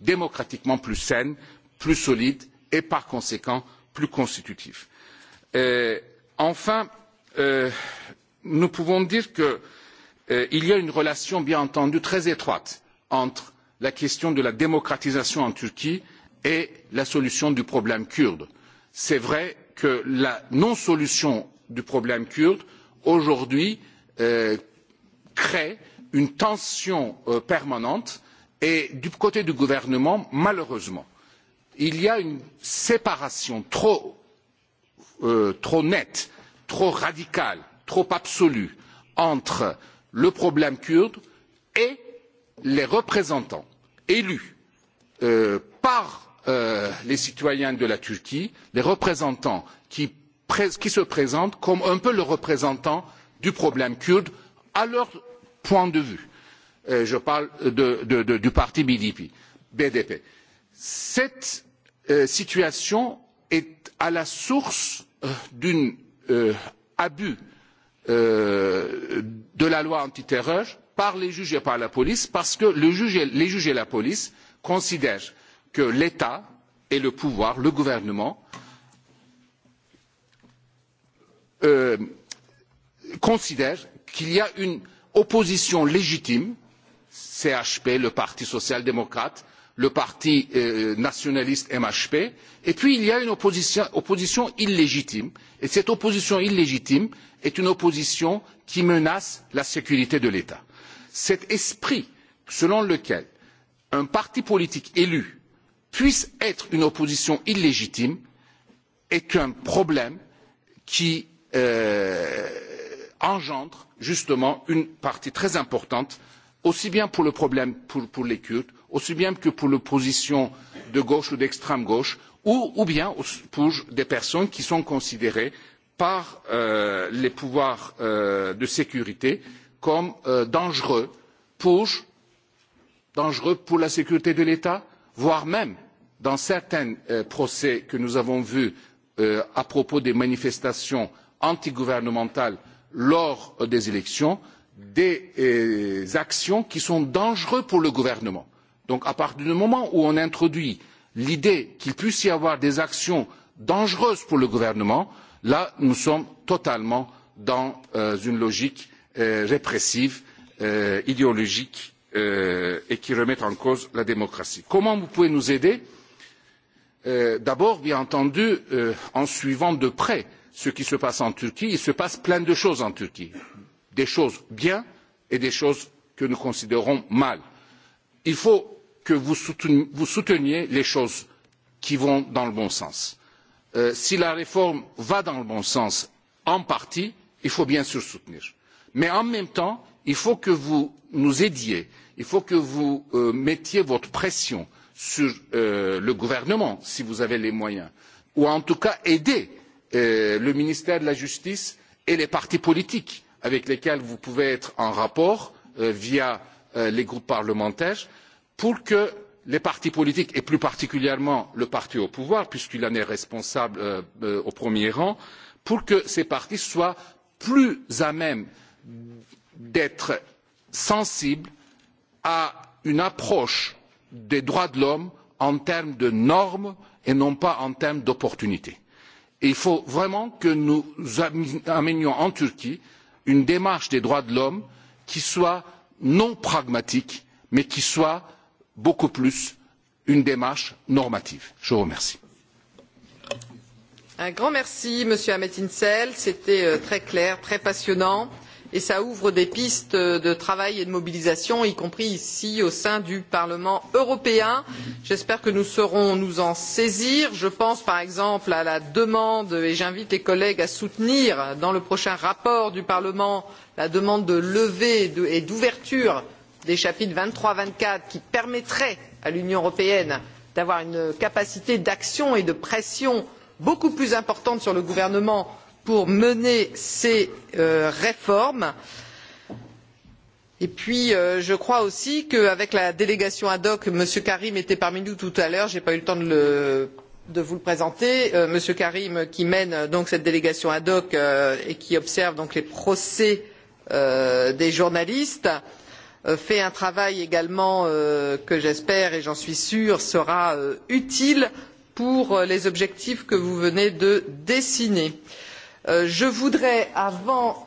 démocratiquement plus saine plus solide et par conséquent plus constitutive. enfin nous pouvons dire qu'il y a une relation bien entendu très étroite entre la question de la démocratisation en turquie et la solution du problème kurde. c'est vrai que la non solution du problème kurde aujourd'hui crée une tension permanente et du côté du gouvernement malheureusement il y a une séparation trop nette trop radicale trop absolue entre le problème kurde et les représentants élus par les citoyens de la Turquie, des représentants qui, se présentent comme un peu le représentant du problème kurde à leur point de vue. je parle du parti BDP. Cette situation est à la source d'un abus de la loi antiterreur par les juges et par la police parce que les juges et la police considèrent que l'État et le pouvoir, le gouvernement, considèrent qu'il y a une opposition légitime CHP, le Parti social démocrate, le Parti nationaliste MHP, et puis il y a une opposition, illégitime. Et cette opposition illégitime est une opposition qui menace la sécurité de l'État. Cet esprit selon lequel un parti politique élu puisse être une opposition illégitime est un problème qui engendre justement une partie très importante aussi bien pour le problème pour les kurdes aussi bien que pour l'opposition de gauche ou d'extrême gauche ou bien pour des personnes qui sont considérées par les pouvoirs de sécurité comme dangereuses pour la sécurité de l'état voire même dans certains procès que nous avons vus à propos des manifestations antigouvernementales lors des élections des actions qui sont dangereuses pour le gouvernement. donc à partir du moment où on introduit l'idée qu'il puisse y avoir des actions dangereuses pour le gouvernement là nous sommes totalement dans une logique répressive idéologique et qui remettent en cause la démocratie. Comment vous pouvez nous aider D'abord, bien entendu, en suivant de près ce qui se passe en Turquie. Il se passe plein de choses en Turquie, des choses bien et des choses que nous considérons mal. Il faut que vous souteniez les choses qui vont dans le bon sens. si la réforme va dans le bon sens en partie, il faut bien sûr soutenir. Mais en même temps, il faut que vous nous aidiez il faut que vous mettiez votre pression sur le gouvernement si vous avez les moyens ou en tout cas aider le ministère de la justice et les partis politiques avec lesquels vous pouvez être en rapport via les groupes parlementaires pour que les partis politiques et plus particulièrement le parti au pouvoir puisqu'il en est responsable au premier rang pour que ces partis soient plus à même d'être sensibles à une approche des droits de l'homme en termes de normes et non pas en termes d'opportunités. Il faut vraiment que nous amenions en Turquie une démarche des droits de l'homme qui soit non pragmatique, mais qui soit beaucoup plus une démarche normative. Je vous remercie. Un grand merci, Monsieur Ahmet Insel. C'était très clair, très passionnant et cela ouvre des pistes de travail et de mobilisation y compris ici au sein du parlement européen. j'espère que nous saurons nous en saisir. je pense par exemple à la demande et j'invite les collègues à soutenir dans le prochain rapport du parlement la demande de levée et d'ouverture des chapitres vingt trois et vingt quatre qui permettraient à l'union européenne d'avoir une capacité d'action et de pression beaucoup plus importante sur le gouvernement pour mener ces réformes et puis je crois aussi qu'avec la délégation ad hoc m. karim était parmi nous tout à l'heure je n'ai pas eu le temps de vous le présenter m. karim qui mène donc cette délégation ad hoc et qui observe donc les procès des journalistes fait un travail également que j'espère et j'en suis sûre sera utile pour les objectifs que vous venez de dessiner. je je voudrais avant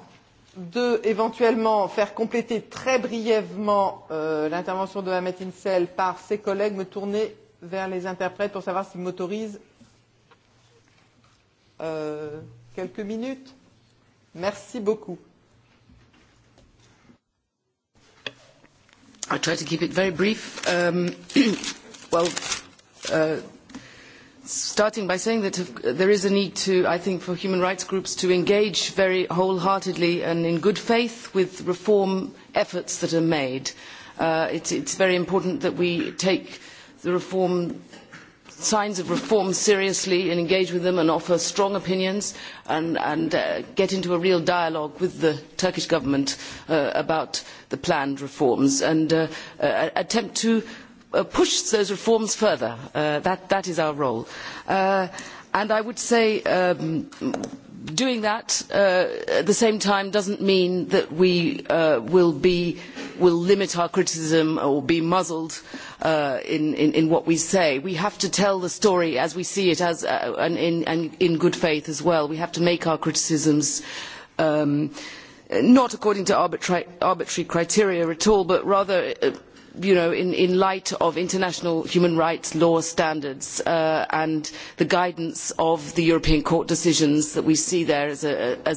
de éventuellement faire compléter très brièvement l'intervention de Ahmed Insel par ses collègues me tourner vers les interprètes pour savoir s'ils m'autorisent quelques minutes. Merci beaucoup. I'll try to keep it very brief. Um, well, uh, starting by saying that there is a need to, I think, for human rights groups to engage very wholeheartedly and in good faith with reform efforts that are made. It is very important that we take the reform signs of reform seriously and engage with them and offer strong opinions and, get into a real dialogue with the Turkish government about the planned reforms and attempt to push those reforms further. that, is our role. and I would say doing that at the same time does not mean that we will, limit our criticism or be muzzled in, what we say. We have to tell the story as we see it and, in, good faith as well. We have to make our criticisms not according to arbitrary criteria at all, but rather in light of international human rights law standards and the guidance of the European Court decisions that we see there as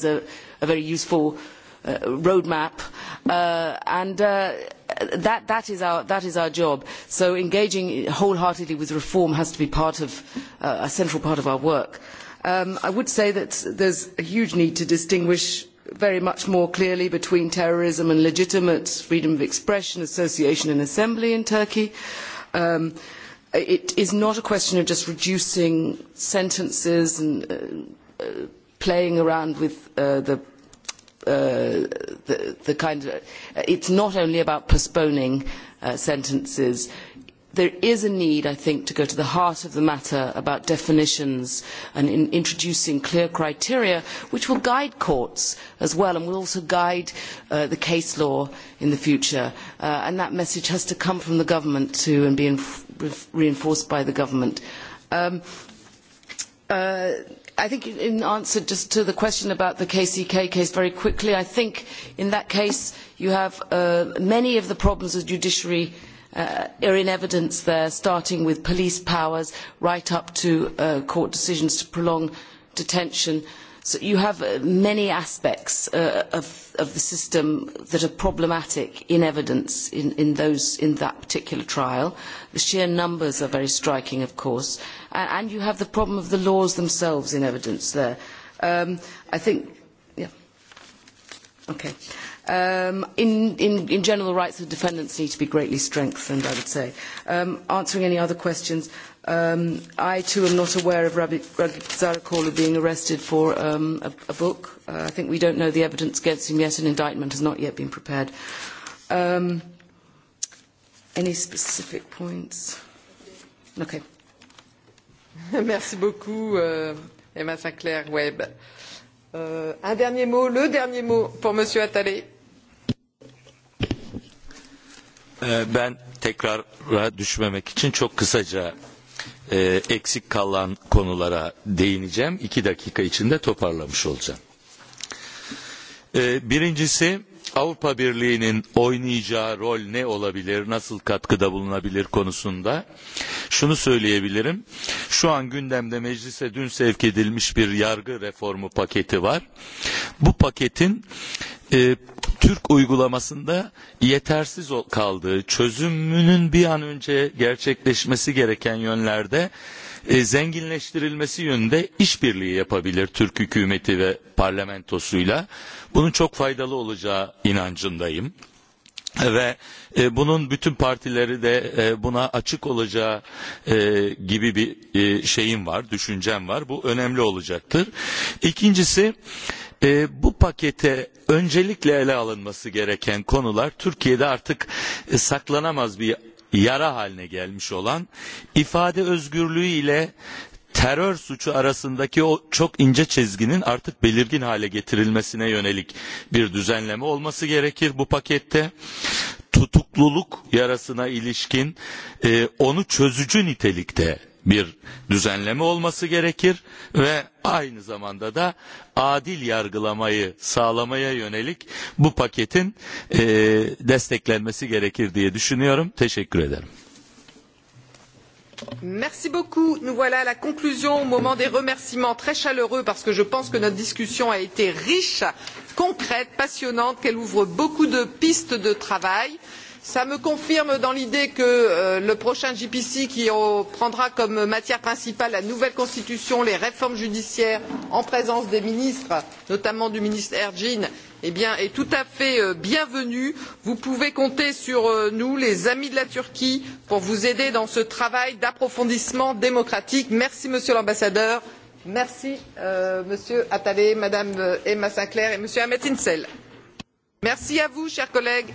a very useful roadmap. And that is our job. So engaging wholeheartedly with reform has to be part of a central part of our work. I would say that there is a huge need to distinguish very much more clearly between terrorism and legitimate freedom of expression, association and assembly in Turkey. it is not a question of just reducing sentences and playing around with the the kind of it's not only about postponing sentences there is a need, I think, to go to the heart of the matter about definitions and in introducing clear criteria which will guide courts as well and will also guide the case law in the future. and that message has to come from the government too and be reinforced by the government. I think in answer just to the question about the KCK case very quickly, I think in that case you have many of the problems of judiciary are in evidence there, starting with police powers right up to court decisions to prolong detention. So you have many aspects of, the system that are problematic in evidence in, that particular trial. The sheer numbers are very striking, of course. And, you have the problem of the laws themselves in evidence there. I think, yeah. Okay in, general, the rights of defendants need to be greatly strengthened, I would say. answering any other questions, I too am not aware of Rabbi Zarakola being arrested for a, book. I think we don't know the evidence against him yet. An indictment has not yet been prepared. any specific points? Okay. Merci beaucoup, Emma Sinclair-Webb. un dernier mot, le dernier mot pour Monsieur Attalé ben tekrara düşmemek için çok kısaca eksik kalan konulara değineceğim. İki dakika içinde toparlamış olacağım. Birincisi Avrupa Birliği'nin oynayacağı rol ne olabilir, nasıl katkıda bulunabilir konusunda şunu söyleyebilirim. Şu an gündemde meclise dün sevk edilmiş bir yargı reformu paketi var. Bu paketin e, Türk uygulamasında yetersiz kaldığı, çözümünün bir an önce gerçekleşmesi gereken yönlerde zenginleştirilmesi yönünde işbirliği yapabilir Türk hükümeti ve parlamentosuyla. Bunun çok faydalı olacağı inancındayım ve e, bunun bütün partileri de e, buna açık olacağı e, gibi bir e, şeyim var, düşüncem var. Bu önemli olacaktır. İkincisi e, bu pakete öncelikle ele alınması gereken konular Türkiye'de artık e, saklanamaz bir yara haline gelmiş olan ifade özgürlüğü ile terör suçu arasındaki o çok ince çizginin artık belirgin hale getirilmesine yönelik bir düzenleme olması gerekir bu pakette. Tutukluluk yarasına ilişkin e, onu çözücü nitelikte bir düzenleme olması gerekir ve aynı zamanda da adil yargılamayı sağlamaya yönelik bu paketin e, desteklenmesi gerekir diye düşünüyorum. Teşekkür ederim. Merci beaucoup. Nous voilà à la conclusion au moment des remerciements très chaleureux parce que je pense que notre discussion a été riche, concrète, passionnante, qu'elle ouvre beaucoup de pistes de travail. Cela me confirme dans l'idée que le prochain GPC, qui prendra comme matière principale la nouvelle constitution, les réformes judiciaires, en présence des ministres, notamment du ministre Ergin, est tout à fait bienvenu. Vous pouvez compter sur nous, les amis de la Turquie, pour vous aider dans ce travail d'approfondissement démocratique. Merci, monsieur l'ambassadeur. Merci, monsieur Attalé, madame Emma Sinclair et monsieur Ahmet Insel. Merci à vous, chers collègues.